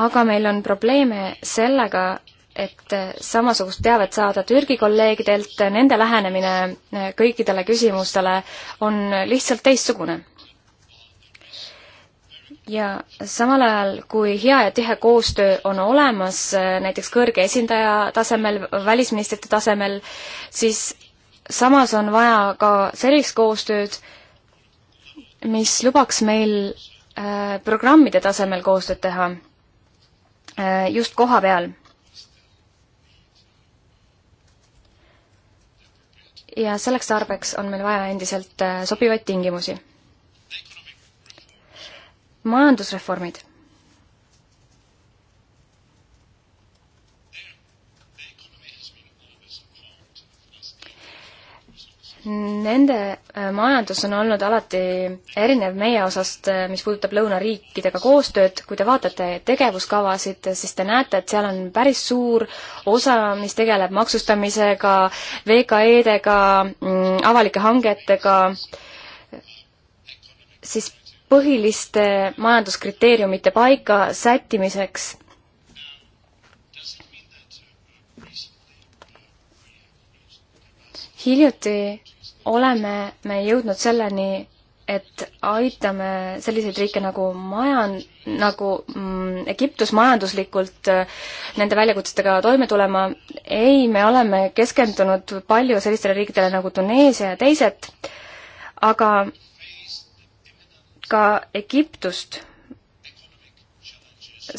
aga meil on probleeme sellega, et samasugust teavet saada Türgi kolleegidelt, nende lähenemine kõikidele küsimustele on lihtsalt teistsugune ja samal ajal, kui hea ja tihe koostöö on olemas äh, näiteks kõrge esindaja tasemel, välisministrite tasemel, siis samas on vaja ka sellist koostööd, mis lubaks meil äh, programmide tasemel koostööd teha äh, just koha peal. ja selleks tarbeks on meil vaja endiselt äh, sobivaid tingimusi majandusreformid. Nende äh, majandus on olnud alati erinev meie osast, äh, mis puudutab lõunariikidega koostööd, kui te vaatate tegevuskavasid, äh, siis te näete, et seal on päris suur osa, mis tegeleb maksustamisega, VKE-dega, mm, avalike hangetega, siis põhiliste majanduskriteeriumite paika sättimiseks. hiljuti oleme me jõudnud selleni, et aitame selliseid riike nagu majan-, nagu mm, Egiptus majanduslikult äh, nende väljakutsetega toime tulema. ei, me oleme keskendunud palju sellistele riikidele nagu Tuneesia ja teised, aga ka Egiptust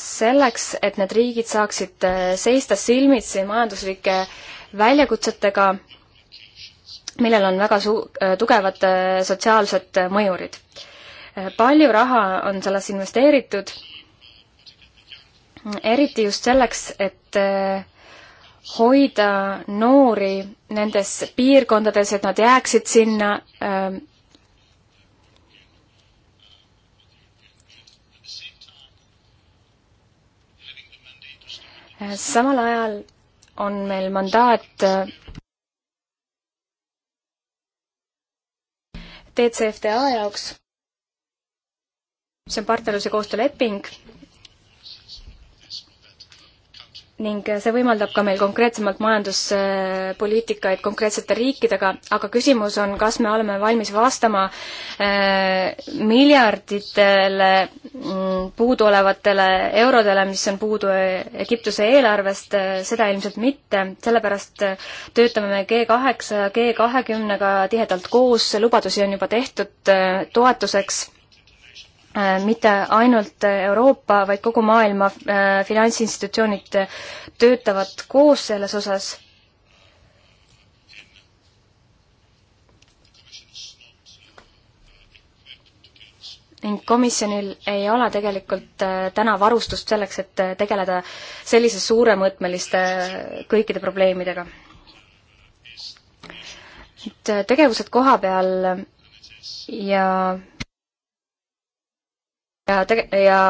selleks, et need riigid saaksid äh, seista silmitsi majanduslike väljakutsetega, millel on väga su-, äh, tugevad äh, sotsiaalsed mõjurid. palju raha on sellesse investeeritud, eriti just selleks, et hoida noori nendes piirkondades, et nad jääksid sinna Äh, samal ajal on meil mandaat äh, DCFTA jaoks, see on partnerluse koostööleping ning see võimaldab ka meil konkreetsemalt majanduspoliitikaid konkreetsete riikidega, aga küsimus on, kas me oleme valmis vastama äh, miljarditele mm, puuduolevatele eurodele, mis on puudu e-, Egiptuse eelarvest, äh, seda ilmselt mitte, sellepärast äh, töötame me G kaheksa ja G kahekümnega tihedalt koos, lubadusi on juba tehtud toetuseks Äh, mitte ainult Euroopa, vaid kogu maailma äh, finantsinstitutsioonid töötavad koos selles osas. ning komisjonil ei ole tegelikult äh, täna varustust selleks, et tegeleda sellise suuremõõtmeliste kõikide probleemidega. et tegevused koha peal ja ja tege-, ja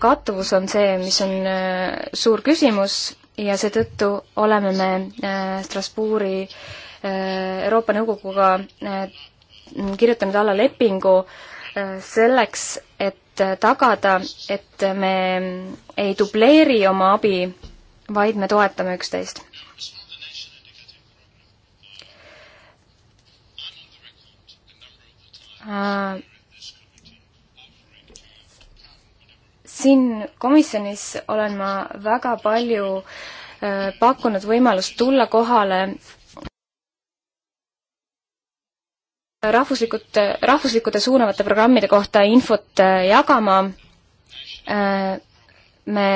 kattuvus on see, mis on äh, suur küsimus ja seetõttu oleme me äh, Strasbourgi äh, Euroopa Nõukoguga kirjutanud alla lepingu selleks, et tagada, et me ei dubleeri oma abi, vaid me toetame üksteist. siin komisjonis olen ma väga palju äh, pakkunud võimalust tulla kohale rahvuslikud, rahvuslikkude suunavate programmide kohta infot äh, jagama. Äh, me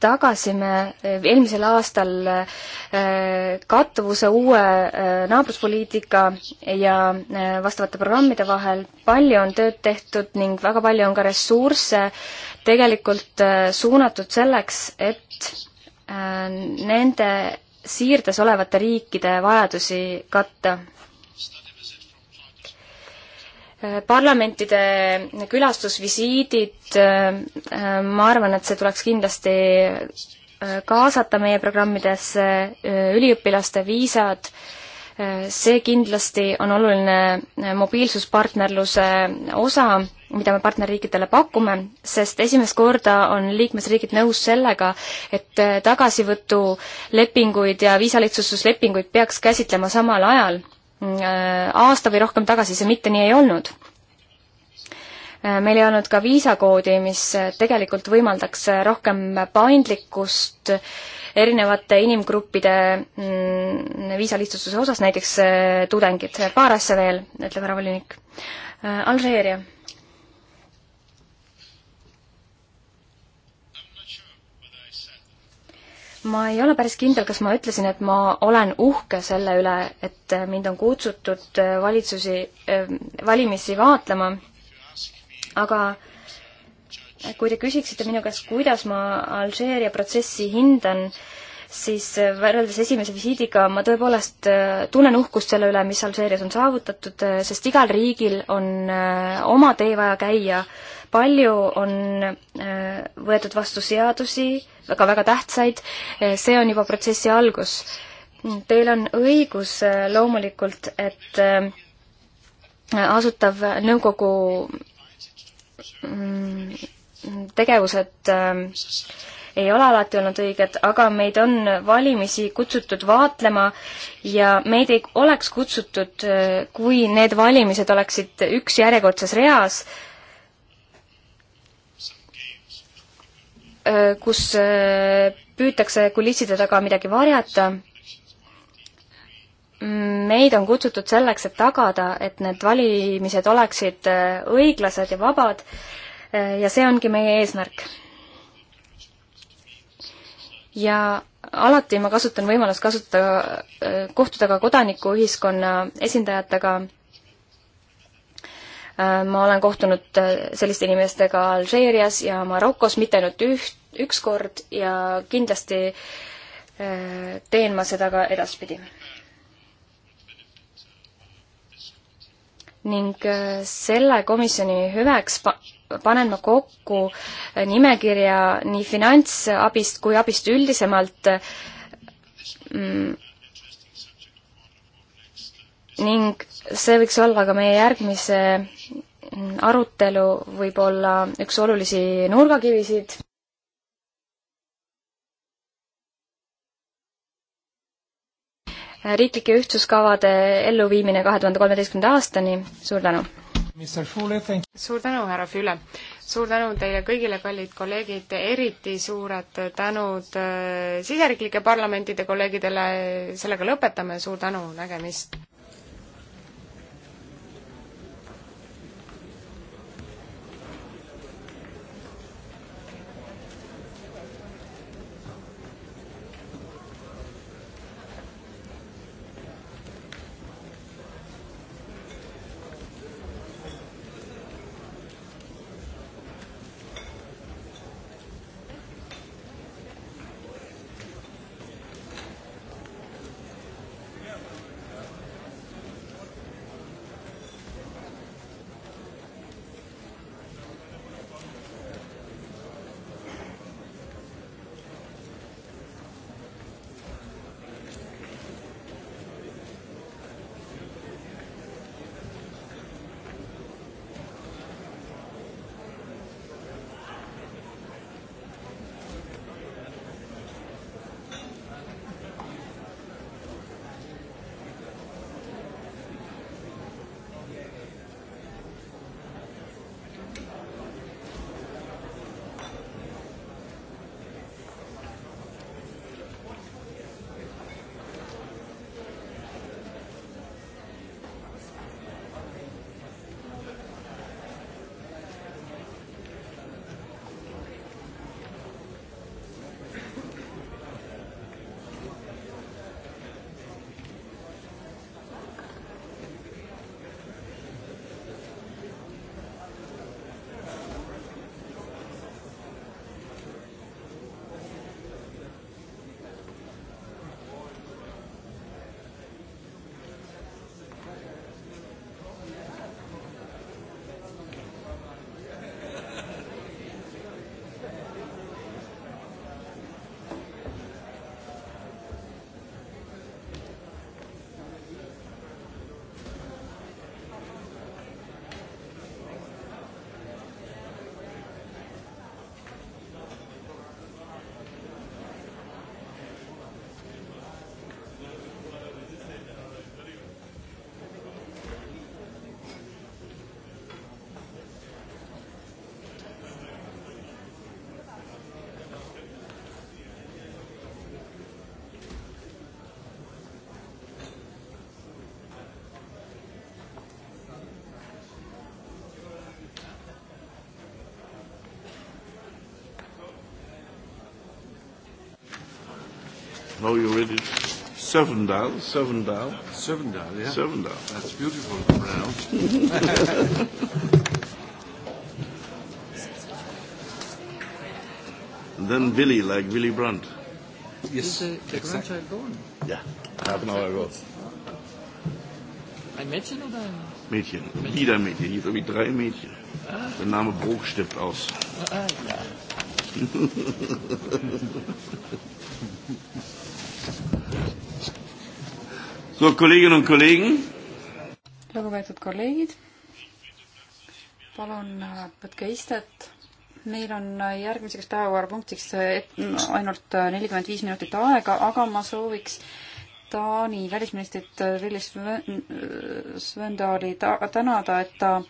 tagasi me eelmisel aastal äh, kattuvuse uue äh, naabruspoliitika ja äh, vastavate programmide vahel. palju on tööd tehtud ning väga palju on ka ressursse tegelikult suunatud selleks, et nende siirdes olevate riikide vajadusi katta Äh, parlamentide külastusvisiidid, äh, äh, ma arvan, et see tuleks kindlasti kaasata meie programmidesse, üliõpilaste viisad, see kindlasti on oluline mobiilsuspartnerluse osa, mida me partnerriikidele pakume, sest esimest korda on liikmesriigid nõus sellega, et tagasivõtulepinguid ja viisalihtsustuslepinguid peaks käsitlema samal ajal Mm, äh, aasta või rohkem tagasi see mitte nii ei olnud. Äh, meil ei olnud ka viisakoodi, mis äh, tegelikult võimaldaks rohkem paindlikkust erinevate inimgruppide mm, viisalihtsustuse osas, näiteks tudengid. paar asja veel, ütleb härra volinik. Alžeeria ma ei ole päris kindel, kas ma ütlesin, et ma olen uhke selle üle, et mind on kutsutud äh, valitsusi, äh, valimisi vaatlema, aga äh, kui te küsiksite minu käest, kuidas ma Alžeeria protsessi hindan, siis võrreldes esimese visiidiga ma tõepoolest tunnen uhkust selle üle, mis Alžeerias on saavutatud, sest igal riigil on oma tee vaja käia, palju on võetud vastu seadusi, aga väga tähtsaid, see on juba protsessi algus. Teil on õigus äh, loomulikult, et äh, asutav nõukogu mm, tegevused äh, ei ole alati olnud õiged, aga meid on valimisi kutsutud vaatlema ja meid ei oleks kutsutud, kui need valimised oleksid üks järjekordses reas äh, Äh, kus äh, püütakse kulisside taga midagi varjata. meid on kutsutud selleks, et tagada, et need valimised oleksid äh, õiglased ja vabad ja see ongi meie eesmärk. ja alati ma kasutan võimalust kasutada, kohtuda ka kodanikuühiskonna esindajatega Äh, ma olen kohtunud äh, selliste inimestega Alžeerias ja Marokos mitte ainult üht, üks kord ja kindlasti äh, teen ma seda ka edaspidi. ning selle komisjoni hüveks pa-, panen ma kokku nimekirja nii finantsabist kui abist üldisemalt mm, ning see võiks olla ka meie järgmise arutelu võib-olla üks olulisi nurgakivisid. riiklike ühtsuskavade elluviimine kahe tuhande kolmeteistkümnenda aastani, suur tänu! suur tänu, härra Füle! suur tänu teile kõigile, kallid kolleegid, eriti suured tänud äh, siseriiklike parlamentide kolleegidele, sellega lõpetame, suur tänu, nägemist! how oh, you read it. Sevendal, Sevendal. Sevendal, yeah. Sevendal. That's beautiful pronounced. and then Billy, like Billy Brandt. Yes, Is the, the exactly. grandchild born? Yeah, half an hour ago. Ein Mädchen oder ein... Mädchen, Mädchen. wieder Mädchen, hier wie drei Mädchen. Ah. Der Name Bruch stirbt aus. Ah, ah ja. So, Kolleginnen und Kollegen. lugupeetud kolleegid, palun äh, võtke istet. meil on äh, järgmiseks päevakorrapunktiks äh, mm, ainult nelikümmend viis minutit aega, aga ma sooviks Taani välisministrit Willy Svendali tänada, et ta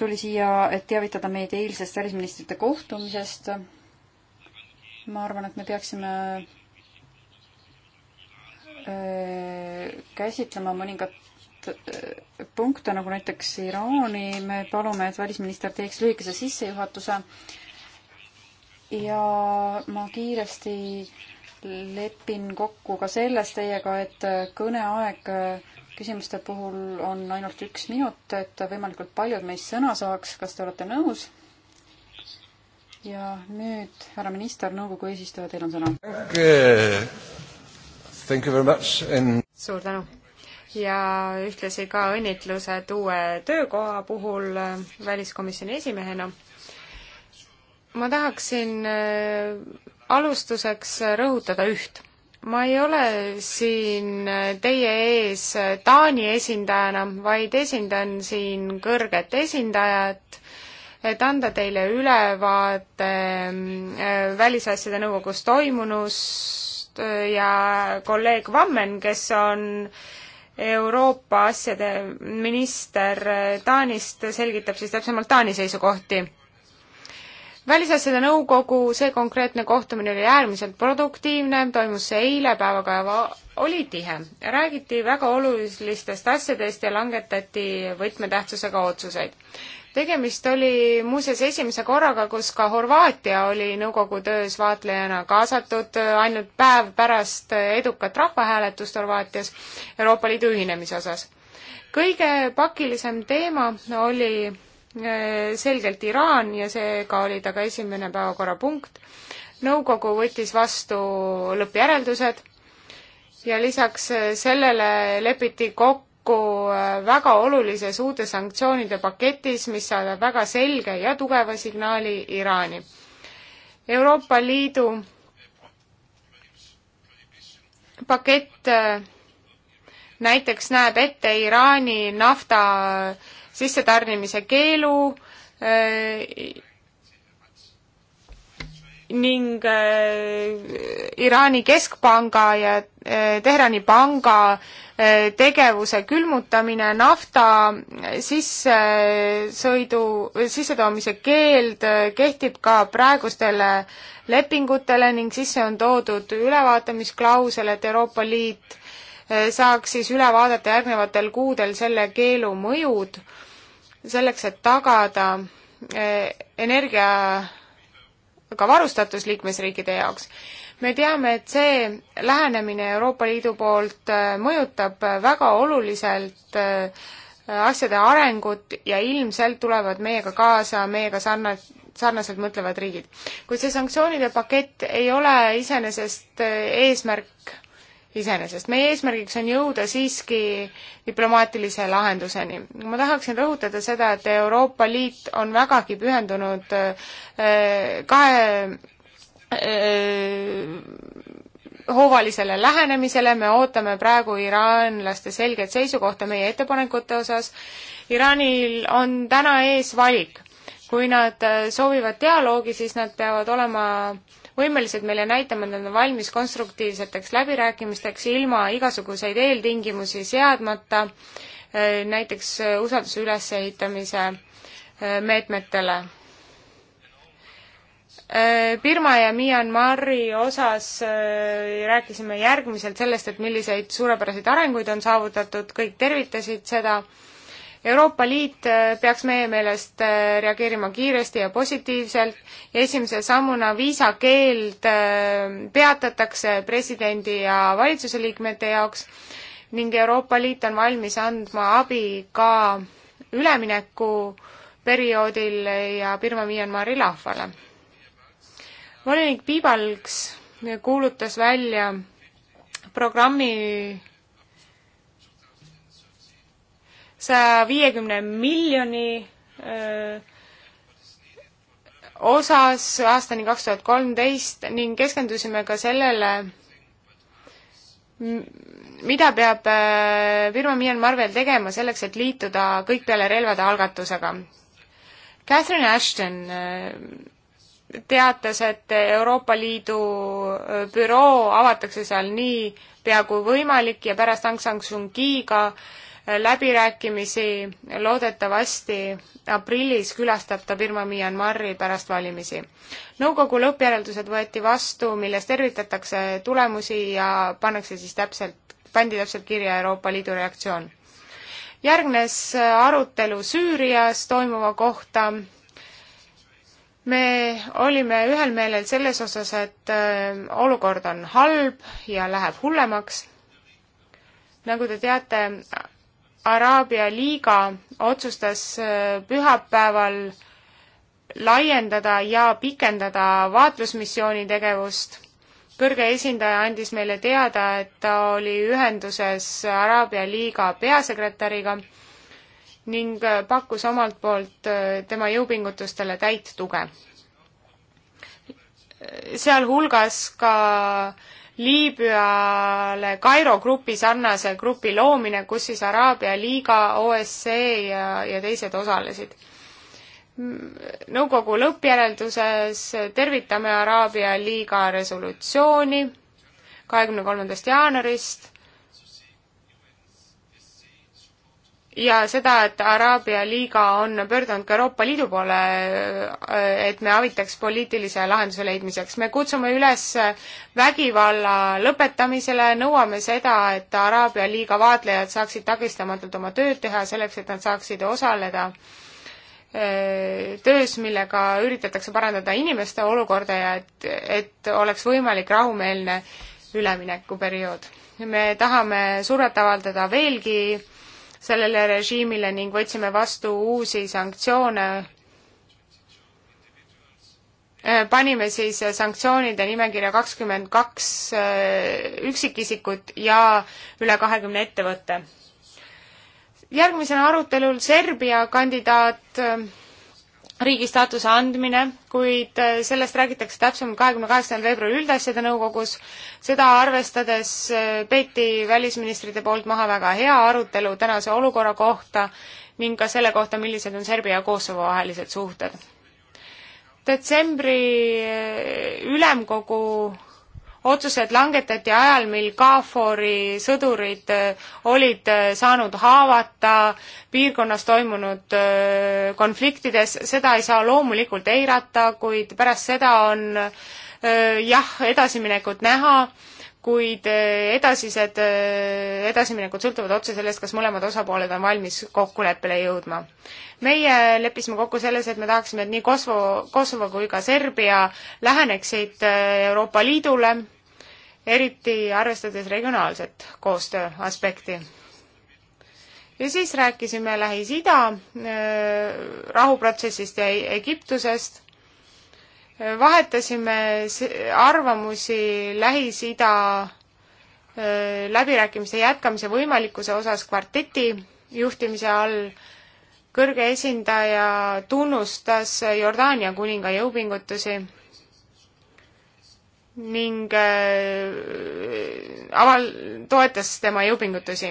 tuli siia, et teavitada meid eilsest välisministrite kohtumisest. ma arvan, et me peaksime Äh, käsitlema mõningat äh, punkte, nagu näiteks Iraani, me palume, et välisminister teeks lühikese sissejuhatuse ja ma kiiresti lepin kokku ka selles teiega, et kõneaeg küsimuste puhul on ainult üks minut, et võimalikult paljud meist sõna saaks, kas te olete nõus? ja nüüd, härra minister, nõukogu eesistuja, teil on sõna. Äh, And... suur tänu! ja ühtlasi ka õnnitlused uue töökoha puhul äh, väliskomisjoni esimehena. ma tahaksin äh, alustuseks äh, rõhutada üht. ma ei ole siin teie ees Taani esindajana, vaid esindan siin kõrget esindajat, et anda teile ülevaate välisasjade nõukogus toimunust, Koht ja kolleeg Vammen, kes on Euroopa asjade minister Taanist, selgitab siis täpsemalt Taani seisukohti. välisasjade nõukogu, see konkreetne kohtumine oli äärmiselt produktiivne, toimus see eile, päevakava oli tihe. räägiti väga olulistest asjadest ja langetati võtmetähtsusega otsuseid tegemist oli muuseas esimese korraga, kus ka Horvaatia oli nõukogu töös vaatlejana kaasatud ainult päev pärast edukat rahvahääletust Horvaatias Euroopa Liidu ühinemise osas. kõige pakilisem teema oli äh, selgelt Iraan ja seega oli ta ka esimene päevakorrapunkt. nõukogu võttis vastu lõppjäreldused ja lisaks äh, sellele lepiti kokku kokku äh, väga olulises uute sanktsioonide paketis, mis saadab väga selge ja tugeva signaali Iraani. Euroopa Liidu pakett äh, näiteks näeb ette Iraani nafta sissetarnimise keelu äh, ning äh, Iraani keskpanga ja äh, Teherani panga äh, tegevuse külmutamine, nafta sissesõidu, sissetoomise keeld kehtib ka praegustele lepingutele ning sisse on toodud ülevaatamisklausel, et Euroopa Liit saaks siis üle vaadata järgnevatel kuudel selle keelu mõjud, selleks et tagada energia ka varustatus liikmesriikide jaoks. me teame, et see lähenemine Euroopa Liidu poolt äh, mõjutab äh, väga oluliselt äh, asjade arengut ja ilmselt tulevad meiega kaasa meiega sarnad, sarnaselt mõtlevad riigid. kuid see sanktsioonide pakett ei ole iseenesest eesmärk iseenesest. meie eesmärgiks on jõuda siiski diplomaatilise lahenduseni. ma tahaksin rõhutada seda, et Euroopa Liit on vägagi pühendunud äh, kahe äh, hoovalisele lähenemisele, me ootame praegu iraanlaste selget seisukohta meie ettepanekute osas. Iraanil on täna ees valik. kui nad äh, soovivad dialoogi, siis nad peavad olema äh, võimelised meile näitama, et nad on valmis konstruktiivseteks läbirääkimisteks ilma igasuguseid eeltingimusi seadmata, äh, näiteks äh, usalduse ülesehitamise äh, meetmetele. Birma ja Myanmari osas rääkisime järgmiselt sellest, et milliseid suurepäraseid arenguid on saavutatud, kõik tervitasid seda Euroopa Liit äh, peaks meie meelest äh, reageerima kiiresti ja positiivselt ja esimese sammuna viisakeeld äh, peatatakse presidendi ja valitsuse liikmete jaoks ning Euroopa Liit on valmis andma abi ka üleminekuperioodil ja Birma-Myanmari rahvale. volinik Piibalks kuulutas välja programmi saja viiekümne miljoni öö, osas aastani kaks tuhat kolmteist ning keskendusime ka sellele, mida peab firma Myanmar veel tegema selleks, et liituda kõik peale relvade algatusega. Catherine Ashton teatas, et Euroopa Liidu büroo avatakse seal nii pea kui võimalik ja pärast Aung San Suu Kyi'ga äh, läbirääkimisi, loodetavasti aprillis külastab ta Birma Myanmari pärast valimisi. nõukogu lõppjäreldused võeti vastu, milles tervitatakse tulemusi ja pannakse siis täpselt, pandi täpselt kirja Euroopa Liidu reaktsioon. järgnes arutelu Süürias toimuva kohta, me olime ühel meelel selles osas, et äh, olukord on halb ja läheb hullemaks. nagu te teate, Araabia liiga otsustas äh, pühapäeval laiendada ja pikendada vaatlusmissiooni tegevust. kõrge esindaja andis meile teada, et ta oli ühenduses Araabia liiga peasekretäriga ning äh, pakkus omalt poolt äh, tema jõupingutustele täit tuge. sealhulgas ka Liibüale Kairo grupi sarnase grupi loomine, kus siis Araabia Liiga, OSCE ja, ja teised osalesid. nõukogu lõppjärelduses tervitame Araabia Liiga resolutsiooni kahekümne kolmandast jaanuarist ja seda, et Araabia liiga on pöördunud ka Euroopa Liidu poole, et me avitaks poliitilise lahenduse leidmiseks. me kutsume üles vägivalla lõpetamisele, nõuame seda, et Araabia liiga vaatlejad saaksid takistamatult oma tööd teha selleks, et nad saaksid osaleda e, töös, millega üritatakse parandada inimeste olukorda ja et, et oleks võimalik rahumeelne üleminekuperiood. me tahame survet avaldada veelgi sellele režiimile ning võtsime vastu uusi sanktsioone. Äh, panime siis sanktsioonide nimekirja kakskümmend kaks äh, üksikisikut ja üle kahekümne ettevõtte. järgmisena arutelul Serbia kandidaat äh, riigi staatuse andmine, kuid äh, sellest räägitakse täpsemalt kahekümne kaheksandal veebruaril üldasjade nõukogus. seda arvestades äh, peeti välisministrite poolt maha väga hea arutelu tänase olukorra kohta ning ka selle kohta, millised on Serbia ja Kosovo vahelised suhted. detsembri äh, ülemkogu otsused langetati ajal, mil KFOR-i sõdurid eh, olid eh, saanud haavata piirkonnas toimunud eh, konfliktides, seda ei saa loomulikult eirata, kuid pärast seda on jah, edasiminekut näha kuid edasised, edasiminekud sõltuvad otse sellest, kas mõlemad osapooled on valmis kokkuleppele jõudma. meie leppisime kokku selles, et me tahaksime, et nii Kosovo, Kosovo kui ka Serbia läheneksid Euroopa Liidule eriti arvestades regionaalset koostöö aspekti. ja siis rääkisime Lähis-Ida äh, rahuprotsessist ja e- Egiptusest, vahetasime arvamusi Lähis-Ida äh, läbirääkimiste jätkamise võimalikkuse osas kvarteti juhtimise all kõrge esindaja tunnustas Jordaania kuninga jõupingutusi ning äh, aval-, toetas tema jõupingutusi.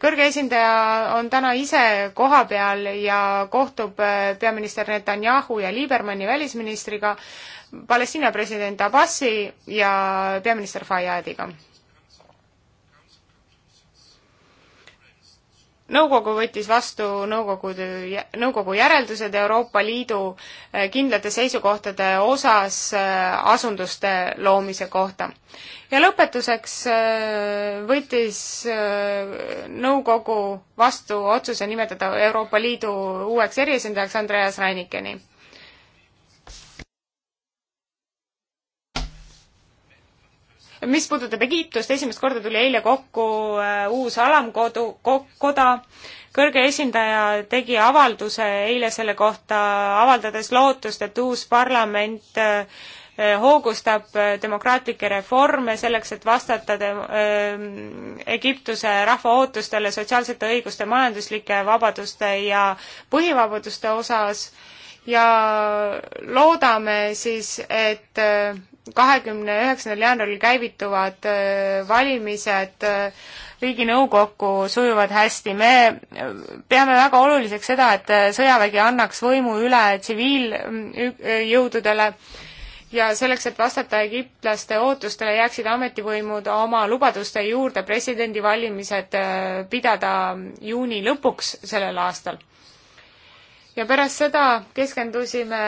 kõrge esindaja on täna ise kohapeal ja kohtub äh, peaminister Netanyahu ja Liibermanni välisministriga, Palestiina president Abbasi ja peaminister Fayyadiga nõukogu võttis vastu nõukogude, nõukogu järeldused Euroopa Liidu eh, kindlate seisukohtade osas eh, asunduste loomise kohta. ja lõpetuseks eh, võttis nõukogu vastu otsuse nimetada Euroopa Liidu uueks eriesindajaks Andreas Reinikeni mis puudutab Egiptust, esimest korda tuli eile kokku äh, uus alamkodu, koda, kõrge esindaja tegi avalduse eile selle kohta, avaldades lootust, et uus parlament äh, äh, hoogustab demokraatlikke reforme selleks, et vastata de-, Egiptuse rahva ootustele sotsiaalsete õiguste, majanduslike vabaduste ja põhivabaduste osas ja loodame siis, et kahekümne üheksandal jaanuaril käivituvad äh, valimised äh, riiginõukokku sujuvad hästi. me äh, peame väga oluliseks seda, et sõjavägi annaks võimu üle tsiviiljõududele ja selleks, et vastata egiptlaste ootustele, jääksid ametivõimud oma lubaduste juurde presidendivalimised pidada juuni lõpuks sellel aastal. ja pärast seda keskendusime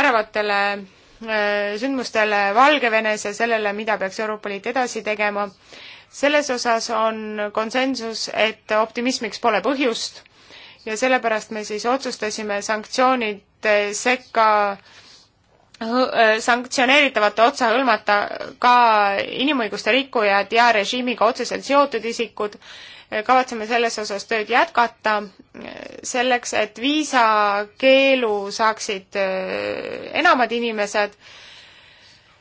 ärevatele Äh, sündmustele Valgevenes ja sellele, mida peaks Euroopa Liit edasi tegema. selles osas on konsensus, et optimismiks pole põhjust ja sellepärast me siis otsustasime sanktsioonid sekka äh, sanktsioneeritavate otsa hõlmata ka inimõiguste rikkujad ja režiimiga otseselt seotud isikud kavatseme selles osas tööd jätkata, selleks et viisakeelu saaksid äh, enamad inimesed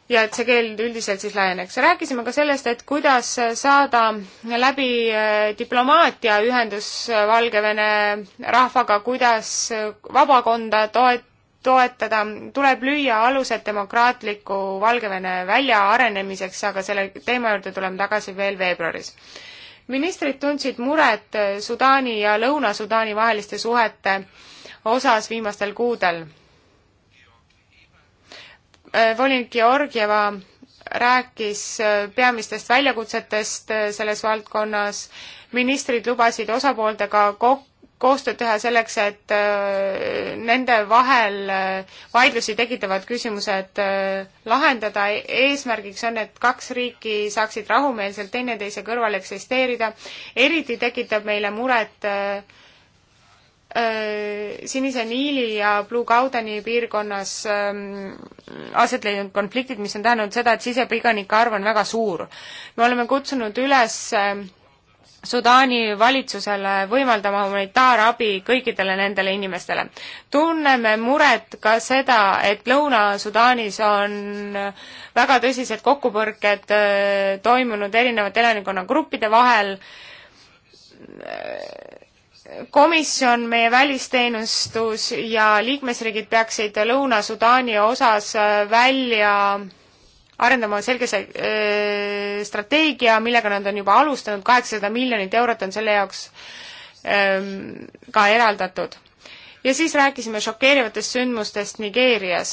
ja et see keel üldiselt siis laieneks. rääkisime ka sellest, et kuidas saada läbi äh, diplomaatia ühendus Valgevene rahvaga, kuidas vabakonda toet-, toetada, tuleb lüüa alused demokraatliku Valgevene väljaarenemiseks, aga selle teema juurde tuleme tagasi veel veebruaris ministrid tundsid muret Sudaani ja Lõuna-Sudaani vaheliste suhete osas viimastel kuudel. volinik Georgieva rääkis peamistest väljakutsetest selles valdkonnas, ministrid lubasid osapooltega kokku koostööd teha selleks, et äh, nende vahel äh, vaidlusi tekitavad küsimused äh, lahendada. eesmärgiks on, et kaks riiki saaksid rahumeelselt teineteise kõrval eksisteerida. eriti tekitab meile muret Sinise Niili ja Blue Gaudeni piirkonnas ähm, aset leidnud konfliktid, mis on tähendanud seda, et sisepõgenike arv on väga suur. me oleme kutsunud üles Sudaani valitsusele võimaldama humanitaarabi kõikidele nendele inimestele. tunneme muret ka seda, et Lõuna-Sudaanis on väga tõsised kokkupõrked äh, toimunud erinevate elanikkonnagruppide vahel. komisjon, meie välisteenistus ja liikmesriigid peaksid Lõuna-Sudaani osas välja arendama selge see äh, strateegia, millega nad on juba alustanud, kaheksasada miljonit eurot on selle jaoks ähm, ka eraldatud. ja siis rääkisime šokeerivatest sündmustest Nigeerias.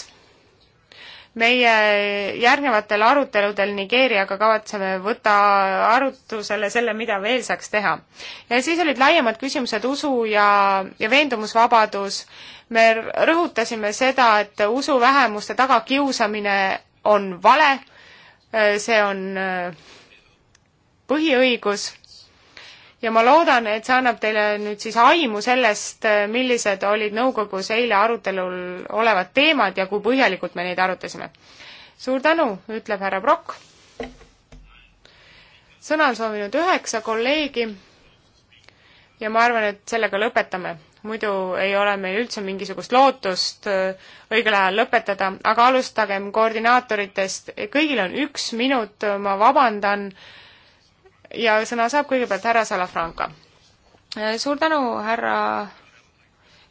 meie järgnevatel aruteludel Nigeeriaga kavatseme võtta arutusele selle, mida veel saaks teha. ja siis olid laiemad küsimused usu ja, ja veendumusvabadus, me rõhutasime seda, et usuvähemuste tagakiusamine on vale, äh, see on äh, põhiõigus ja ma loodan, et see annab teile nüüd siis aimu sellest, äh, millised olid nõukogus eile arutelul olevad teemad ja kui põhjalikult me neid arutasime. suur tänu, ütleb härra Brock. sõna on soovinud üheksa kolleegi ja ma arvan, et sellega lõpetame muidu ei ole meil üldse mingisugust lootust äh, õigel ajal lõpetada, aga alustagem koordinaatoritest, kõigil on üks minut, ma vabandan, ja sõna saab kõigepealt härra Salafranca. Äh, suur tänu, härra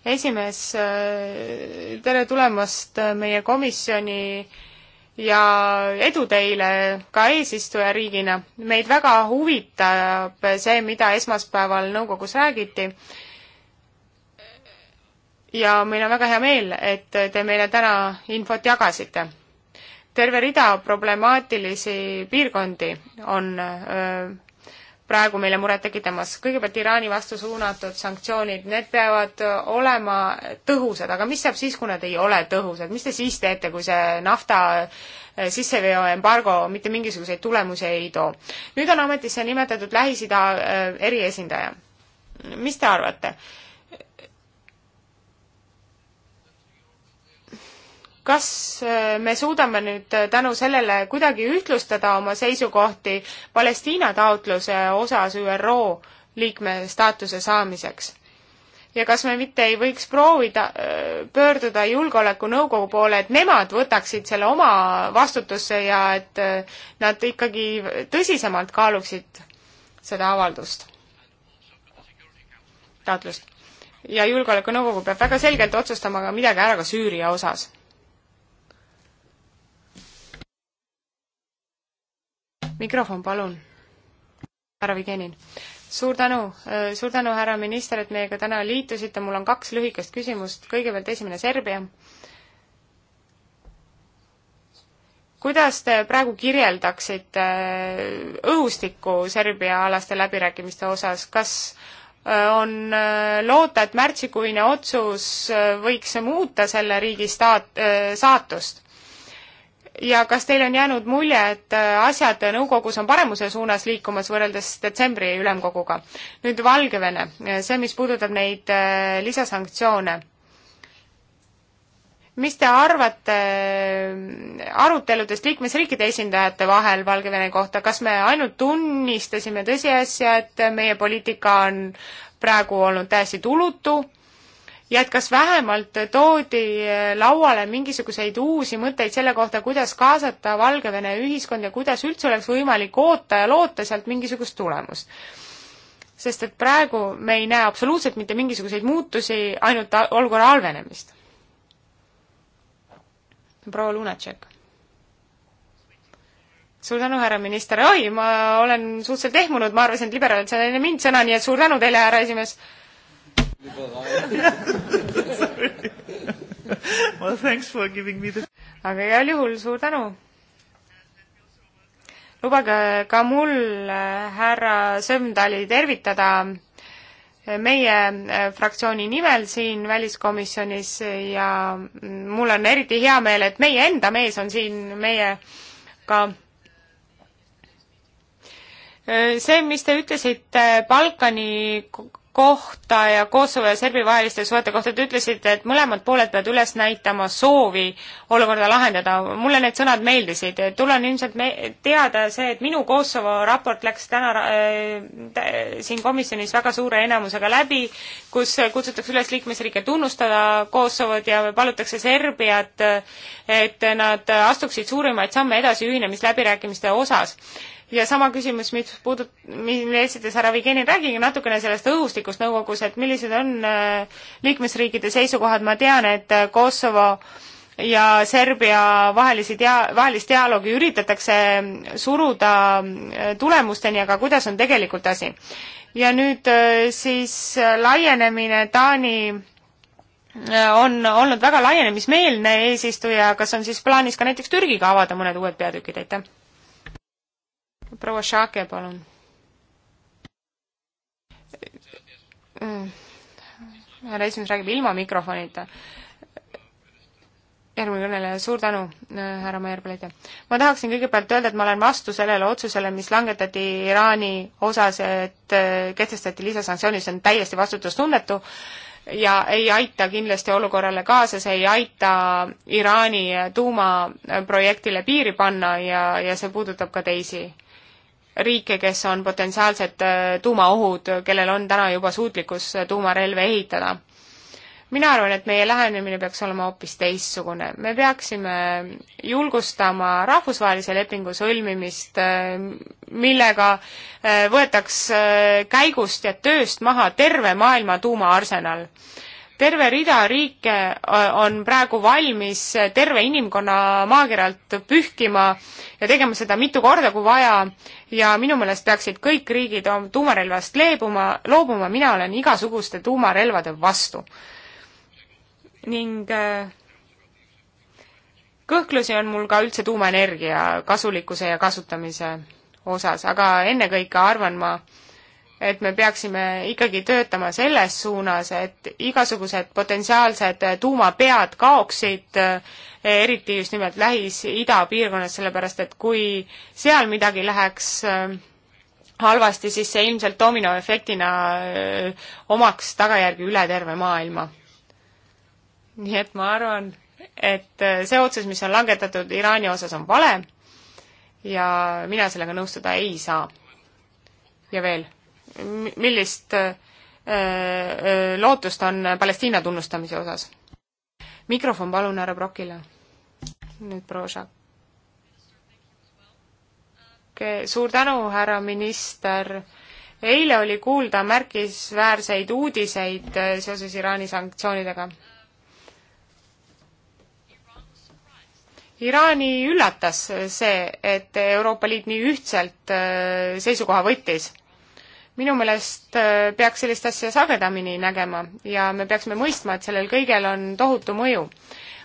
esimees, äh, tere tulemast meie komisjoni ja edu teile ka eesistujariigina. meid väga huvitab see, mida esmaspäeval nõukogus räägiti ja meil on väga hea meel, et te meile täna infot jagasite. terve rida problemaatilisi piirkondi on öö, praegu meile muret tekitamas. kõigepealt Iraani vastu suunatud sanktsioonid, need peavad olema tõhusad, aga mis saab siis, kui nad ei ole tõhusad, mis te siis teete, kui see nafta sisseveo embargo mitte mingisuguseid tulemusi ei too? nüüd on ametisse nimetatud Lähis-Ida eriesindaja. mis te arvate? kas äh, me suudame nüüd äh, tänu sellele kuidagi ühtlustada oma seisukohti Palestiina taotluse osas ÜRO liikme staatuse saamiseks? ja kas me mitte ei võiks proovida, äh, pöörduda Julgeolekunõukogu poole, et nemad võtaksid selle oma vastutusse ja et nad ikkagi tõsisemalt kaaluksid seda avaldust, taotlust? ja Julgeolekunõukogu peab väga selgelt otsustama ka midagi ära ka Süüria osas mikrofon, palun. härra Vigenin. suur tänu, äh, suur tänu, härra minister, et meiega täna liitusite, mul on kaks lühikest küsimust, kõigepealt esimene Serbia. kuidas te praegu kirjeldaksite äh, õhustikku Serbia-alaste läbirääkimiste osas, kas äh, on loota, et märtsikuine otsus võiks muuta selle riigi staat-, saatust? ja kas teil on jäänud mulje, et äh, asjad nõukogus on paremuse suunas liikumas võrreldes detsembri ülemkoguga? nüüd Valgevene, äh, see, mis puudutab neid äh, lisasanktsioone. mis te arvate aruteludest liikmesriikide esindajate vahel Valgevene kohta, kas me ainult tunnistasime tõsiasja, et meie poliitika on praegu olnud täiesti tulutu ja et kas vähemalt toodi lauale mingisuguseid uusi mõtteid selle kohta, kuidas kaasata Valgevene ühiskond ja kuidas üldse oleks võimalik oota ja loota sealt mingisugust tulemust. sest et praegu me ei näe absoluutselt mitte mingisuguseid muutusi, ainult olukorra halvenemist. proua Lunatšek. suur tänu, härra minister, oi, ma olen suhteliselt ehmunud, ma arvasin, et liberaalid said enne mind sõna, nii et suur tänu teile, härra esimees Well, thanks for giving me the... aga igal juhul suur tänu! lubage ka mul äh, härra Sõmdali tervitada äh, meie äh, fraktsiooni nimel siin väliskomisjonis ja mm, mul on eriti hea meel, et meie enda mees on siin meiega. see, mis te ütlesite Balkani kohta ja Kosovo ja Serbi vaheliste suhete kohta, te ütlesite, et mõlemad pooled peavad üles näitama soovi olukorda lahendada. mulle need sõnad meeldisid. tul on ilmselt me-, teada see, et minu Kosovo raport läks täna äh, siin komisjonis väga suure enamusega läbi, kus kutsutakse üles liikmesriike tunnustada Kosovot ja palutakse Serbiat, et nad astuksid suurimaid samme edasi ühinemisläbirääkimiste osas ja sama küsimus, mis puudut-, mille esitas härra Vigenin, rääkige natukene sellest õhustikust nõukogus, et millised on äh, liikmesriikide seisukohad, ma tean, et äh, Kosovo ja Serbia vahelisi dia-, vahelist dialoogi üritatakse äh, suruda tulemusteni, aga kuidas on tegelikult asi? ja nüüd siis laienemine Taani on olnud väga laienemismeelne eesistuja, kas on siis plaanis ka näiteks Türgiga avada mõned uued peatükid, aitäh? proua Šake, palun. härra esimees räägib ilma mikrofonita. järgmine kõneleja, suur tänu, härra Meerpleide. ma tahaksin kõigepealt öelda, et ma olen vastu sellele otsusele, mis langetati Iraani osas, et kehtestati lisasanktsioonid, see on täiesti vastutustunnetu ja ei aita kindlasti olukorrale kaasa, see ei aita Iraani tuumaprojektile piiri panna ja, ja see puudutab ka teisi riike, kes on potentsiaalsed äh, tuumaohud, kellel on täna juba suutlikkus äh, tuumarelve ehitada. mina arvan, et meie lähenemine peaks olema hoopis teistsugune. me peaksime julgustama rahvusvahelise lepingu sõlmimist, äh, millega võetaks käigust ja tööst maha terve maailma tuumaarsenal terve rida riike äh, on praegu valmis terve inimkonna maakeralt pühkima ja tegema seda mitu korda, kui vaja, ja minu meelest peaksid kõik riigid oma tuumarelvast leebuma, loobuma, mina olen igasuguste tuumarelvade vastu. ning äh, kõhklusi on mul ka üldse tuumaenergia kasulikkuse ja kasutamise osas, aga ennekõike arvan ma, et me peaksime ikkagi töötama selles suunas, et igasugused potentsiaalsed tuumapead kaoksid, eriti just nimelt Lähis-Ida piirkonnas, sellepärast et kui seal midagi läheks äh, halvasti, siis see ilmselt dominoefektina äh, omaks tagajärgi üle terve maailma. nii et ma arvan, et äh, see otsus, mis on langetatud Iraani osas, on vale ja mina sellega nõustuda ei saa. ja veel millist äh, äh, lootust on Palestiina tunnustamise osas? mikrofon palun härra Brokile. nüüd proua Šak. suur tänu, härra minister. eile oli kuulda märkisväärseid uudiseid äh, seoses Iraani sanktsioonidega. Iraani üllatas see, et Euroopa Liit nii ühtselt seisukoha võttis minu meelest äh, peaks sellist asja sagedamini nägema ja me peaksime mõistma, et sellel kõigel on tohutu mõju.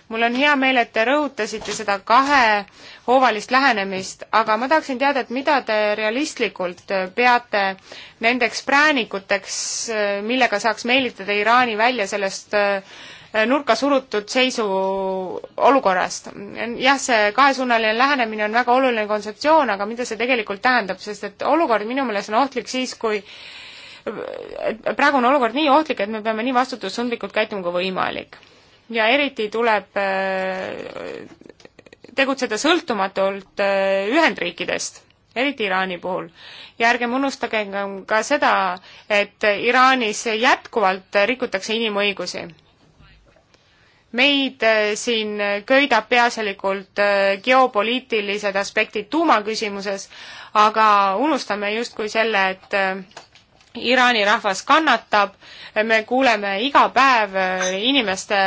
mul on hea meel, et te rõhutasite seda kahehoovalist lähenemist, aga ma tahaksin teada, et mida te realistlikult äh, peate nendeks präänikuteks, äh, millega saaks meelitada Iraani välja sellest äh, nurka surutud seisu olukorrast. jah, see kahesuunaline lähenemine on väga oluline kontseptsioon, aga mida see tegelikult tähendab, sest et olukord minu meelest on ohtlik siis, kui praegu on olukord nii ohtlik, et me peame nii vastutustundlikult käituma kui võimalik. ja eriti tuleb äh, tegutseda sõltumatult äh, Ühendriikidest, eriti Iraani puhul. ja ärgem unustage ka seda, et Iraanis jätkuvalt rikutakse inimõigusi meid äh, siin köidab peaasjalikult äh, geopoliitilised aspektid tuumaküsimuses, aga unustame justkui selle, et äh, Iraani rahvas kannatab, me kuuleme iga päev inimeste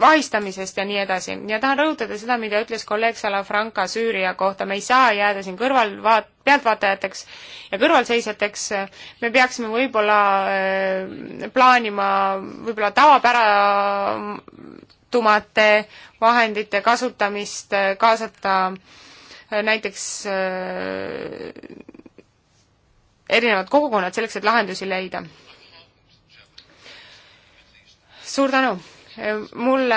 vahistamisest ja nii edasi. ja tahan rõhutada seda, mida ütles kolleeg Salafranca Süüria kohta, me ei saa jääda siin kõrvalvaat-, pealtvaatajateks ja kõrvalseisjateks, me peaksime võib-olla äh, plaanima võib-olla tavapäratumate vahendite kasutamist, äh, kaasata äh, näiteks erinevad kogukonnad selleks, et lahendusi leida. suur tänu! mulle,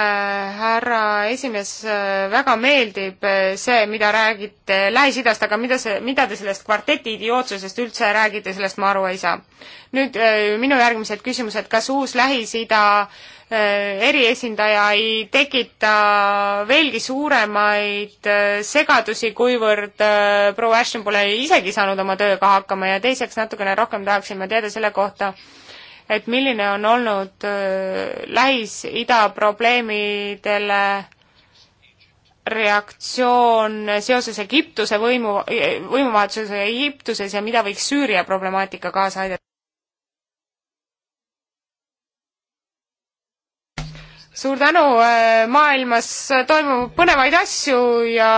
härra esimees, väga meeldib see, mida räägite Lähis-Idast, aga mida see, mida te sellest kvarteti idiootsusest üldse räägite, sellest ma aru ei saa. nüüd äh, minu järgmised küsimused, kas uus Lähis-Ida äh, eriesindaja ei tekita veelgi suuremaid äh, segadusi, kuivõrd proua Ashton pole isegi saanud oma tööga hakkama ja teiseks natukene rohkem tahaksime teada selle kohta, et milline on olnud äh, Lähis-Ida probleemidele reaktsioon seoses Egiptuse võimu, võimuvahetusega Egiptuses ja mida võiks Süüria problemaatika kaasa aidata? suur tänu, äh, maailmas toimub põnevaid asju ja,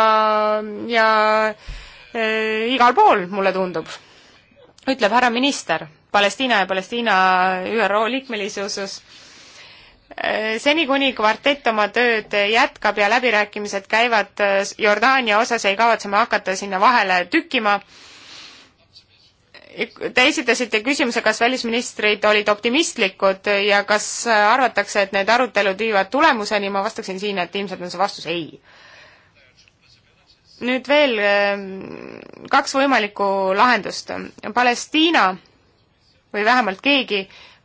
ja äh, igal pool, mulle tundub, ütleb härra minister Palestiina ja Palestiina ÜRO liikmelisusus. seni, kuni kvartett oma tööd jätkab ja läbirääkimised käivad Jordaania osas, ei kavatse me hakata sinna vahele tükkima. Te esitasite küsimuse, kas välisministrid olid optimistlikud ja kas arvatakse, et need arutelud viivad tulemuseni, ma vastaksin siin, et ilmselt on see vastus ei nüüd veel ehm, kaks võimalikku lahendust. Palestiina või vähemalt keegi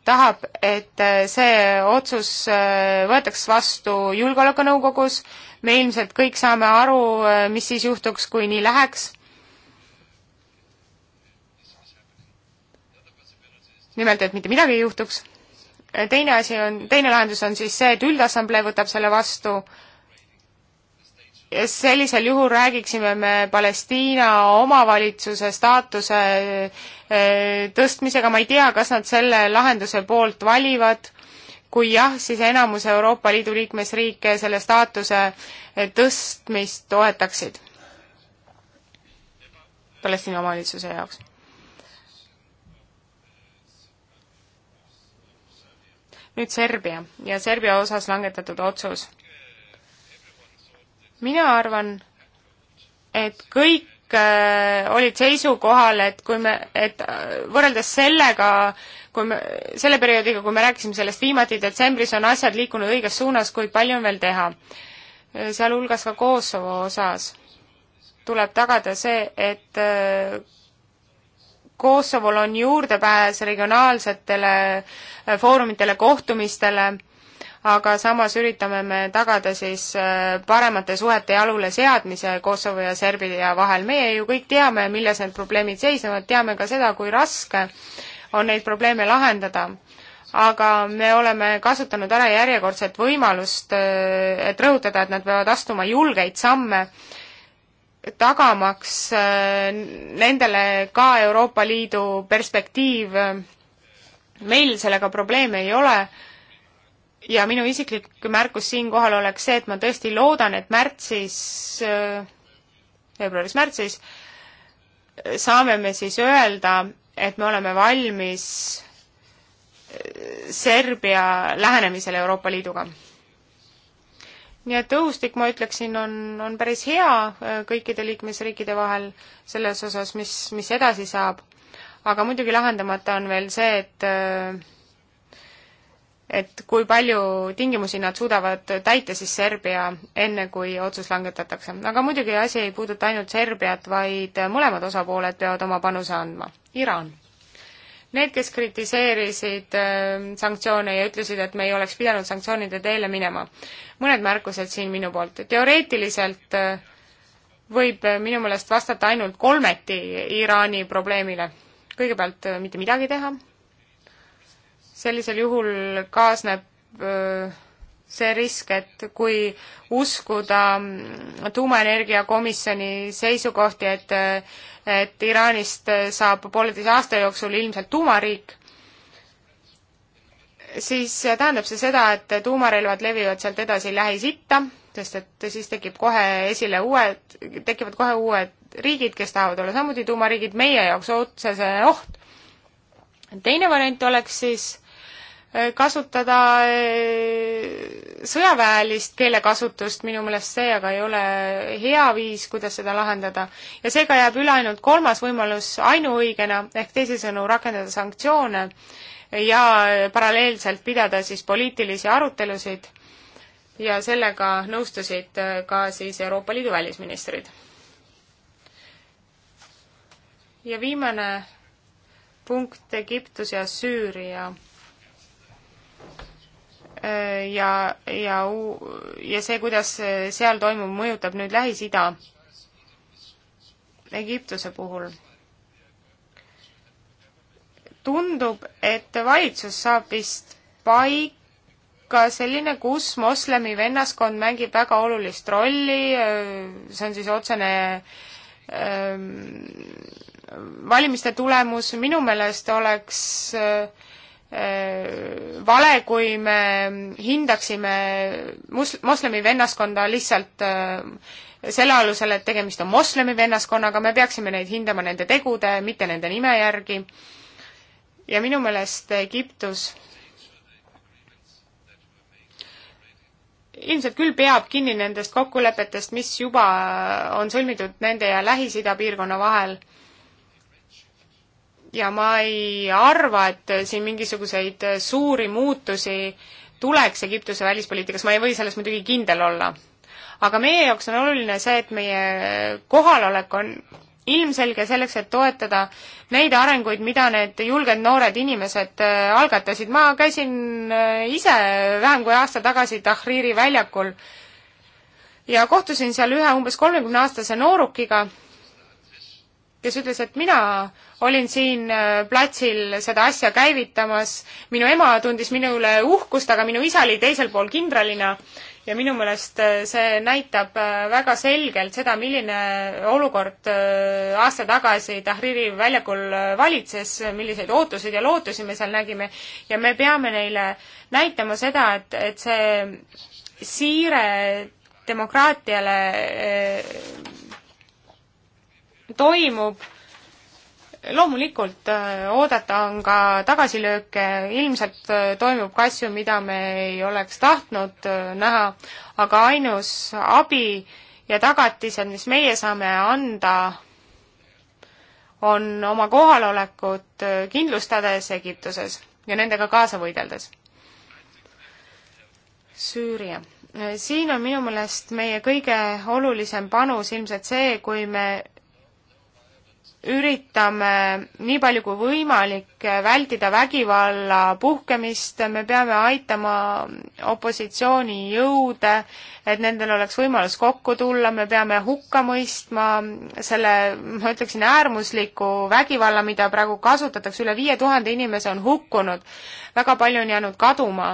tahab, et äh, see otsus äh, võetaks vastu Julgeolekunõukogus, me ilmselt kõik saame aru, äh, mis siis juhtuks, kui nii läheks. nimelt, et mitte midagi ei juhtuks. teine asi on, teine lahendus on siis see, et üldassamblee võtab selle vastu sellisel juhul räägiksime me Palestiina omavalitsuse staatuse eh, tõstmisega, ma ei tea, kas nad selle lahenduse poolt valivad, kui jah, siis enamus Euroopa Liidu liikmesriike selle staatuse eh, tõstmist toetaksid Palestiina omavalitsuse jaoks. nüüd Serbia ja Serbia osas langetatud otsus mina arvan, et kõik äh, olid seisukohal, et kui me, et äh, võrreldes sellega, kui me, selle perioodiga, kui me rääkisime sellest viimati detsembris, on asjad liikunud õiges suunas, kuid palju on veel teha. Äh, sealhulgas ka Kosovo osas tuleb tagada see, et Kosovol on juurdepääs regionaalsetele foorumitele, kohtumistele aga samas üritame me tagada siis äh, paremate suhete jalule seadmise Kosovo ja Serbia vahel. meie ju kõik teame, milles need probleemid seisnevad, teame ka seda, kui raske on neid probleeme lahendada aga me oleme kasutanud ära järjekordset võimalust, äh, et rõhutada, et nad peavad astuma julgeid samme, tagamaks äh, nendele ka Euroopa Liidu perspektiiv. meil sellega probleeme ei ole ja minu isiklik märkus siinkohal oleks see, et ma tõesti loodan, et märtsis, veebruaris-märtsis saame me siis öelda, et me oleme valmis Serbia lähenemisele Euroopa Liiduga. nii et õhustik, ma ütleksin, on, on päris hea äh, kõikide liikmesriikide vahel selles osas, mis, mis edasi saab. aga muidugi lahendamata on veel see, et äh, et kui palju tingimusi nad suudavad täita siis Serbia, enne kui otsus langetatakse. aga muidugi asi ei puuduta ainult Serbiat, vaid mõlemad osapooled peavad oma panuse andma. Iraan. Need, kes kritiseerisid äh, sanktsioone ja ütlesid, et me ei oleks pidanud sanktsioonide teele minema. mõned märkused siin minu poolt. teoreetiliselt äh, võib minu meelest vastata ainult kolmeti Iraani probleemile. kõigepealt äh, mitte midagi teha sellisel juhul kaasneb see risk, et kui uskuda tuumaenergia komisjoni seisukohti, et et Iraanist saab pooleteise aasta jooksul ilmselt tuumariik, siis tähendab see seda, et tuumarelvad levivad sealt edasi Lähis-Itta, sest et siis tekib kohe esile uued, tekivad kohe uued riigid, kes tahavad olla samuti tuumariigid, meie jaoks otsese oht. teine variant oleks siis kasutada eh, sõjaväelist keelekasutust, minu meelest see aga ei ole hea viis, kuidas seda lahendada. ja seega jääb üle ainult kolmas võimalus ainuõigena, ehk teisisõnu rakendada sanktsioone ja paralleelselt pidada siis poliitilisi arutelusid ja sellega nõustusid eh, ka siis Euroopa Liidu välisministrid. ja viimane punkt Egiptus ja Süüria Äh, ja, ja, ja see, kuidas äh, seal toimuv mõjutab nüüd Lähis-Ida Egiptuse puhul. tundub, et valitsus saab vist paika selline, kus moslemi vennaskond mängib väga olulist rolli, äh, see on siis otsene ähm, valimiste tulemus, minu meelest oleks äh, Äh, vale, kui me hindaksime mus-, moslemi vennaskonda lihtsalt äh, selle alusel, et tegemist on moslemi vennaskonnaga, me peaksime neid hindama nende tegude, mitte nende nime järgi. ja minu meelest Egiptus ilmselt küll peab kinni nendest kokkulepetest, mis juba on sõlmitud nende ja Lähis-Ida piirkonna vahel ja ma ei arva, et siin mingisuguseid suuri muutusi tuleks Egiptuse välispoliitikas, ma ei või selles muidugi kindel olla. aga meie jaoks on oluline see, et meie kohalolek on ilmselge selleks, et toetada neid arenguid, mida need julged noored inimesed äh, algatasid. ma käisin äh, ise vähem kui aasta tagasi Tahriri väljakul ja kohtusin seal ühe umbes kolmekümne aastase noorukiga, kes ütles, et mina olin siin äh, platsil seda asja käivitamas, minu ema tundis minu üle uhkust, aga minu isa oli teisel pool kindralina ja minu meelest äh, see näitab äh, väga selgelt seda, milline olukord aasta tagasi Tahriri väljakul valitses, milliseid ootuseid ja lootusi me seal nägime ja me peame neile näitama seda, et, et see siire demokraatiale toimub loomulikult äh, oodata on ka tagasilööke, ilmselt äh, toimub ka asju, mida me ei oleks tahtnud äh, näha, aga ainus abi ja tagatised, mis meie saame anda, on oma kohalolekut kindlustades Egiptuses ja nendega kaasa võideldes. Süüria siin on minu meelest meie kõige olulisem panus ilmselt see, kui me üritame nii palju kui võimalik vältida vägivalla puhkemist, me peame aitama opositsioonijõude, et nendel oleks võimalus kokku tulla, me peame hukka mõistma selle, ma ütleksin, äärmusliku vägivalla, mida praegu kasutatakse, üle viie tuhande inimese on hukkunud, väga palju on jäänud kaduma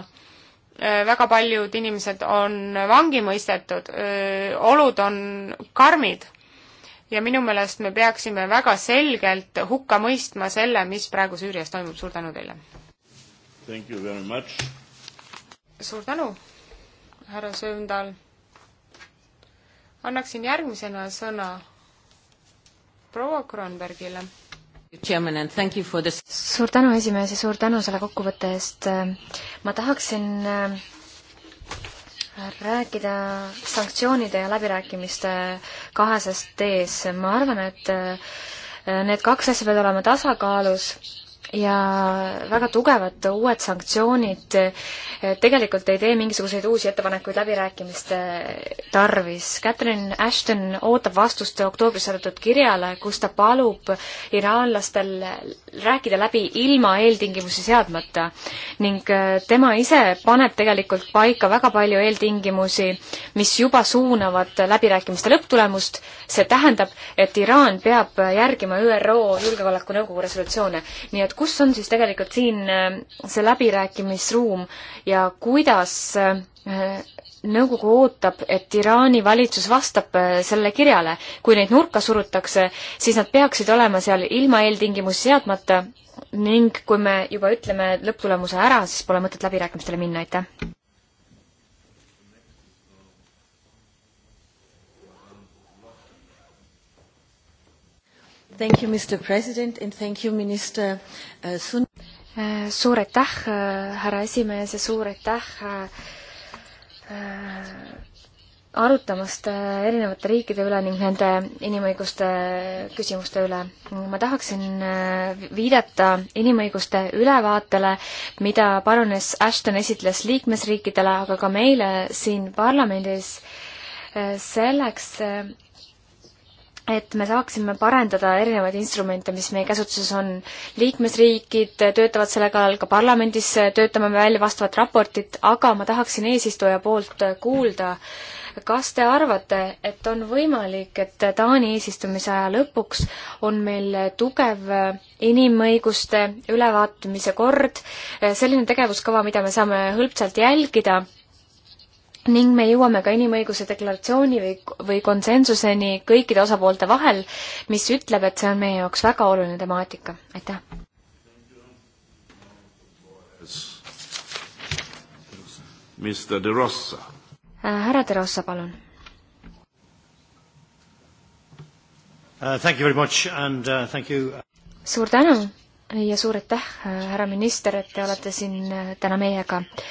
väga paljud inimesed on vangi mõistetud, olud on karmid ja minu meelest me peaksime väga selgelt hukka mõistma selle, mis praegu Süürias toimub, suur tänu teile! suur tänu, härra Sööndal! annaksin järgmisena sõna proua Kronbergile. suur tänu, esimees, ja suur tänu selle kokkuvõtte eest. ma tahaksin äh, rääkida sanktsioonide ja läbirääkimiste kahesest tees. ma arvan, et äh, need kaks asja peavad olema tasakaalus ja väga tugevad uued sanktsioonid äh, tegelikult ei tee mingisuguseid uusi ettepanekuid läbirääkimiste tarvis. Catherine Ashton ootab vastust oktoobris saadetud kirjale, kus ta palub iraanlastel rääkida läbi ilma eeltingimusi seadmata ning äh, tema ise paneb tegelikult paika väga palju eeltingimusi, mis juba suunavad läbirääkimiste lõpptulemust. see tähendab, et Iraan peab järgima ÜRO Julgeolekunõukogu resolutsioone. nii et kus on siis tegelikult siin äh, see läbirääkimisruum ja kuidas äh, nõukogu ootab, et Iraani valitsus vastab äh, sellele kirjale. kui neid nurka surutakse, siis nad peaksid olema seal ilma eeltingimusi seadmata ning kui me juba ütleme lõpptulemuse ära, siis pole mõtet läbirääkimistele minna, aitäh. Thank you, Mr President and thank you, minister uh, Sun-. Äh, suur aitäh, äh, härra esimees ja suur aitäh äh, Äh, arutamast äh, erinevate riikide üle ning nende inimõiguste küsimuste üle. ma tahaksin äh, viidata inimõiguste ülevaatele, mida parunes Ashton esitles liikmesriikidele, aga ka meile siin parlamendis, selleks, et me saaksime parendada erinevaid instrumente, mis meie käsutuses on. liikmesriigid töötavad selle kallal, ka parlamendis töötame me välja vastavat raportit, aga ma tahaksin eesistuja poolt kuulda, kas te arvate, et on võimalik, et Taani eesistumise aja lõpuks on meil tugev inimõiguste ülevaatamise kord, selline tegevuskava, mida me saame hõlpsalt jälgida ning me jõuame ka inimõiguse deklaratsiooni või, või konsensuseni kõikide osapoolte vahel, mis ütleb, et see on meie jaoks väga oluline temaatika. aitäh! Äh, härra De Rossa, palun uh,! And, uh, uh, suur tänu ja suur aitäh, äh, härra minister, et te olete siin äh, täna meiega uh,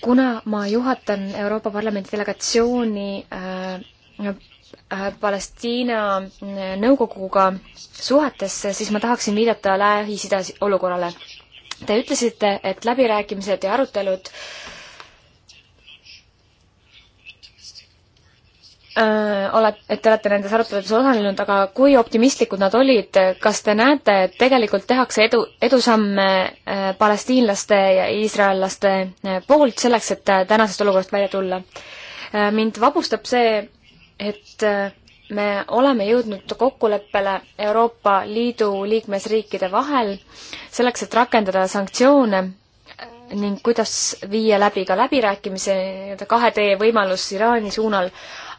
kuna ma juhatan Euroopa Parlamendi delegatsiooni äh, äh, Palestiina äh, nõukoguga suhetesse, siis ma tahaksin viidata Lähis-Ida olukorrale. Te ütlesite, et läbirääkimised ja arutelud äh, Äh, oled, et te olete nendes aruteludes osalenud, aga kui optimistlikud nad olid, kas te näete, et tegelikult tehakse edu, edusamme äh, palestiinlaste ja iisraellaste äh, poolt selleks, et äh, tänasest olukorrast välja tulla? Äh, mind vabustab see, et äh, me oleme jõudnud kokkuleppele Euroopa Liidu liikmesriikide vahel selleks, et rakendada sanktsioone ning kuidas viia läbi ka läbirääkimise nii-öelda kahe tee võimalus Iraani suunal,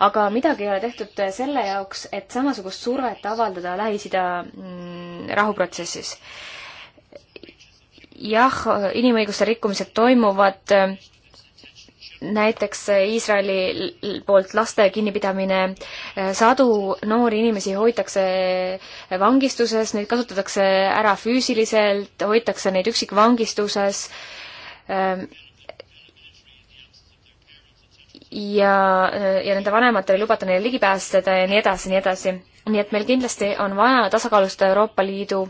aga midagi ei ole tehtud selle jaoks, et samasugust survet avaldada Lähis-Ida mm, rahuprotsessis. jah, inimõiguste rikkumised toimuvad, näiteks Iisraeli poolt laste kinnipidamine, sadu noori inimesi hoitakse vangistuses, neid kasutatakse ära füüsiliselt, hoitakse neid üksikvangistuses ja, ja nende vanematel ei lubata neile ligi pääseda ja nii edasi, nii edasi. nii et meil kindlasti on vaja tasakaalustada Euroopa Liidu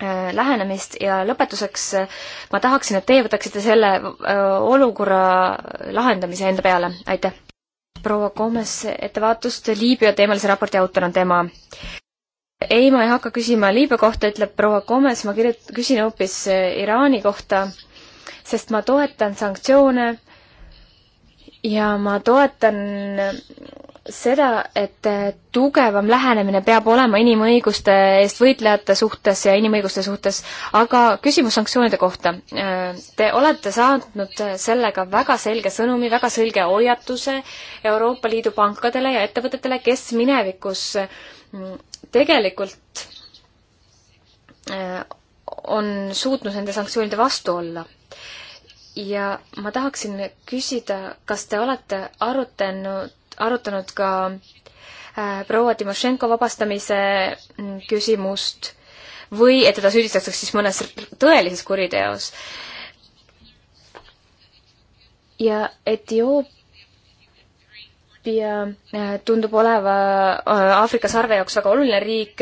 äh, lähenemist ja lõpetuseks äh, ma tahaksin, et teie võtaksite selle äh, olukorra lahendamise enda peale, aitäh. proua Gomes, ettevaatust, Liibüa teemalise raporti autor on tema. ei, ma ei hakka küsima Liibüa kohta, ütleb proua Gomes, ma kirjut-, küsin hoopis Iraani kohta, sest ma toetan sanktsioone ja ma toetan seda, et tugevam lähenemine peab olema inimõiguste eest võitlejate suhtes ja inimõiguste suhtes, aga küsimus sanktsioonide kohta. Te olete saatnud sellega väga selge sõnumi, väga selge hoiatuse Euroopa Liidu pankadele ja ettevõtetele, kes minevikus tegelikult on suutnud nende sanktsioonide vastu olla ja ma tahaksin küsida, kas te olete arutanud, arutanud ka äh, proua Timošenko vabastamise mm, küsimust või et teda süüdistatakse siis mõnes tõelises kuriteos. ja Etioopia äh, tundub oleva äh, Aafrika sarve jaoks väga oluline riik,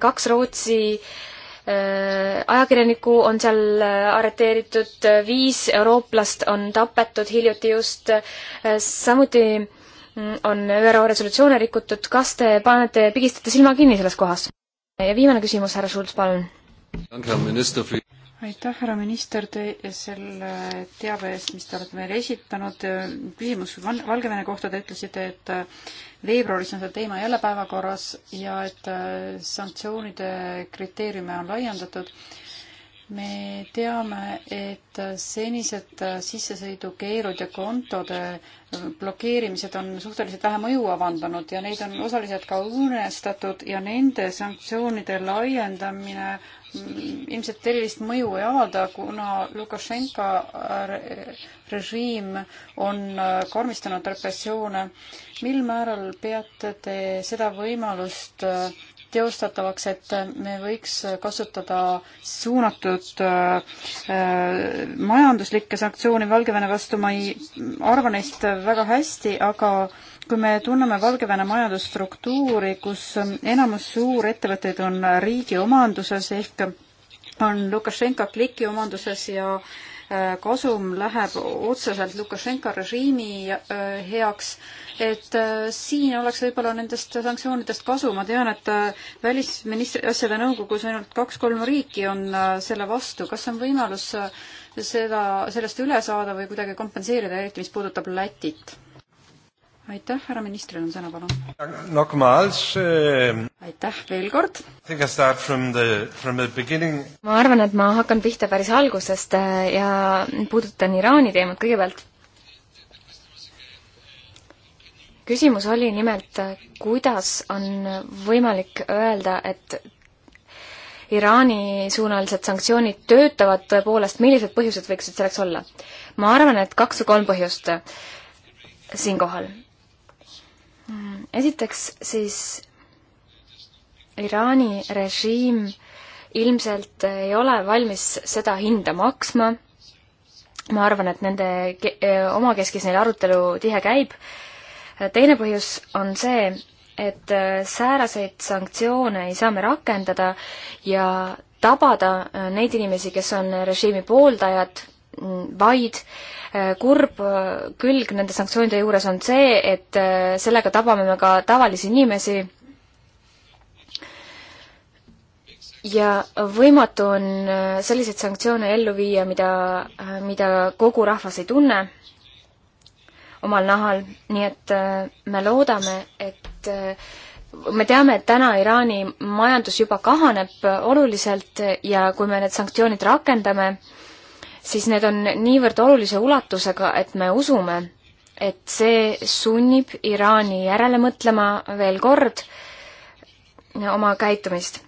kaks Rootsi äh, Äh, ajakirjanikku on seal äh, arreteeritud, äh, viis eurooplast on tapetud hiljuti just, samuti mm, on ÜRO resolutsioone rikutud, kas te panete, pigistate silma kinni selles kohas? ja viimane küsimus, härra Schulz, palun aitäh, härra minister, te selle teabe eest, mis te olete meile esitanud. küsimus Valgevene kohta, te ütlesite, et äh, veebruaris on see teema jälle päevakorras ja et äh, sanktsioonide kriteeriume on laiendatud me teame, et senised sissesõidukeerud ja kontode blokeerimised on suhteliselt vähe mõju avaldanud ja neid on osaliselt ka õõnestatud ja nende sanktsioonide laiendamine ilmselt erilist mõju ei avalda, kuna Lukašenka režiim on karmistanud repressioone. mil määral peate te seda võimalust äh, teostatavaks, et me võiks kasutada suunatud äh, äh, majanduslikke sanktsioone Valgevene vastu, ma ei arva neist väga hästi, aga kui me tunneme Valgevene majandusstruktuuri, kus enamus suurettevõtteid on riigi omanduses ehk on Lukašenka kliki omanduses ja äh, kasum läheb otseselt Lukašenka režiimi äh, heaks, et äh, siin oleks võib-olla nendest sanktsioonidest kasu, ma tean, et äh, välisministri asjade nõukogus ainult kaks-kolm riiki on selle vastu, kas on võimalus seda, sellest üle saada või kuidagi kompenseerida, eriti mis puudutab Lätit? aitäh, härra ministril on sõna, palun. Ehm, aitäh veel kord. ma arvan, et ma hakkan pihta päris algusest äh, ja puudutan Iraani teemat kõigepealt. küsimus oli nimelt, kuidas on võimalik öelda, et Iraani suunalised sanktsioonid töötavad tõepoolest, millised põhjused võiksid selleks olla? ma arvan, et kaks või kolm põhjust äh, siinkohal esiteks siis Iraani režiim ilmselt ei ole valmis seda hinda maksma. ma arvan, et nende omakeskis neil arutelu tihe käib. teine põhjus on see, et sääraseid sanktsioone ei saa me rakendada ja tabada neid inimesi, kes on režiimi pooldajad vaid äh, kurb äh, külg nende sanktsioonide juures on see, et äh, sellega tabame me ka tavalisi inimesi ja võimatu on selliseid sanktsioone ellu viia, mida, mida kogu rahvas ei tunne omal nahal, nii et me loodame, et me teame, et täna Iraani majandus juba kahaneb oluliselt ja kui me need sanktsioonid rakendame, siis need on niivõrd olulise ulatusega, et me usume, et see sunnib Iraani järele mõtlema veel kord oma käitumist.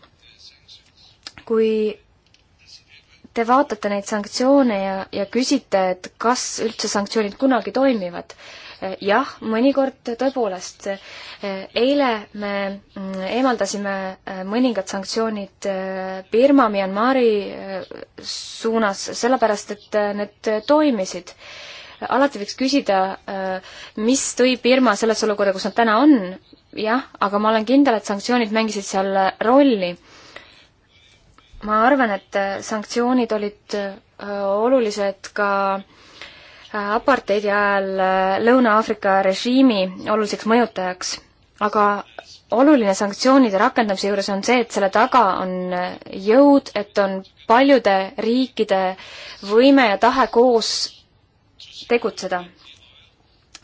kui te vaatate neid sanktsioone ja, ja küsite, et kas üldse sanktsioonid kunagi toimivad, jah, mõnikord tõepoolest. eile me mm, eemaldasime äh, mõningad sanktsioonid äh, Birma, Myanmari äh, suunas, sellepärast et need toimisid alati võiks küsida, mis tõi Birma sellesse olukorda, kus nad täna on, jah, aga ma olen kindel, et sanktsioonid mängisid seal rolli. ma arvan, et sanktsioonid olid olulised ka aparteidi ajal äh, Lõuna-Aafrika režiimi oluliseks mõjutajaks, aga oluline sanktsioonide rakendamise juures on see, et selle taga on äh, jõud, et on paljude riikide võime ja tahe koos tegutseda.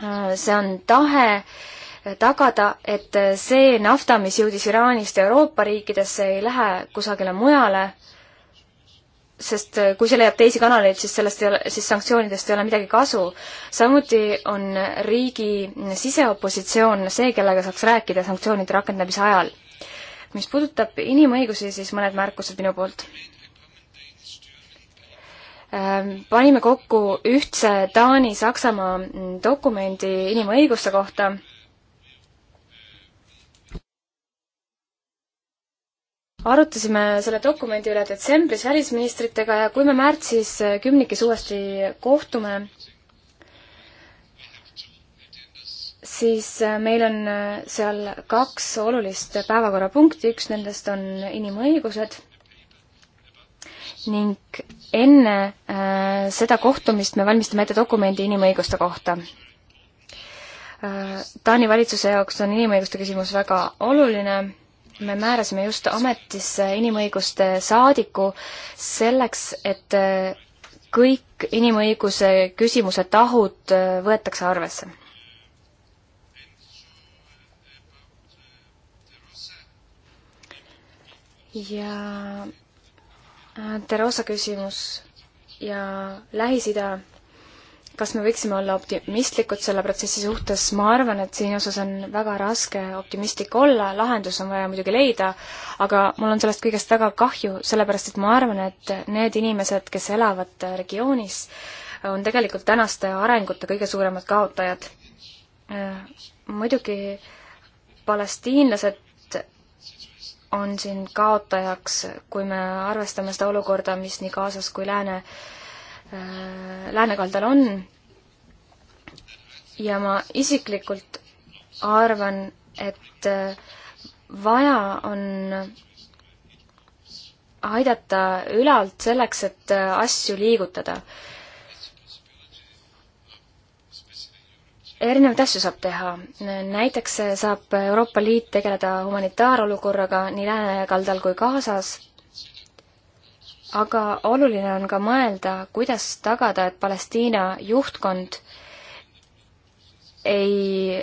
Äh, see on tahe tagada, et see nafta, mis jõudis Iraanist Euroopa riikidesse, ei lähe kusagile mujale sest äh, kui see leiab teisi kanaleid, siis sellest ei ole, siis sanktsioonidest ei ole midagi kasu. samuti on riigi siseopositsioon see, kellega saaks rääkida sanktsioonide rakendamise ajal. mis puudutab inimõigusi, siis mõned märkused minu poolt. Ähm, panime kokku ühtse Taani-Saksamaa mm, dokumendi inimõiguste kohta arutasime selle dokumendi üle detsembris välisministritega ja kui me märtsis kümnikis uuesti kohtume, siis äh, meil on äh, seal kaks olulist päevakorrapunkti, üks nendest on inimõigused ning enne äh, seda kohtumist me valmistame ette dokumendi inimõiguste kohta äh,. Taani valitsuse jaoks on inimõiguste küsimus väga oluline me määrasime just ametisse inimõiguste saadiku selleks, et äh, kõik inimõiguse küsimuse tahud äh, võetakse arvesse. ja äh, Terosa küsimus ja Lähis-Ida kas me võiksime olla optimistlikud selle protsessi suhtes, ma arvan, et siin osas on väga raske optimistlik olla, lahendus on vaja muidugi leida, aga mul on sellest kõigest väga kahju, sellepärast et ma arvan, et need inimesed, kes elavad regioonis, on tegelikult tänaste arengute kõige suuremad kaotajad. muidugi palestiinlased on siin kaotajaks, kui me arvestame seda olukorda, mis nii Gazas kui Lääne äh, Äh, läänekaldal on. ja ma isiklikult arvan, et äh, vaja on aidata ülalt selleks, et äh, asju liigutada. erinevaid asju saab teha, näiteks saab Euroopa Liit tegeleda humanitaarolukorraga nii lääne kaldal kui Gazas aga oluline on ka mõelda, kuidas tagada, et Palestiina juhtkond ei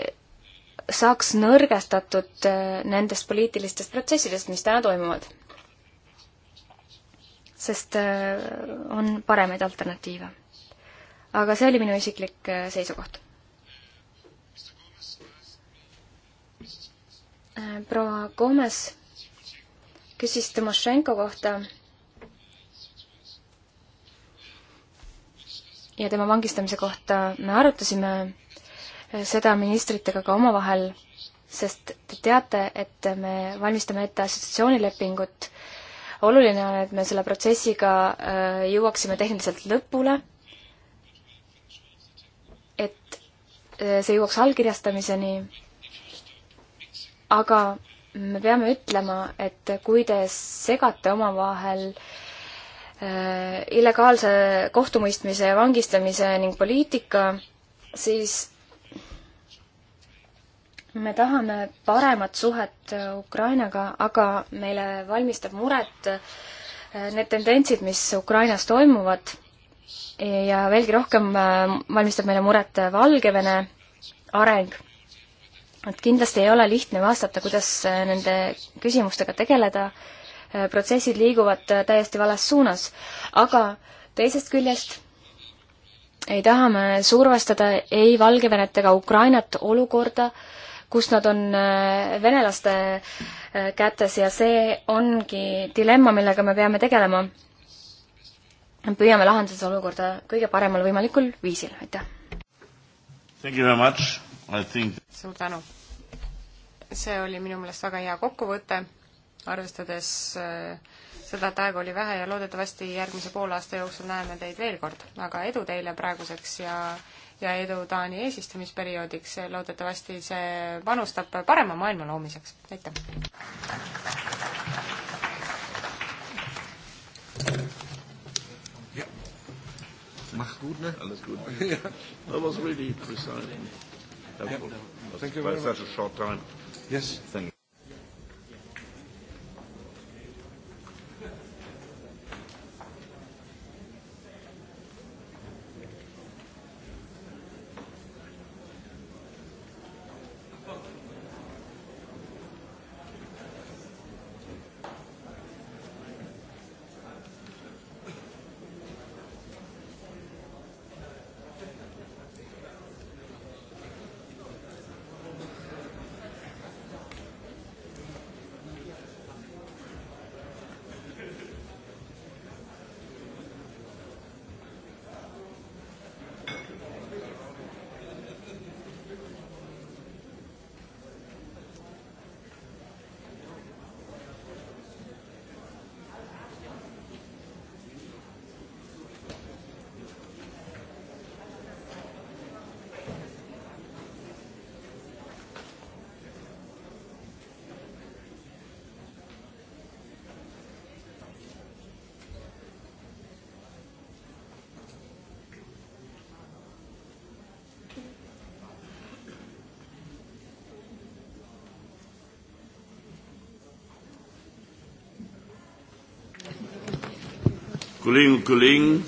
saaks nõrgestatud äh, nendest poliitilistest protsessidest, mis täna toimuvad. sest äh, on paremaid alternatiive. aga see oli minu isiklik äh, seisukoht. proua Gomes küsis Timošenko kohta ja tema vangistamise kohta me arutasime äh, seda ministritega ka omavahel, sest te teate, et me valmistame ette assotsiatsioonilepingut. oluline on, et me selle protsessiga äh, jõuaksime tehniliselt lõpule, et äh, see jõuaks allkirjastamiseni, aga me peame ütlema, et kui te segate omavahel äh, Äh, illegaalse kohtumõistmise ja vangistamise ning poliitika, siis me tahame paremat suhet Ukrainaga, aga meile valmistab muret äh, need tendentsid, mis Ukrainas toimuvad ja veelgi rohkem äh, valmistab meile muret Valgevene areng. et kindlasti ei ole lihtne vastata, kuidas nende küsimustega tegeleda Äh, protsessid liiguvad äh, täiesti vales suunas. aga teisest küljest ei taha me survestada ei Valgevenet ega Ukrainat olukorda, kus nad on äh, venelaste kätes ja see ongi dilemma, millega me peame tegelema. püüame lahendada seda olukorda kõige paremal võimalikul viisil, aitäh! Think... suur tänu! see oli minu meelest väga hea kokkuvõte arvestades äh, seda, et aega oli vähe ja loodetavasti järgmise poole aasta jooksul näeme teid veel kord. aga edu teile praeguseks ja, ja edu Taani eesistumisperioodiks, loodetavasti see panustab parema maailma loomiseks, aitäh! Mach gut, ne? Alles gut. yeah. That was really precise. Helpful. Yeah. Thank you very much. Such a short time. Yes. Thank you. Kolleegid, kolleegid,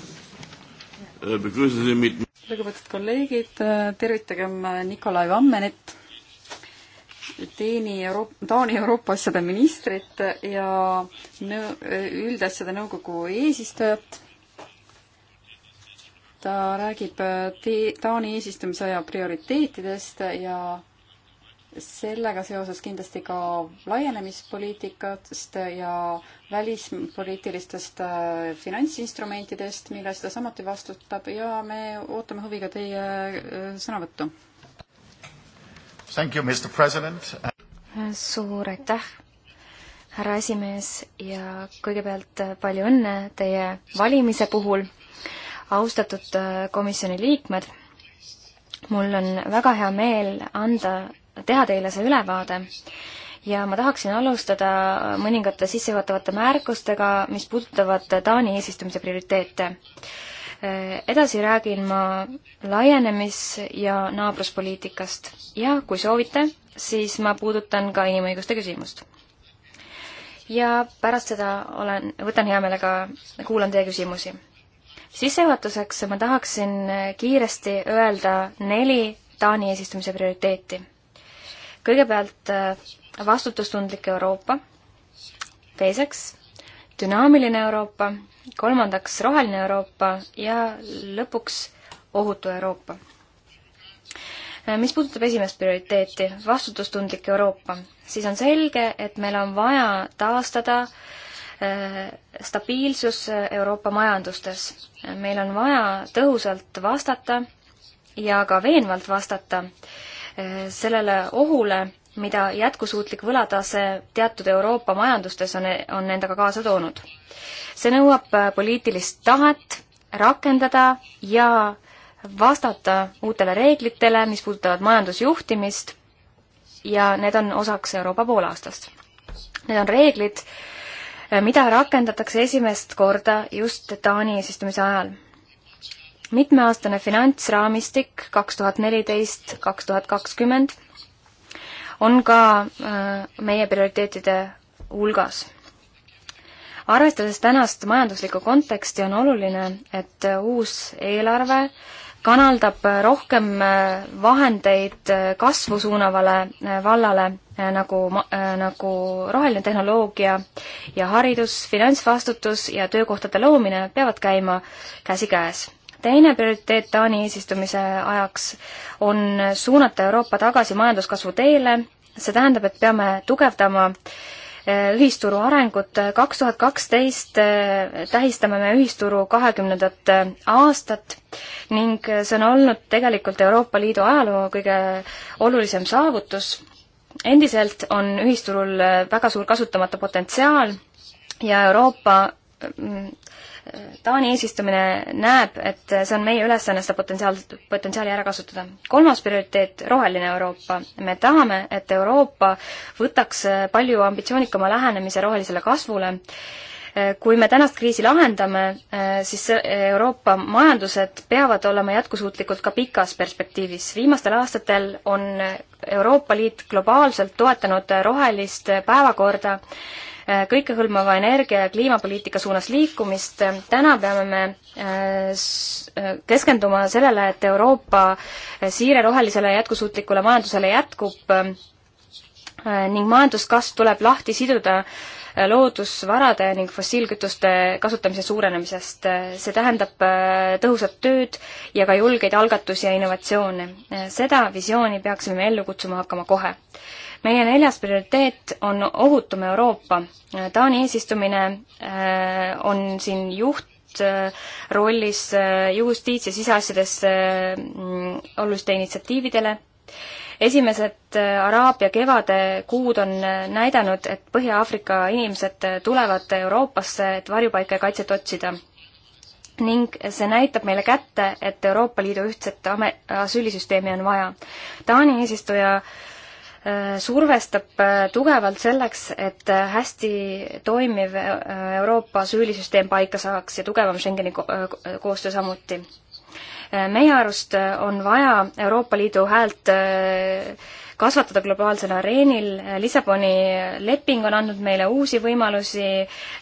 äh, begrüßen Sie mit lugupeetud kolleegid, äh, tervitagem äh, Nikolai Vammenit, Teeni Euroop-, Taani Euroopa asjade ministrit ja nõ-, üldasjade nõukogu eesistujat. ta räägib te-, Taani eesistumisaja prioriteetidest ja sellega seoses kindlasti ka laienemispoliitikast ja välispoliitilistest äh, finantsinstrumentidest, millest ta samuti vastutab ja me ootame huviga teie äh, sõnavõttu. suur aitäh, härra esimees ja kõigepealt äh, palju õnne teie valimise puhul, austatud komisjoni liikmed mul on väga hea meel anda teha teile see ülevaade ja ma tahaksin alustada mõningate sissejuhatavate märkustega, mis puudutavad Taani eesistumise prioriteete. Edasi räägin ma laienemis- ja naabruspoliitikast ja kui soovite, siis ma puudutan ka inimõiguste küsimust. ja pärast seda olen, võtan hea meelega, kuulan teie küsimusi. sissejuhatuseks ma tahaksin kiiresti öelda neli Taani eesistumise prioriteeti kõigepealt äh, vastutustundlik Euroopa, teiseks dünaamiline Euroopa, kolmandaks roheline Euroopa ja lõpuks ohutu Euroopa. Äh, mis puudutab esimest prioriteeti, vastutustundlik Euroopa, siis on selge, et meil on vaja taastada äh, stabiilsus Euroopa majandustes. meil on vaja tõhusalt vastata ja ka veenvalt vastata äh, sellele ohule, mida jätkusuutlik võlatase teatud Euroopa majandustes on, on endaga kaasa toonud. see nõuab äh, poliitilist tahet rakendada ja vastata uutele reeglitele, mis puudutavad majandusjuhtimist ja need on osaks Euroopa poolaastast. Need on reeglid, äh, mida rakendatakse esimest korda just Taani eesistumise ajal mitmeaastane finantsraamistik kaks tuhat neliteist, kaks tuhat kakskümmend on ka äh, meie prioriteetide hulgas. arvestades tänast majanduslikku konteksti, on oluline, et äh, uus eelarve kanaldab äh, rohkem vahendeid kasvu suunavale vallale, nagu, nagu roheline tehnoloogia ja haridus, finantsvastutus ja töökohtade loomine peavad käima käsikäes teine prioriteet Taani eesistumise ajaks on suunata Euroopa tagasi majanduskasvu teele, see tähendab, et peame tugevdama eh, ühisturu arengut, kaks tuhat kaksteist eh, tähistame me ühisturu kahekümnendat eh, aastat ning see on olnud tegelikult Euroopa Liidu ajaloo kõige olulisem saavutus. endiselt on ühisturul väga suur kasutamata potentsiaal ja Euroopa mm, Taani eesistumine näeb, et see on meie ülesanne seda potentsiaalset, potentsiaali ära kasutada. kolmas prioriteet, roheline Euroopa. me tahame, et Euroopa võtaks palju ambitsioonikama lähenemise rohelisele kasvule. kui me tänast kriisi lahendame, siis Euroopa majandused peavad olema jätkusuutlikud ka pikas perspektiivis. viimastel aastatel on Euroopa Liit globaalselt toetanud rohelist päevakorda Äh, kõikehõlmava energia ja kliimapoliitika suunas liikumist. täna peame me äh, äh, keskenduma sellele, et Euroopa siire rohelisele jätkusuutlikule majandusele jätkub ning majanduskasv tuleb lahti siduda loodusvarade ning fossiilkütuste kasutamise suurenemisest. see tähendab tõhusat tööd ja ka julgeid algatusi ja innovatsioone. seda visiooni peaksime me ellu kutsuma hakkama kohe meie neljas prioriteet on ohutum Euroopa. Taani eesistumine äh, on siin juht äh, rollis äh, justiits- ja siseasjades mm, oluliste initsiatiividele. esimesed Araabia kevade kuud on näidanud, et Põhja-Aafrika inimesed tulevad Euroopasse, et varjupaika ja kaitset otsida ning see näitab meile kätte, et Euroopa Liidu ühtset asüülisüsteemi on vaja. Taani eesistuja äh, survestab äh, tugevalt selleks, et äh, hästi toimiv äh, Euroopa süülisüsteem paika saaks ja tugevam Schengeni koostöö samuti. meie arust on vaja Euroopa Liidu häält kasvatada globaalsel areenil. Lissaboni leping on andnud meile uusi võimalusi,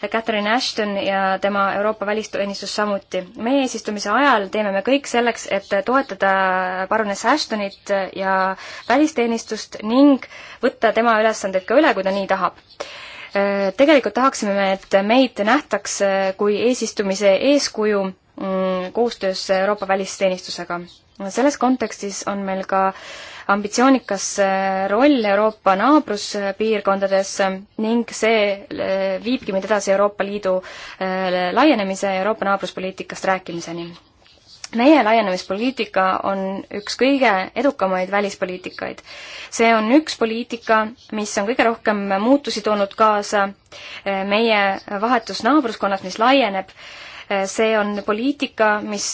Catherine Ashton ja tema Euroopa välisteenistus samuti. meie eesistumise ajal teeme me kõik selleks, et toetada parunes Ashtonit ja välisteenistust ning võtta tema ülesanded ka üle, kui ta nii tahab tegelikult tahaksime me, et meid nähtaks kui eesistumise eeskuju mm, koostöös Euroopa välisteenistusega. selles kontekstis on meil ka äh, ambitsioonikas eh, roll Euroopa naabruspiirkondades ning see eh, viibki meid edasi Euroopa Liidu eh, laienemise ja Euroopa naabruspoliitikast rääkimiseni meie laienemispoliitika on üks kõige edukamaid välispoliitikaid. see on üks poliitika, mis on kõige rohkem muutusi toonud kaasa meie vahetus naabruskonnas, mis laieneb. see on poliitika, mis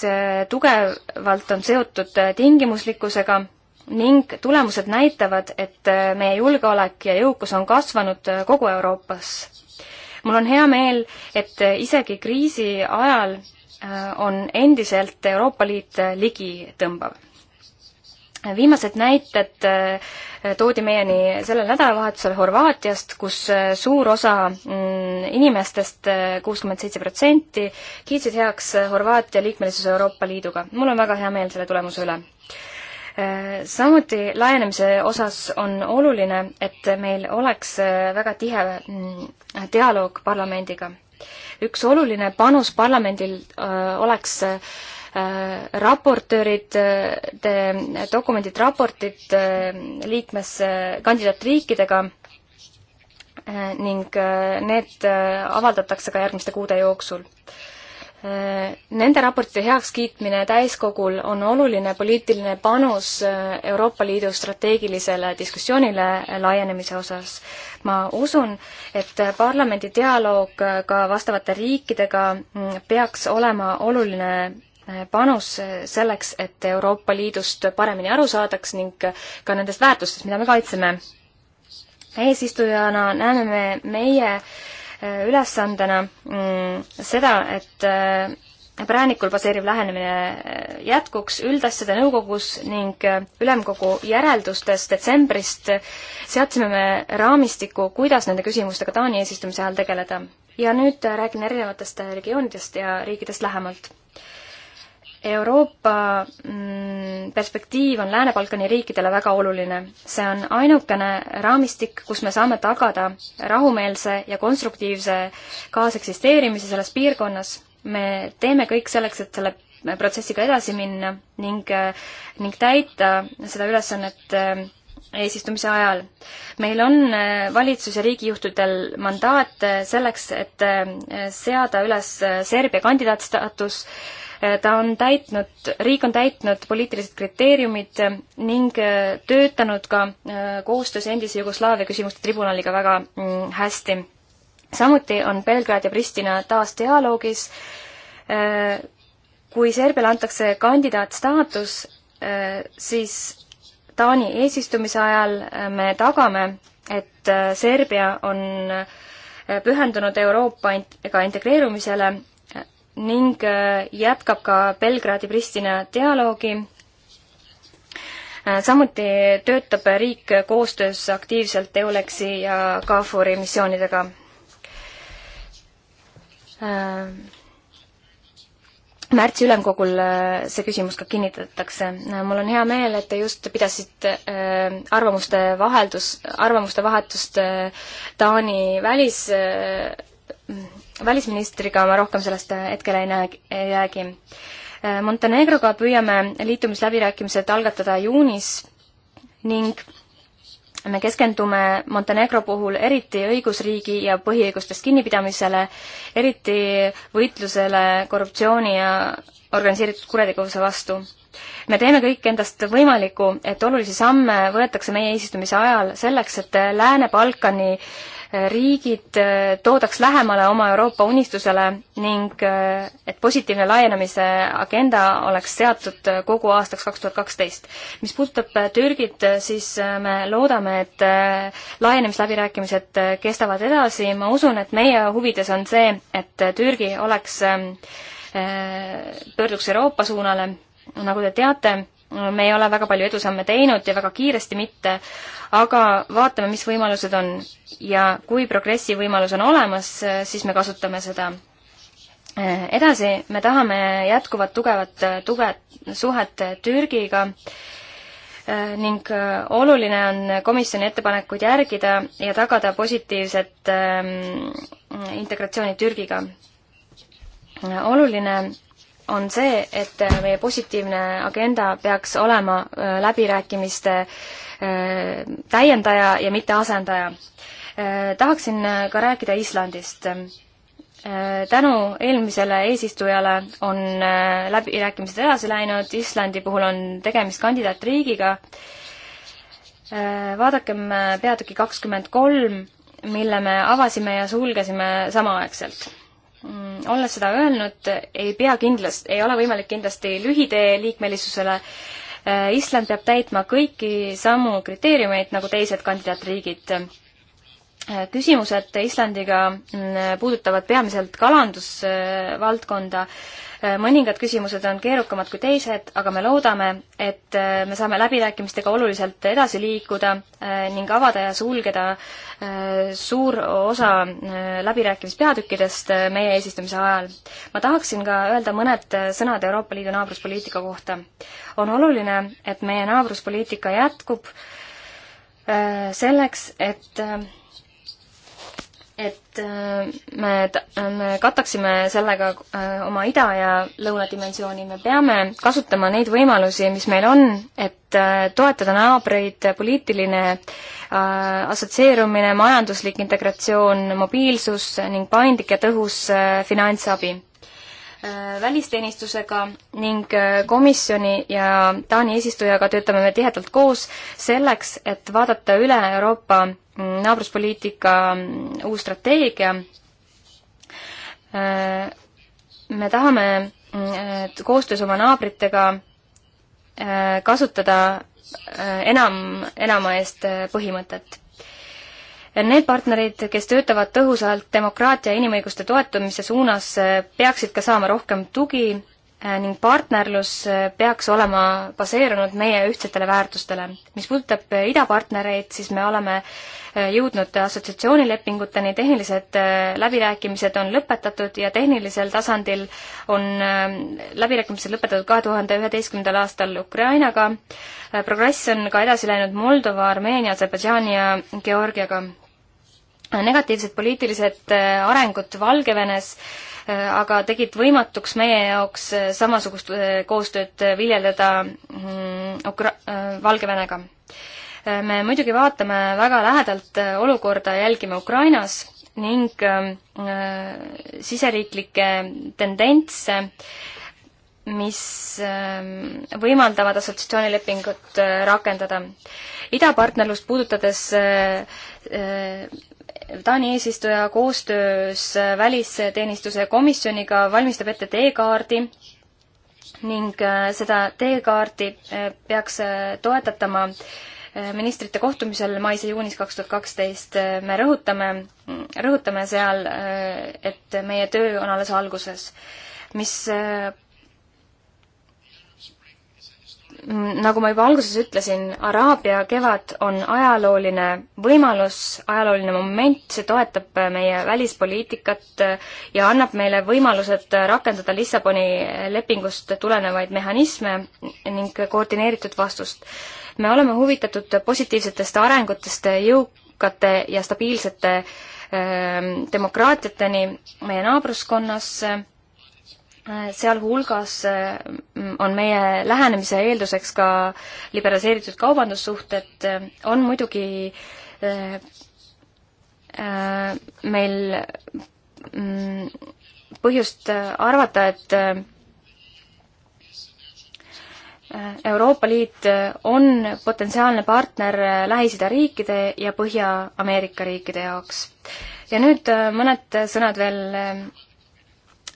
tugevalt on seotud tingimuslikkusega ning tulemused näitavad, et äh, meie julgeolek ja jõukus on kasvanud äh, kogu Euroopas. mul on hea meel, et äh, isegi kriisi ajal on endiselt Euroopa Liit ligitõmbav. viimased näited toodi meieni sellel nädalavahetusel Horvaatiast, kus suur osa mm, inimestest, kuuskümmend seitse protsenti, kiitsid heaks Horvaatia liikmelisuse Euroopa Liiduga. mul on väga hea meel selle tulemuse üle samuti laienemise osas on oluline, et meil oleks äh, väga tihe mm, dialoog parlamendiga. üks oluline panus parlamendil äh, oleks äh, raportöörid, dokumendid, raportid liikmes, kandidaatriikidega ning need avaldatakse ka järgmiste kuude jooksul Äh, nende raportite heakskiitmine täiskogul on oluline poliitiline panus äh, Euroopa Liidu strateegilisele diskussioonile laienemise osas. ma usun, et parlamendi dialoog äh, ka vastavate riikidega mm, peaks olema oluline panus selleks, et Euroopa Liidust paremini aru saadaks ning ka nendest väärtustest, mida me kaitseme. eesistujana näeme me meie äh, ülesandena mm, seda, et äh, präänikul baseeriv lähenemine äh, jätkuks üldasjade nõukogus ning äh, ülemkogu järeldustes detsembrist seadsime me raamistiku, kuidas nende küsimustega Taani eesistumise ajal tegeleda. ja nüüd räägin erinevatest regioonidest ja riikidest lähemalt Euroopa mm, perspektiiv on Lääne-Balkani riikidele väga oluline. see on ainukene raamistik, kus me saame tagada rahumeelse ja konstruktiivse kaaseksisteerimise selles piirkonnas. me teeme kõik selleks, et selle protsessiga edasi minna ning, ning täita seda ülesannet äh, eesistumise ajal. meil on äh, valitsus- ja riigijuhtidel mandaat äh, selleks, et seada üles Serbia kandidaatstaatus, ta on täitnud, riik on täitnud poliitilised kriteeriumid ning äh, töötanud ka äh, koostöös endise Jugoslaavia küsimuste tribunaliga väga mm, hästi. samuti on Belgrad ja Pristina taas dialoogis. Äh, kui Serbiale antakse kandidaatstaatus, siis Taani eesistumise ajal me tagame, et Serbia on pühendunud Euroopaga integreerumisele ning äh, jätkab ka Belgradi-Pristina dialoogi. Äh, samuti töötab riik koostöös aktiivselt EULEX-i ja KFOR-i missioonidega äh, märtsi ülemkogul see küsimus ka kinnitatakse. mul on hea meel, et te just pidasite arvamuste vaheldus, arvamuste vahetust Taani välis välisministriga ma rohkem sellest hetkel ei näe, ei räägi. Äh, Montenegroga püüame liitumisläbirääkimised algatada juunis ning me keskendume Montenegro puhul eriti õigusriigi ja põhiõigustest kinnipidamisele, eriti võitlusele korruptsiooni ja organiseeritud kuritegevuse vastu. me teeme kõik endast võimalikku, et olulisi samme võetakse meie eesistumise ajal selleks, et Lääne-Balkani eh, riigid eh, toodaks lähemale oma Euroopa unistusele ning eh, et positiivne laienemise agenda oleks seatud kogu aastaks kaks tuhat kaksteist. mis puudutab Türgit, siis me loodame, et laienemisläbirääkimised kestavad edasi, ma usun, et meie huvides on see, et Türgi oleks Äh, pöörduks Euroopa suunale. nagu te teate, me ei ole väga palju edusamme teinud ja väga kiiresti mitte, aga vaatame, mis võimalused on. ja kui progressi võimalus on olemas, äh, siis me kasutame seda äh, edasi, me tahame jätkuvat tugevat tuge, suhet Türgiga ning oluline on komisjoni ettepanekuid järgida ja tagada positiivset ähm, integratsiooni Türgiga oluline on see, et meie positiivne agenda peaks olema äh, läbirääkimiste äh, täiendaja ja mitte asendaja. Äh, tahaksin ka rääkida Islandist. tänu eelmisele eesistujale on läbirääkimised edasi läinud, Islandi puhul on tegemist kandidaatriigiga. vaadakem peatüki kakskümmend kolm, mille me avasime ja sulgesime samaaegselt Mm, olles seda öelnud, ei pea kindlasti, ei ole võimalik kindlasti lühitee liikmelisusele. Äh, Island peab täitma kõiki samu kriteeriumeid nagu teised kandidaatriigid Äh, küsimused Islandiga mm, äh, puudutavad peamiselt kalandusvaldkonda. Äh, mõningad küsimused on keerukamad kui teised, aga me loodame, et me saame läbirääkimistega oluliselt edasi liikuda ning avada ja sulgeda suur osa läbirääkimispeatükkidest meie eesistumise ajal. ma tahaksin ka öelda mõned sõnad Euroopa Liidu naabruspoliitika kohta. on oluline, et meie naabruspoliitika jätkub selleks, et et äh, me, me kataksime sellega äh, oma ida- ja lõunadimensiooni, me peame kasutama neid võimalusi, mis meil on, et äh, toetada naabreid, poliitiline assotsieerumine, majanduslik integratsioon, mobiilsus ning paindlik ja tõhus finantsabi. Äh, välisteenistusega ning äh, komisjoni ja Taani eesistujaga töötame me tihedalt koos selleks, et vaadata üle Euroopa mm, naabruspoliitika mm, uus strateegia. Äh, me tahame mm, koostöös oma naabritega kasutada enam, enama eest põhimõtet Need partnerid, kes töötavad tõhusalt demokraatia ja inimõiguste toetamise suunas, peaksid ka saama rohkem tugi eh, ning partnerlus eh, peaks olema baseerunud meie ühtsetele väärtustele. mis puudutab eh, idapartnereid, siis me oleme jõudnud assotsiatsioonilepinguteni, tehnilised läbirääkimised on lõpetatud ja tehnilisel tasandil on läbirääkimised lõpetatud kahe tuhande üheteistkümnendal aastal Ukrainaga. progress on ka edasi läinud Moldova, Armeenia, Aserbaidžaani ja Georgiaga negatiivsed poliitilised äh, arengud Valgevenes äh, aga tegid võimatuks meie jaoks äh, samasugust koostööd viljeldada mm, Ukra-, Valgevenega. me muidugi vaatame väga lähedalt olukorda, jälgime Ukrainas ning ähm, siseriiklikke tendentse, mis ähm, võimaldavad assotsiatsioonilepingut rakendada. idapartnerlust puudutades Taani eesistuja koostöös välisteenistuse komisjoniga valmistab ette teekaardi ning äh, seda teekaarti äh, peaks äh, toetatama ministrite kohtumisel mais ja juunis kaks tuhat kaksteist me rõhutame, rõhutame seal, et meie töö on alles alguses. mis nagu ma juba alguses ütlesin, Araabia kevad on ajalooline võimalus, ajalooline moment, see toetab meie välispoliitikat äh, ja annab meile võimalused äh, rakendada Lissaboni äh, lepingust tulenevaid mehhanisme ning koordineeritud vastust. me oleme huvitatud positiivsetest arengutest jõukate ja stabiilsete demokraatiateni meie naabruskonnas Äh, sealhulgas äh, on meie lähenemise eelduseks ka liberaliseeritud kaubandussuhted, äh, on muidugi meil mm, põhjust arvata, et Euroopa Liit on potentsiaalne partner Lähis-Ida riikide ja Põhja-Ameerika riikide jaoks. ja nüüd mõned sõnad veel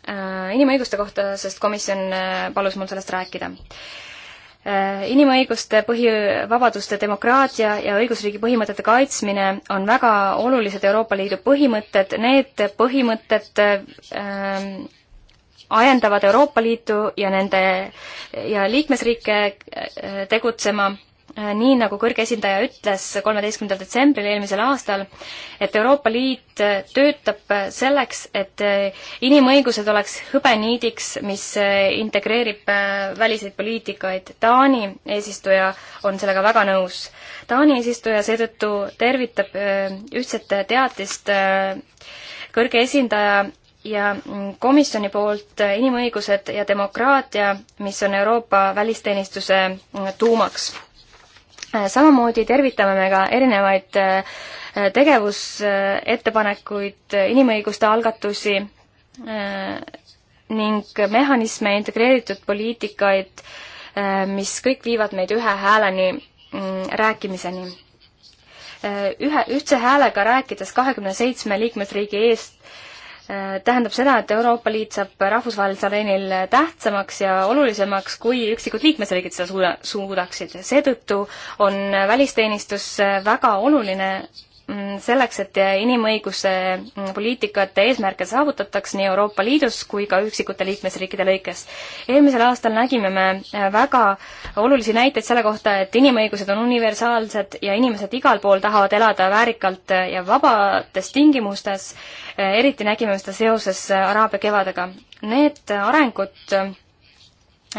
Äh, inimõiguste kohta, sest komisjon äh, palus mul sellest rääkida äh, inimõiguste, põhivabaduste, demokraatia ja õigusriigi põhimõtete kaitsmine on väga olulised Euroopa Liidu põhimõtted, need põhimõtted äh, ajendavad Euroopa Liitu ja nende ja liikmesriike tegutsema Äh, nii nagu kõrge esindaja ütles kolmeteistkümnendal detsembril eelmisel aastal, et Euroopa Liit äh, töötab äh, selleks, et inimõigused oleks hõbeniidiks, mis integreerib väliseid poliitikaid. Taani eesistuja on sellega väga nõus. Taani eesistuja seetõttu tervitab ühtset teatist kõrge esindaja ja mm, komisjoni poolt inimõigused ja demokraatia, mis on Euroopa välisteenistuse mm, tuumaks samamoodi tervitame me ka erinevaid äh, tegevusettepanekuid, äh, inimõiguste algatusi äh, ning mehhanisme, integreeritud poliitikaid, mis kõik viivad meid ühe hääleni mm, rääkimiseni. ühe, ühtse häälega rääkides kahekümne seitsme liikmesriigi eest tähendab seda, et Euroopa Liit saab rahvusvahelisel areenil tähtsamaks ja olulisemaks, kui üksikud liikmesriigid seda suuda, suudaksid. seetõttu on välisteenistus väga oluline Mm, selleks, et inimõiguse mm, poliitikate eesmärke saavutataks nii Euroopa Liidus kui ka üksikute liikmesriikide lõikes. eelmisel aastal nägime me äh, väga olulisi näiteid selle kohta, et inimõigused on universaalsed ja inimesed igal pool tahavad elada väärikalt äh, ja vabates tingimustes, äh, eriti nägime seda seoses Araabia kevadega. Need arengud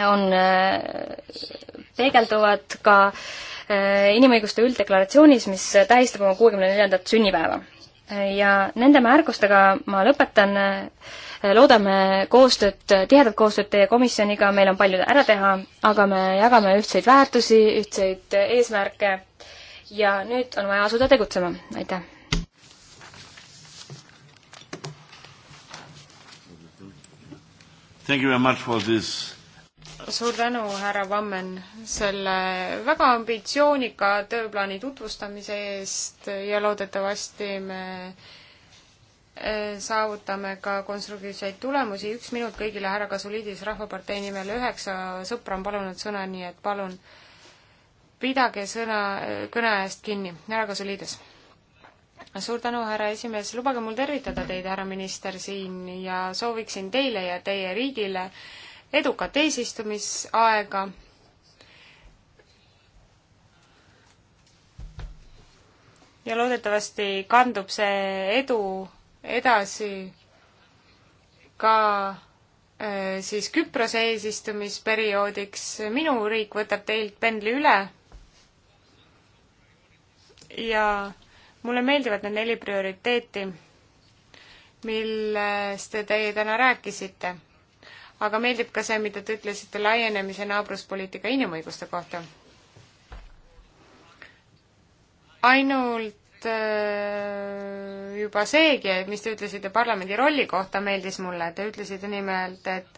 on, äh, peegelduvad ka äh, inimõiguste ülddeklaratsioonis, mis tähistab oma kuuekümne neljandat sünnipäeva. ja nende märkustega ma lõpetan, äh, loodame koostööd, tihedat koostööd teie komisjoniga, meil on palju ära teha, aga me jagame ühtseid väärtusi, ühtseid eesmärke ja nüüd on vaja asuda tegutsema, aitäh! Thank you very much for this suur tänu, härra Vammen, selle väga ambitsioonika tööplaani tutvustamise eest ja loodetavasti me e, saavutame ka konstruktiivseid tulemusi. üks minut kõigile, härra Kasuliidis Rahvapartei nimel, üheksa sõpra on palunud sõna, nii et palun pidage sõna, e, kõne eest kinni. härra Kasuliidis. suur tänu, härra esimees, lubage mul tervitada teid, härra minister, siin ja sooviksin teile ja teie riigile äh, edukat eesistumisaega. ja loodetavasti kandub see edu edasi ka äh, siis Küprose eesistumisperioodiks. minu riik võtab teilt pendli üle. ja mulle meeldivad need neli prioriteeti, millest teie täna rääkisite aga meeldib ka see, mida te ütlesite laienemise naabruspoliitika inimõiguste kohta. ainult äh, juba seegi, mis te ütlesite parlamendi rolli kohta, meeldis mulle, te ütlesite nimelt, et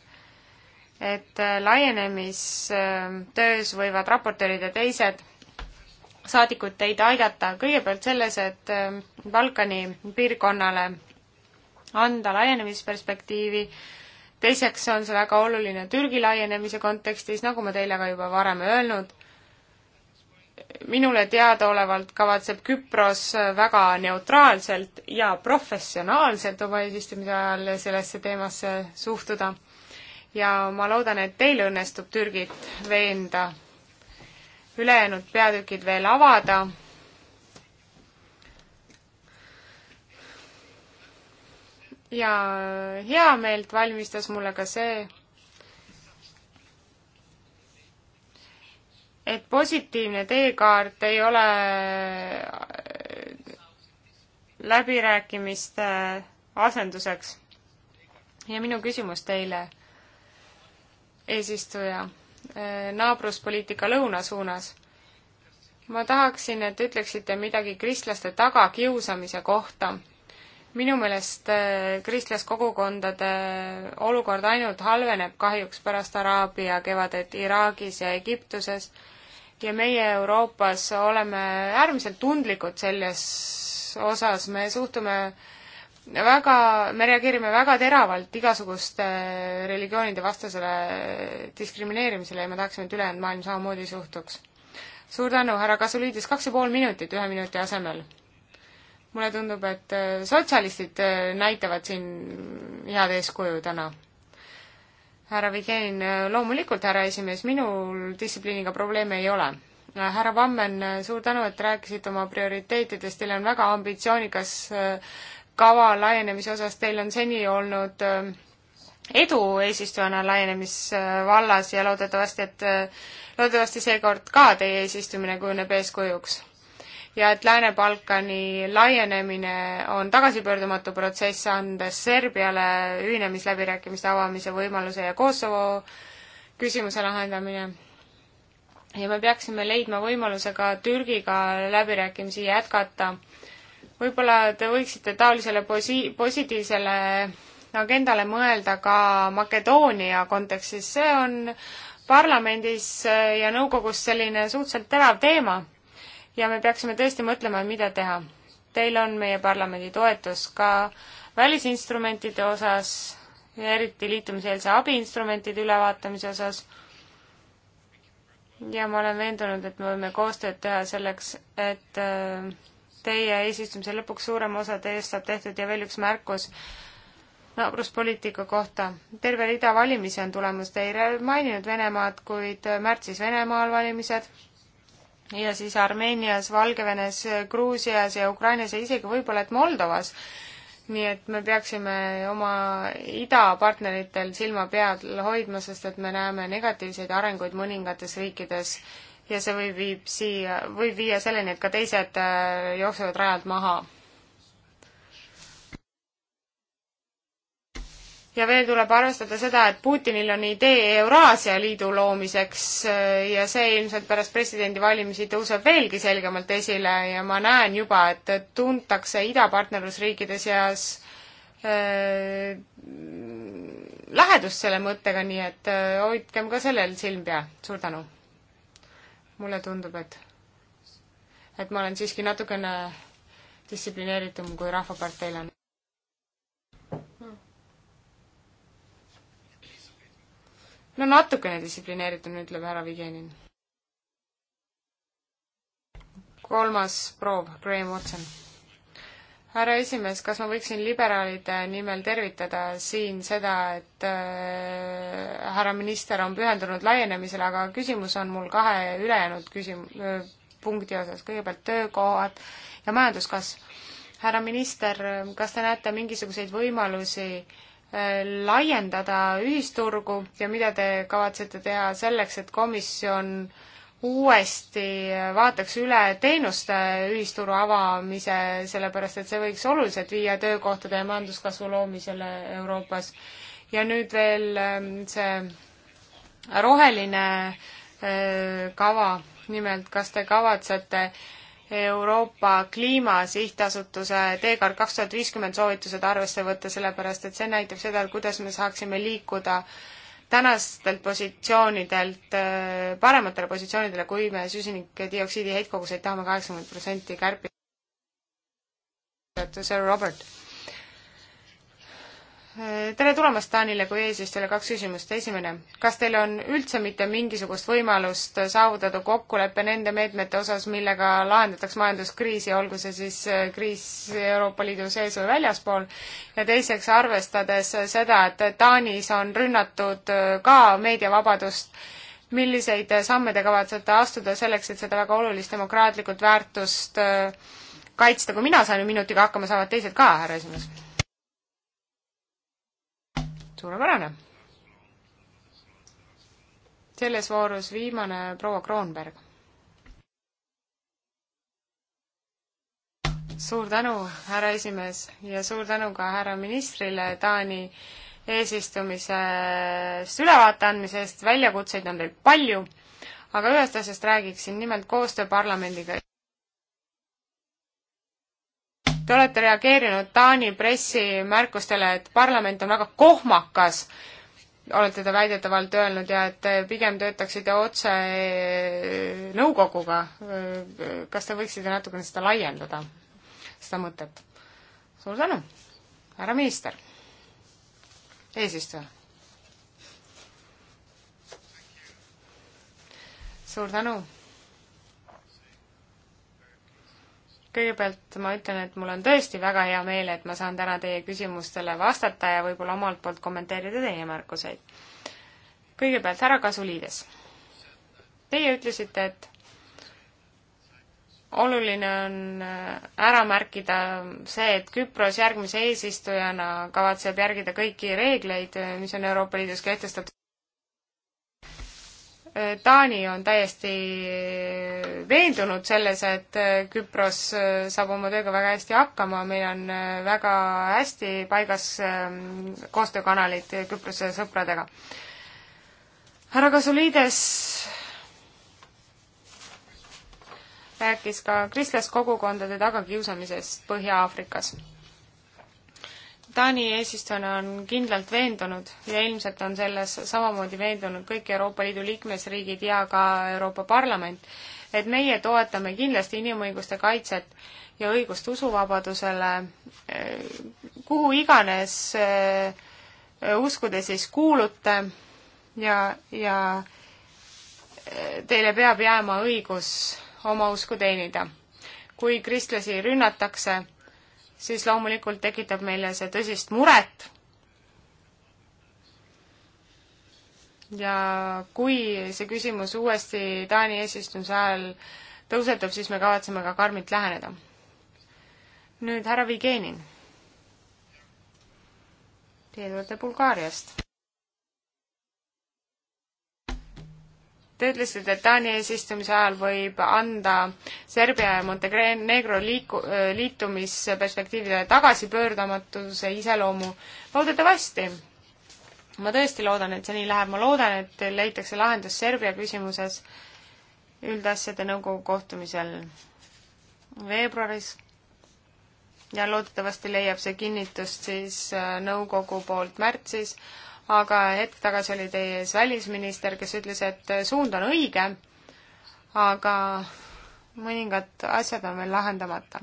et äh, laienemistöös võivad raportöörid ja teised saadikud teid aidata kõigepealt selles, et äh, Balkani piirkonnale anda laienemisperspektiivi äh, teiseks on see väga oluline Türgi laienemise kontekstis, nagu ma teile ka juba varem öelnud, minule teadaolevalt kavatseb Küpros väga neutraalselt ja professionaalselt oma eesistumise ajal sellesse teemasse suhtuda. ja ma loodan, et teil õnnestub Türgit veenda ülejäänud peatükid veel avada ja heameelt valmistas mulle ka see, et positiivne teekaart ei ole läbirääkimiste asenduseks. ja minu küsimus teile, eesistuja, eh, naabruspoliitika lõuna suunas. ma tahaksin, et ütleksite midagi kristlaste tagakiusamise kohta minu meelest äh, kristlaskogukondade olukord ainult halveneb kahjuks pärast Araabia kevadet Iraagis ja Egiptuses ja meie Euroopas oleme äärmiselt tundlikud selles osas, me suhtume väga, me reageerime väga teravalt igasuguste religioonide vastasele diskrimineerimisele ja me tahaksime, et ülejäänud maailm samamoodi suhtuks. suur tänu, härra Kasuliidis, kaks ja pool minutit ühe minuti asemel mulle tundub, et äh, sotsialistid äh, näitavad siin head eeskuju täna. härra Vigenin, äh, loomulikult, härra esimees, minul distsipliiniga probleeme ei ole. härra Vammen, suur tänu, et rääkisite oma prioriteetidest, teil on väga ambitsioonikas kava laienemise osas, teil on seni olnud edu eesistujana laienemisvallas ja loodetavasti, et loodetavasti seekord ka teie eesistumine kujuneb eeskujuks ja et Lääne-Balkani laienemine on tagasipöördumatu protsess, andes Serbiale ühinemisläbirääkimiste avamise võimaluse ja Kosovo küsimuse lahendamine. ja me peaksime leidma võimaluse ka Türgiga läbirääkimisi jätkata. võib-olla te võiksite taolisele posi-, positiivsele agendale mõelda ka Makedoonia kontekstis, see on parlamendis ja nõukogus selline suhteliselt terav teema ja me peaksime tõesti mõtlema, mida teha. Teil on meie parlamendi toetus ka välisinstrumentide osas ja eriti liitumiseelse abiinstrumentide ülevaatamise osas. ja ma olen veendunud, et me võime koostööd teha selleks, et äh, teie eesistumise lõpuks suurem osa teist saab tehtud ja veel üks märkus naabruspoliitika kohta. terve rida valimisi on tulemas, te ei maininud Venemaad, kuid märtsis Venemaal valimised ja siis Armeenias, Valgevenes, Gruusias ja Ukrainas ja isegi võib-olla et Moldovas. nii et me peaksime oma idapartneritel silma peal hoidma, sest et me näeme negatiivseid arenguid mõningates riikides ja see võib viib siia, võib viia selleni, et ka teised äh, jooksevad rajalt maha ja veel tuleb arvestada seda, et Putinil on idee Euraasia Liidu loomiseks äh, ja see ilmselt pärast presidendivalimisi tõuseb veelgi selgemalt esile ja ma näen juba, et tuntakse idapartnerlusriikide seas äh, lähedust selle mõttega, nii et äh, hoidkem ka sellel silm peal. suur tänu! mulle tundub, et, et ma olen siiski natukene distsiplineeritum kui Rahvaparteil on. no natukene distsiplineeritum, ütleb härra Vigenin. kolmas proov, Graham Watson. härra esimees, kas ma võiksin liberaalide nimel tervitada siin seda, et äh, härra minister on pühendunud laienemisele, aga küsimus on mul kahe ülejäänud küsim-, punkti osas, kõigepealt töökohad ja majanduskasv. härra minister, kas te näete mingisuguseid võimalusi äh, laiendada ühisturgu ja mida te kavatsete teha selleks, et komisjon uuesti vaataks üle teenuste ühisturu avamise, sellepärast et see võiks oluliselt viia töökohtade ja majanduskasvu loomisele Euroopas. ja nüüd veel ähm, see roheline äh, kava, nimelt kas te kavatsete äh, Euroopa Kliimasihtasutuse teekaart kaks tuhat viiskümmend soovitused arvesse võtta, sellepärast et see näitab seda, kuidas me saaksime liikuda tänastelt positsioonidelt äh, parematele positsioonidele, kui me süsinikdioksiidi heitkoguseid tahame kaheksakümmend protsenti kärpida. Sir Robert tere tulemast Taanile kui eesistujale, kaks küsimust. esimene, kas teil on üldse mitte mingisugust võimalust saavutada kokkulepe nende meetmete osas, millega lahendatakse majanduskriisi, olgu see siis äh, kriis Euroopa Liidu sees või väljaspool? ja teiseks, arvestades seda, et Taanis on rünnatud äh, ka meediavabadust, milliseid samme te kavatsete astuda selleks, et seda väga olulist demokraatlikult väärtust äh, kaitsta, kui mina saan ju minutiga hakkama, saavad teised ka, härra esimees? suurepärane. selles voorus viimane proua Kroonberg. suur tänu, härra esimees ja suur tänu ka härra ministrile Taani eesistumisest ülevaate andmise eest, väljakutseid on teil palju, aga ühest asjast räägiksin, nimelt koostöö parlamendiga Te olete reageerinud Taani pressi märkustele, et parlament on väga kohmakas, olete te väidetavalt öelnud, ja et pigem töötaksite otse nõukoguga. kas te võiksite natukene seda laiendada, seda mõtet? suur tänu, härra minister, eesistuja suur tänu kõigepealt ma ütlen, et mul on tõesti väga hea meel, et ma saan täna teie küsimustele vastata ja võib-olla omalt poolt kommenteerida teie märkuseid. kõigepealt härra Kasuliides. Teie ütlesite, et oluline on äh, ära märkida see, et Küpros järgmise eesistujana kavatseb järgida kõiki reegleid, mis on Euroopa Liidus kehtestatud. Taani on täiesti veendunud selles, et Küpros saab oma tööga väga hästi hakkama, meil on väga hästi paigas ähm, koostöökanalid Küprose sõpradega. härra Kasuliides rääkis ka kristlaskogukondade tagakiusamisest Põhja-Aafrikas Taani eesistujana on kindlalt veendunud ja ilmselt on selles samamoodi veendunud kõik Euroopa Liidu liikmesriigid ja ka Euroopa Parlament, et meie toetame kindlasti inimõiguste kaitset ja õigust usuvabadusele, eh, kuhu iganes eh, usku te siis kuulute ja, ja eh, teile peab jääma õigus oma usku teenida. kui kristlasi rünnatakse, siis loomulikult tekitab meile see tõsist muret. ja kui see küsimus uuesti Taani eesistumise ajal tõusetub, siis me kavatseme ka karmilt läheneda. nüüd härra Vigenin. Teie tulete Bulgaariast. Te ütlesite, et Taani eesistumise ajal võib anda Serbia ja Montenegro liiku-, äh, liitumisperspektiividele tagasipöördamatuse iseloomu. loodetavasti. ma tõesti loodan, et see nii läheb, ma loodan, et leitakse lahendus Serbia küsimuses üldasjade nõukogu kohtumisel veebruaris ja loodetavasti leiab see kinnitust siis äh, nõukogu poolt märtsis, aga hetk tagasi oli teie ees välisminister, kes ütles, et suund on õige, aga mõningad asjad on veel lahendamata.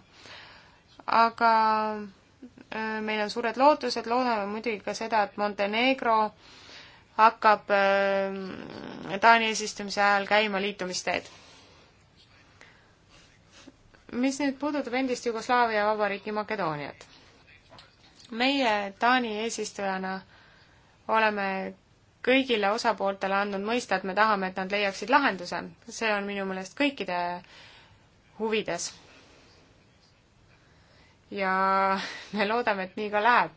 aga äh, meil on suured lootused, loodame muidugi ka seda, et Montenegro hakkab äh, Taani eesistumise ajal käima liitumisteed. mis nüüd puudutab endist Jugoslaavia vabariiki Makedooniat? meie Taani eesistujana äh, oleme kõigile osapooltele andnud mõista, et me tahame, et nad leiaksid lahenduse. see on minu meelest kõikide huvides. ja me loodame, et nii ka läheb.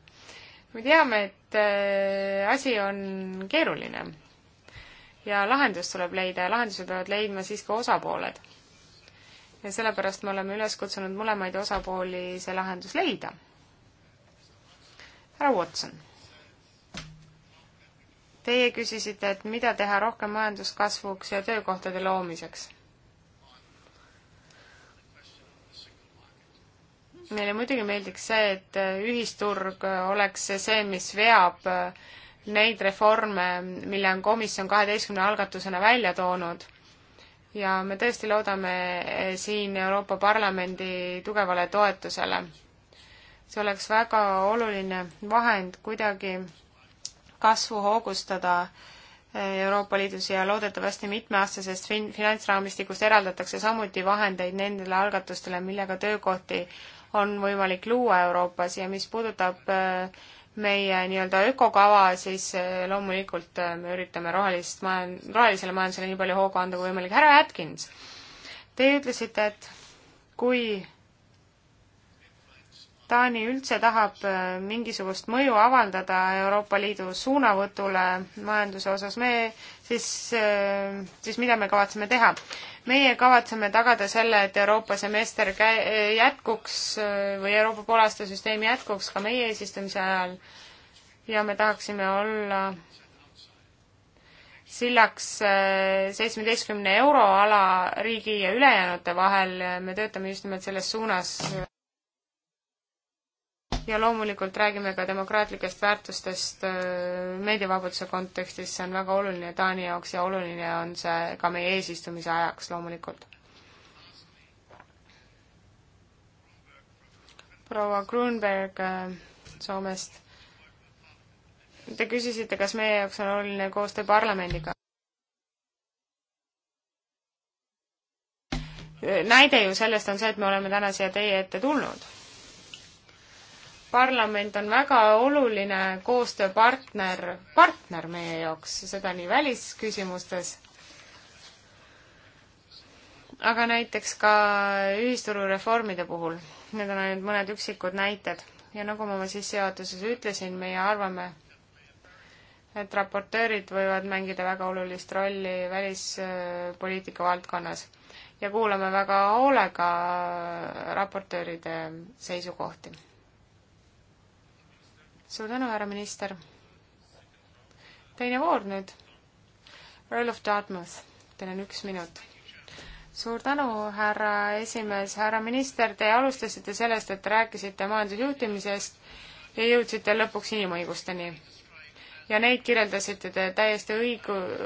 me teame, et äh, asi on keeruline ja lahendus tuleb leida ja lahenduse peavad leidma siis ka osapooled. ja sellepärast me oleme üles kutsunud mõlemaid osapooli see lahendus leida. härra Watson Teie küsisite, et mida teha rohkem majanduskasvuks ja töökohtade loomiseks. meile muidugi meeldiks see, et ühisturg oleks see, mis veab neid reforme, mille on komisjon kaheteistkümne algatusena välja toonud ja me tõesti loodame siin Euroopa Parlamendi tugevale toetusele. see oleks väga oluline vahend kuidagi kasvu hoogustada Euroopa Liidus ja loodetavasti mitmeaastasest fin-, finantsraamistikust eraldatakse samuti vahendeid nendele algatustele, millega töökohti on võimalik luua Euroopas ja mis puudutab äh, meie nii-öelda ökokava, siis äh, loomulikult äh, me üritame rohelist majan-, rohelisele majandusele nii palju hoogu anda kui võimalik. härra Atkins, te ütlesite, et kui Taani üldse tahab äh, mingisugust mõju avaldada Euroopa Liidu suunavõtule majanduse osas, me siis, äh, siis mida me kavatseme teha? meie kavatseme tagada selle, et Euroopa semester kä-, jätkuks äh, või Euroopa poolaastasüsteem jätkuks ka meie eesistumise ajal ja me tahaksime olla sillaks seitsmeteistkümne euroala riigi ja ülejäänute vahel, me töötame just nimelt selles suunas ja loomulikult räägime ka demokraatlikest väärtustest äh, meediavabaduse kontekstis, see on väga oluline Taani jaoks ja oluline on see ka meie eesistumise ajaks loomulikult. proua Grunberg äh, Soomest, te küsisite, kas meie jaoks on oluline koostöö parlamendiga? näide ju sellest on see, et me oleme täna siia teie ette tulnud parlament on väga oluline koostööpartner, partner meie jaoks, seda nii välisküsimustes, aga näiteks ka ühisturureformide puhul. Need on ainult mõned üksikud näited ja nagu ma oma sissejuhatuses ütlesin, meie arvame, et raportöörid võivad mängida väga olulist rolli välispoliitika valdkonnas ja kuulame väga hoolega raportööride seisukohti suur tänu, härra minister. teine voor nüüd. Earl of Dartmouth, teil on üks minut. suur tänu, härra esimees, härra minister, te alustasite sellest, et rääkisite majandusjuhtimisest ja jõudsite lõpuks inimõigusteni. ja neid kirjeldasite te täiesti õigu-,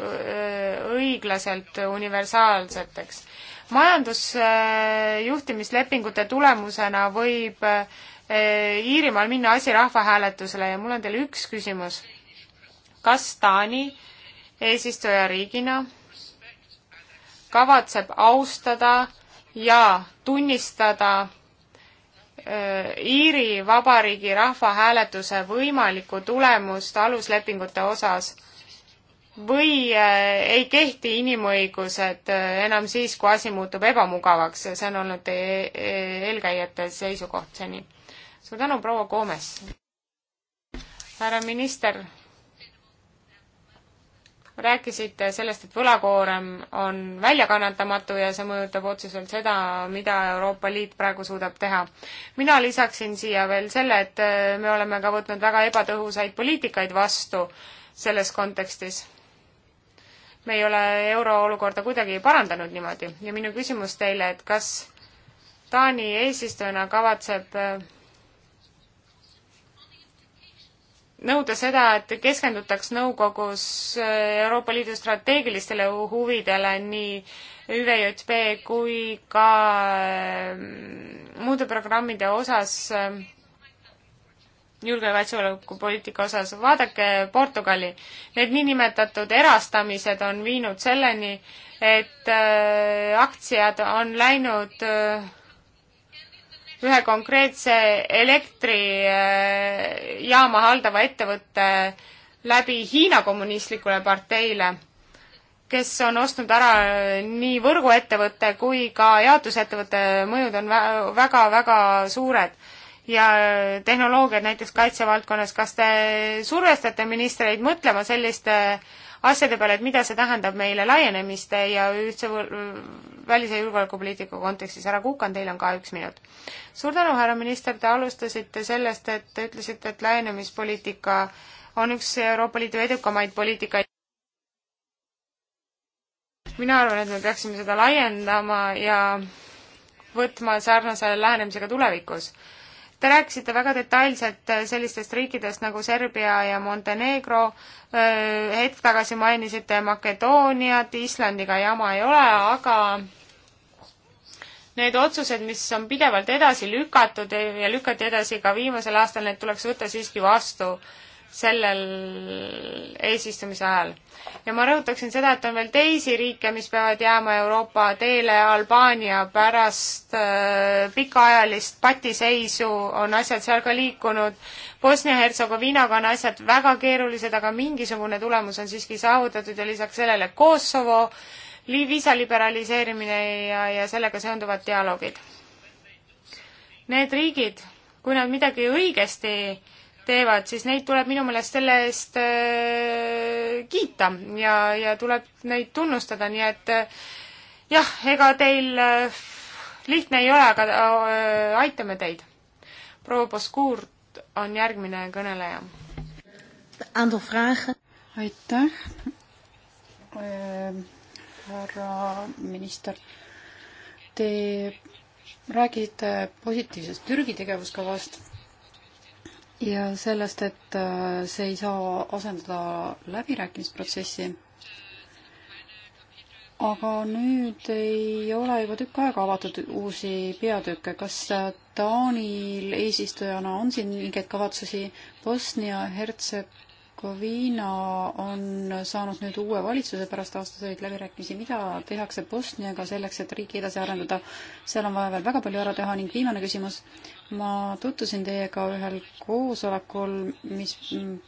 õiglaselt universaalseteks. majandusjuhtimislepingute tulemusena võib äh, Eh, Iirimaal minna asi rahvahääletusele ja mul on teile üks küsimus. kas Taani eesistujariigina kavatseb austada ja tunnistada eh, Iiri Vabariigi rahvahääletuse võimalikku tulemust aluslepingute osas või eh, ei kehti inimõigused enam siis, kui asi muutub ebamugavaks ja see on olnud teie eelkäijate seisukoht seni? suur tänu, proua Koomes! härra minister, rääkisite sellest, et võlakoorem on väljakannatamatu ja see mõjutab otseselt seda, mida Euroopa Liit praegu suudab teha. mina lisaksin siia veel selle, et me oleme ka võtnud väga ebatõhusaid poliitikaid vastu selles kontekstis. me ei ole euroolukorda kuidagi parandanud niimoodi ja minu küsimus teile, et kas Taani eesistujana kavatseb nõuda seda, et keskendutaks nõukogus äh, Euroopa Liidu strateegilistele huvidele nii ÜVJP kui ka äh, muude programmide osas, äh, julgeolekupoliitika osas, vaadake Portugali. Need niinimetatud erastamised on viinud selleni, et aktsiad on läinud äh, ühe konkreetse elektrijaama äh, haldava ettevõtte läbi Hiina kommunistlikule parteile, kes on ostnud ära äh, nii võrguettevõtte kui ka jaotusettevõtte mõjud on väga-väga suured ja äh, tehnoloogiad näiteks kaitsevaldkonnas, kas te survestate ministreid mõtlema selliste äh, asjade peale, et mida see tähendab meile laienemiste ja üldse välis- ja julgeolekupoliitika kontekstis. härra Kukan, teil on ka üks minut. suur tänu, härra minister, te alustasite sellest, et te ütlesite, et laienemispoliitika on üks Euroopa Liidu edukamaid poliitikaid mina arvan, et me peaksime seda laiendama ja võtma sarnase lähenemisega tulevikus. Te rääkisite väga detailselt äh, sellistest riikidest nagu Serbia ja Montenegro, äh, hetk tagasi mainisite Makedooniat, Islandiga jama ei ole, aga need otsused, mis on pidevalt edasi lükatud ja lükati edasi ka viimasel aastal, need tuleks võtta siiski vastu sellel eesistumise ajal. ja ma rõhutaksin seda, et on veel teisi riike, mis peavad jääma Euroopa teele, Albaania pärast äh, pikaajalist patiseisu on asjad seal ka liikunud, Bosnia-Hertsegoviinaga on asjad väga keerulised, aga mingisugune tulemus on siiski saavutatud ja lisaks sellele Kosovo viisa liberaliseerimine ja, ja sellega seonduvad dialoogid. Need riigid, kui nad midagi õigesti äh, teevad, siis neid tuleb minu meelest selle eest äh, kiita ja, ja tuleb neid tunnustada, nii et äh, jah, ega teil äh, lihtne ei ole, aga aitame teid. proua Poskurt on järgmine kõneleja. aitäh, härra minister. Te räägite positiivsest Türgi tegevuskavast ja sellest, et äh, see ei saa asendada läbirääkimisprotsessi. aga nüüd ei ole juba tükk aega avatud uusi peatükke. kas äh, Taanil eesistujana on siin mingeid kavatsusi? Bosnia-Hertsegoviina on saanud nüüd uue valitsuse pärast aastaseid läbirääkimisi. mida tehakse Bosniaga selleks, et riiki edasi arendada? seal on vaja veel väga palju ära teha ning viimane küsimus ma tutvusin teiega ühel koosolekul, mis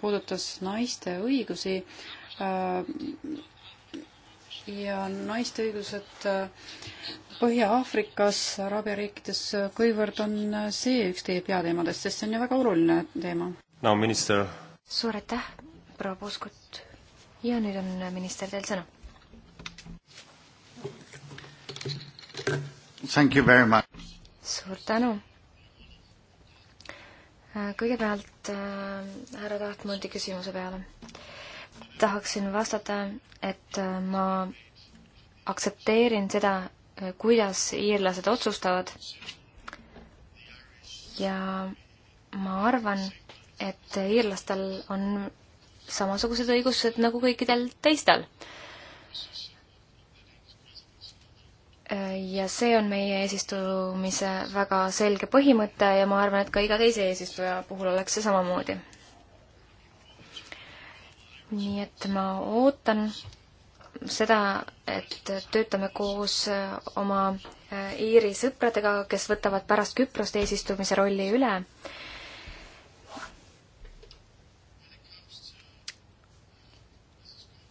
puudutas naiste õigusi äh, ja naiste õigused äh, Põhja-Aafrikas, Araabia riikides, äh, kuivõrd on see üks teie peateemadest, sest see on ju väga oluline teema? no minister. suur aitäh, proua Puuskut. ja nüüd on minister teil sõna. Thank you very much. suur tänu kõigepealt äh, härra Tahtmundi küsimuse peale. tahaksin vastata, et äh, ma aktsepteerin seda, äh, kuidas iirlased otsustavad. ja ma arvan, et iirlastel on samasugused õigused nagu kõikidel teistel ja see on meie eesistumise väga selge põhimõte ja ma arvan, et ka iga teise eesistuja puhul oleks see samamoodi. nii et ma ootan seda, et töötame koos oma äh, Iiri sõpradega, kes võtavad pärast Küprost eesistumise rolli üle.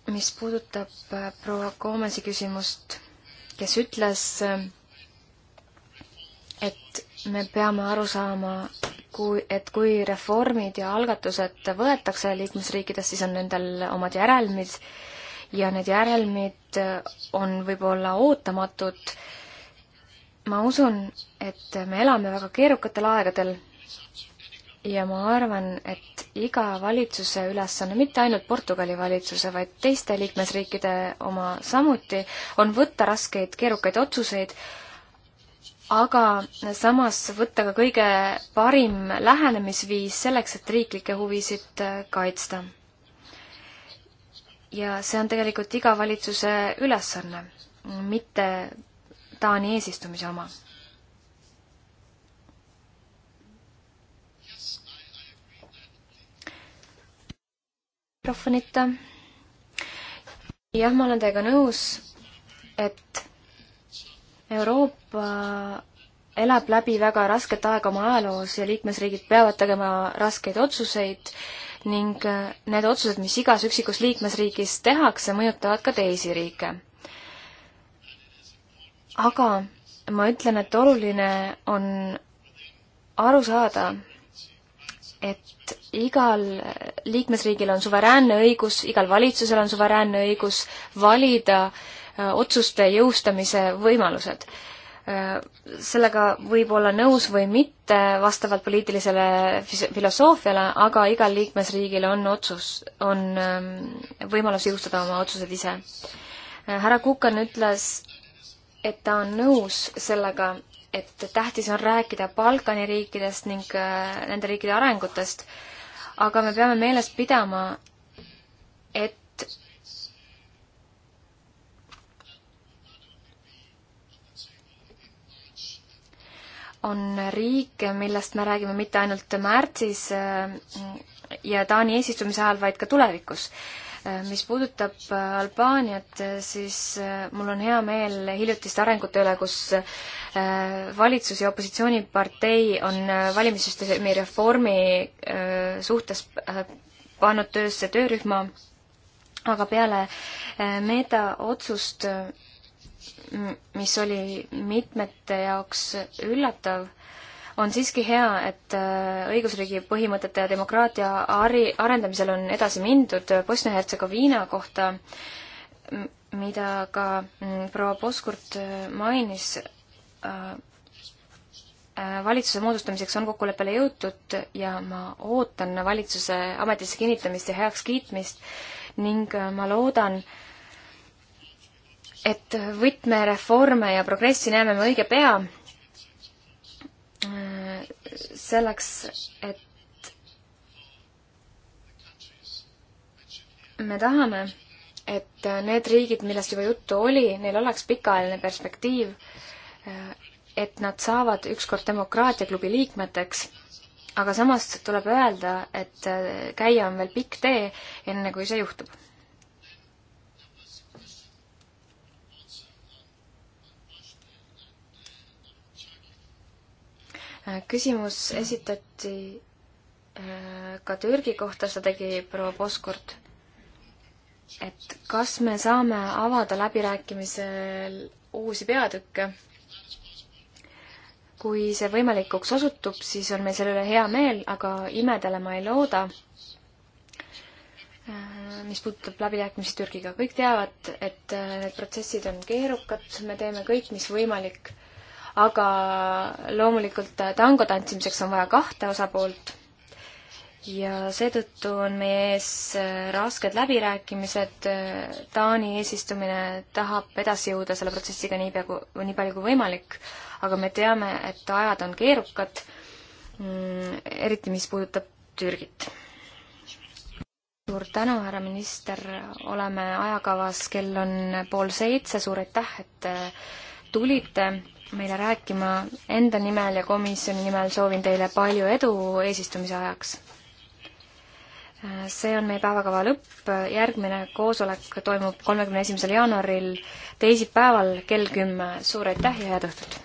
mis puudutab äh, proua Koomesi küsimust kes ütles, et me peame aru saama, kui, et kui reformid ja algatused võetakse liikmesriikides, siis on nendel omad järelmid ja need järelmid on võib-olla ootamatud. ma usun, et me elame väga keerukatel aegadel ja ma arvan, et iga valitsuse ülesanne, mitte ainult Portugali valitsuse, vaid teiste liikmesriikide oma samuti, on võtta raskeid, keerukaid otsuseid, aga samas võtta ka kõige parim lähenemisviis selleks, et riiklikke huvisid äh, kaitsta. ja see on tegelikult iga valitsuse ülesanne, mitte Taani eesistumise oma mikrofonita. jah, ma olen teiega nõus, et Euroopa elab läbi väga rasket aega oma ajaloos ja liikmesriigid peavad tegema raskeid otsuseid ning äh, need otsused, mis igas üksikus liikmesriigis tehakse, mõjutavad ka teisi riike. aga ma ütlen, et oluline on aru saada, et igal liikmesriigil on suveräänne õigus, igal valitsusel on suveräänne õigus valida äh, otsuste jõustamise võimalused. Äh, sellega võib olla nõus või mitte vastavalt poliitilisele filosoofiale, aga igal liikmesriigil on otsus, on ähm, võimalus jõustada oma otsused ise. Äh, härra Kukan ütles, et ta on nõus sellega, et tähtis on rääkida Balkani riikidest ning äh, nende riikide arengutest, aga me peame meeles pidama, et on riike, millest me räägime mitte ainult märtsis äh, ja Taani eesistumise ajal, vaid ka tulevikus mis puudutab äh, Albaaniat, äh, siis äh, mul on hea meel hiljutiste arengute üle, kus valitsus ja opositsioonipartei on valimissüsteemi reformi suhtes pannud töösse töörühma, aga peale Meeda otsust, mis oli mitmete jaoks üllatav, on siiski hea, et äh, õigusriigi põhimõtete ja demokraatia ari-, arendamisel on edasi mindud Bosnia-Hertsegoviina kohta, mida ka mm, proua Poskurt äh, mainis, äh, valitsuse moodustamiseks on kokkuleppele jõutud ja ma ootan valitsuse ametisse kinnitamist ja heakskiitmist ning ma loodan, et võtmereforme ja progressi näeme me õige pea selleks, et me tahame, et need riigid, millest juba juttu oli, neil oleks pikaajaline perspektiiv, et nad saavad ükskord demokraatiaklubi liikmeteks, aga samas tuleb öelda, et käia on veel pikk tee, enne kui see juhtub Äh, küsimus esitati äh, ka Türgi kohta, seda tegi proua Poskurt. et kas me saame avada läbirääkimisel uusi peatükke? kui see võimalikuks osutub, siis on meil selle üle hea meel, aga imedele ma ei looda. Äh, mis puudutab läbirääkimisi Türgiga, kõik teavad, et need protsessid on keerukad, me teeme kõik, mis võimalik aga loomulikult äh, tango tantsimiseks on vaja kahte osapoolt ja seetõttu on meie ees äh, rasked läbirääkimised. Äh, Taani eesistumine tahab edasi jõuda selle protsessiga niipea kui, nii palju kui võimalik, aga me teame, et ajad on keerukad, mm, eriti mis puudutab Türgit. suur tänu, härra minister, oleme ajakavas, kell on pool seitse, suur aitäh, et tulite meile rääkima. Enda nimel ja komisjoni nimel soovin teile palju edu eesistumise ajaks. see on meie päevakava lõpp, järgmine koosolek toimub kolmekümne esimesel jaanuaril teisipäeval kell kümme. suur aitäh ja head õhtut!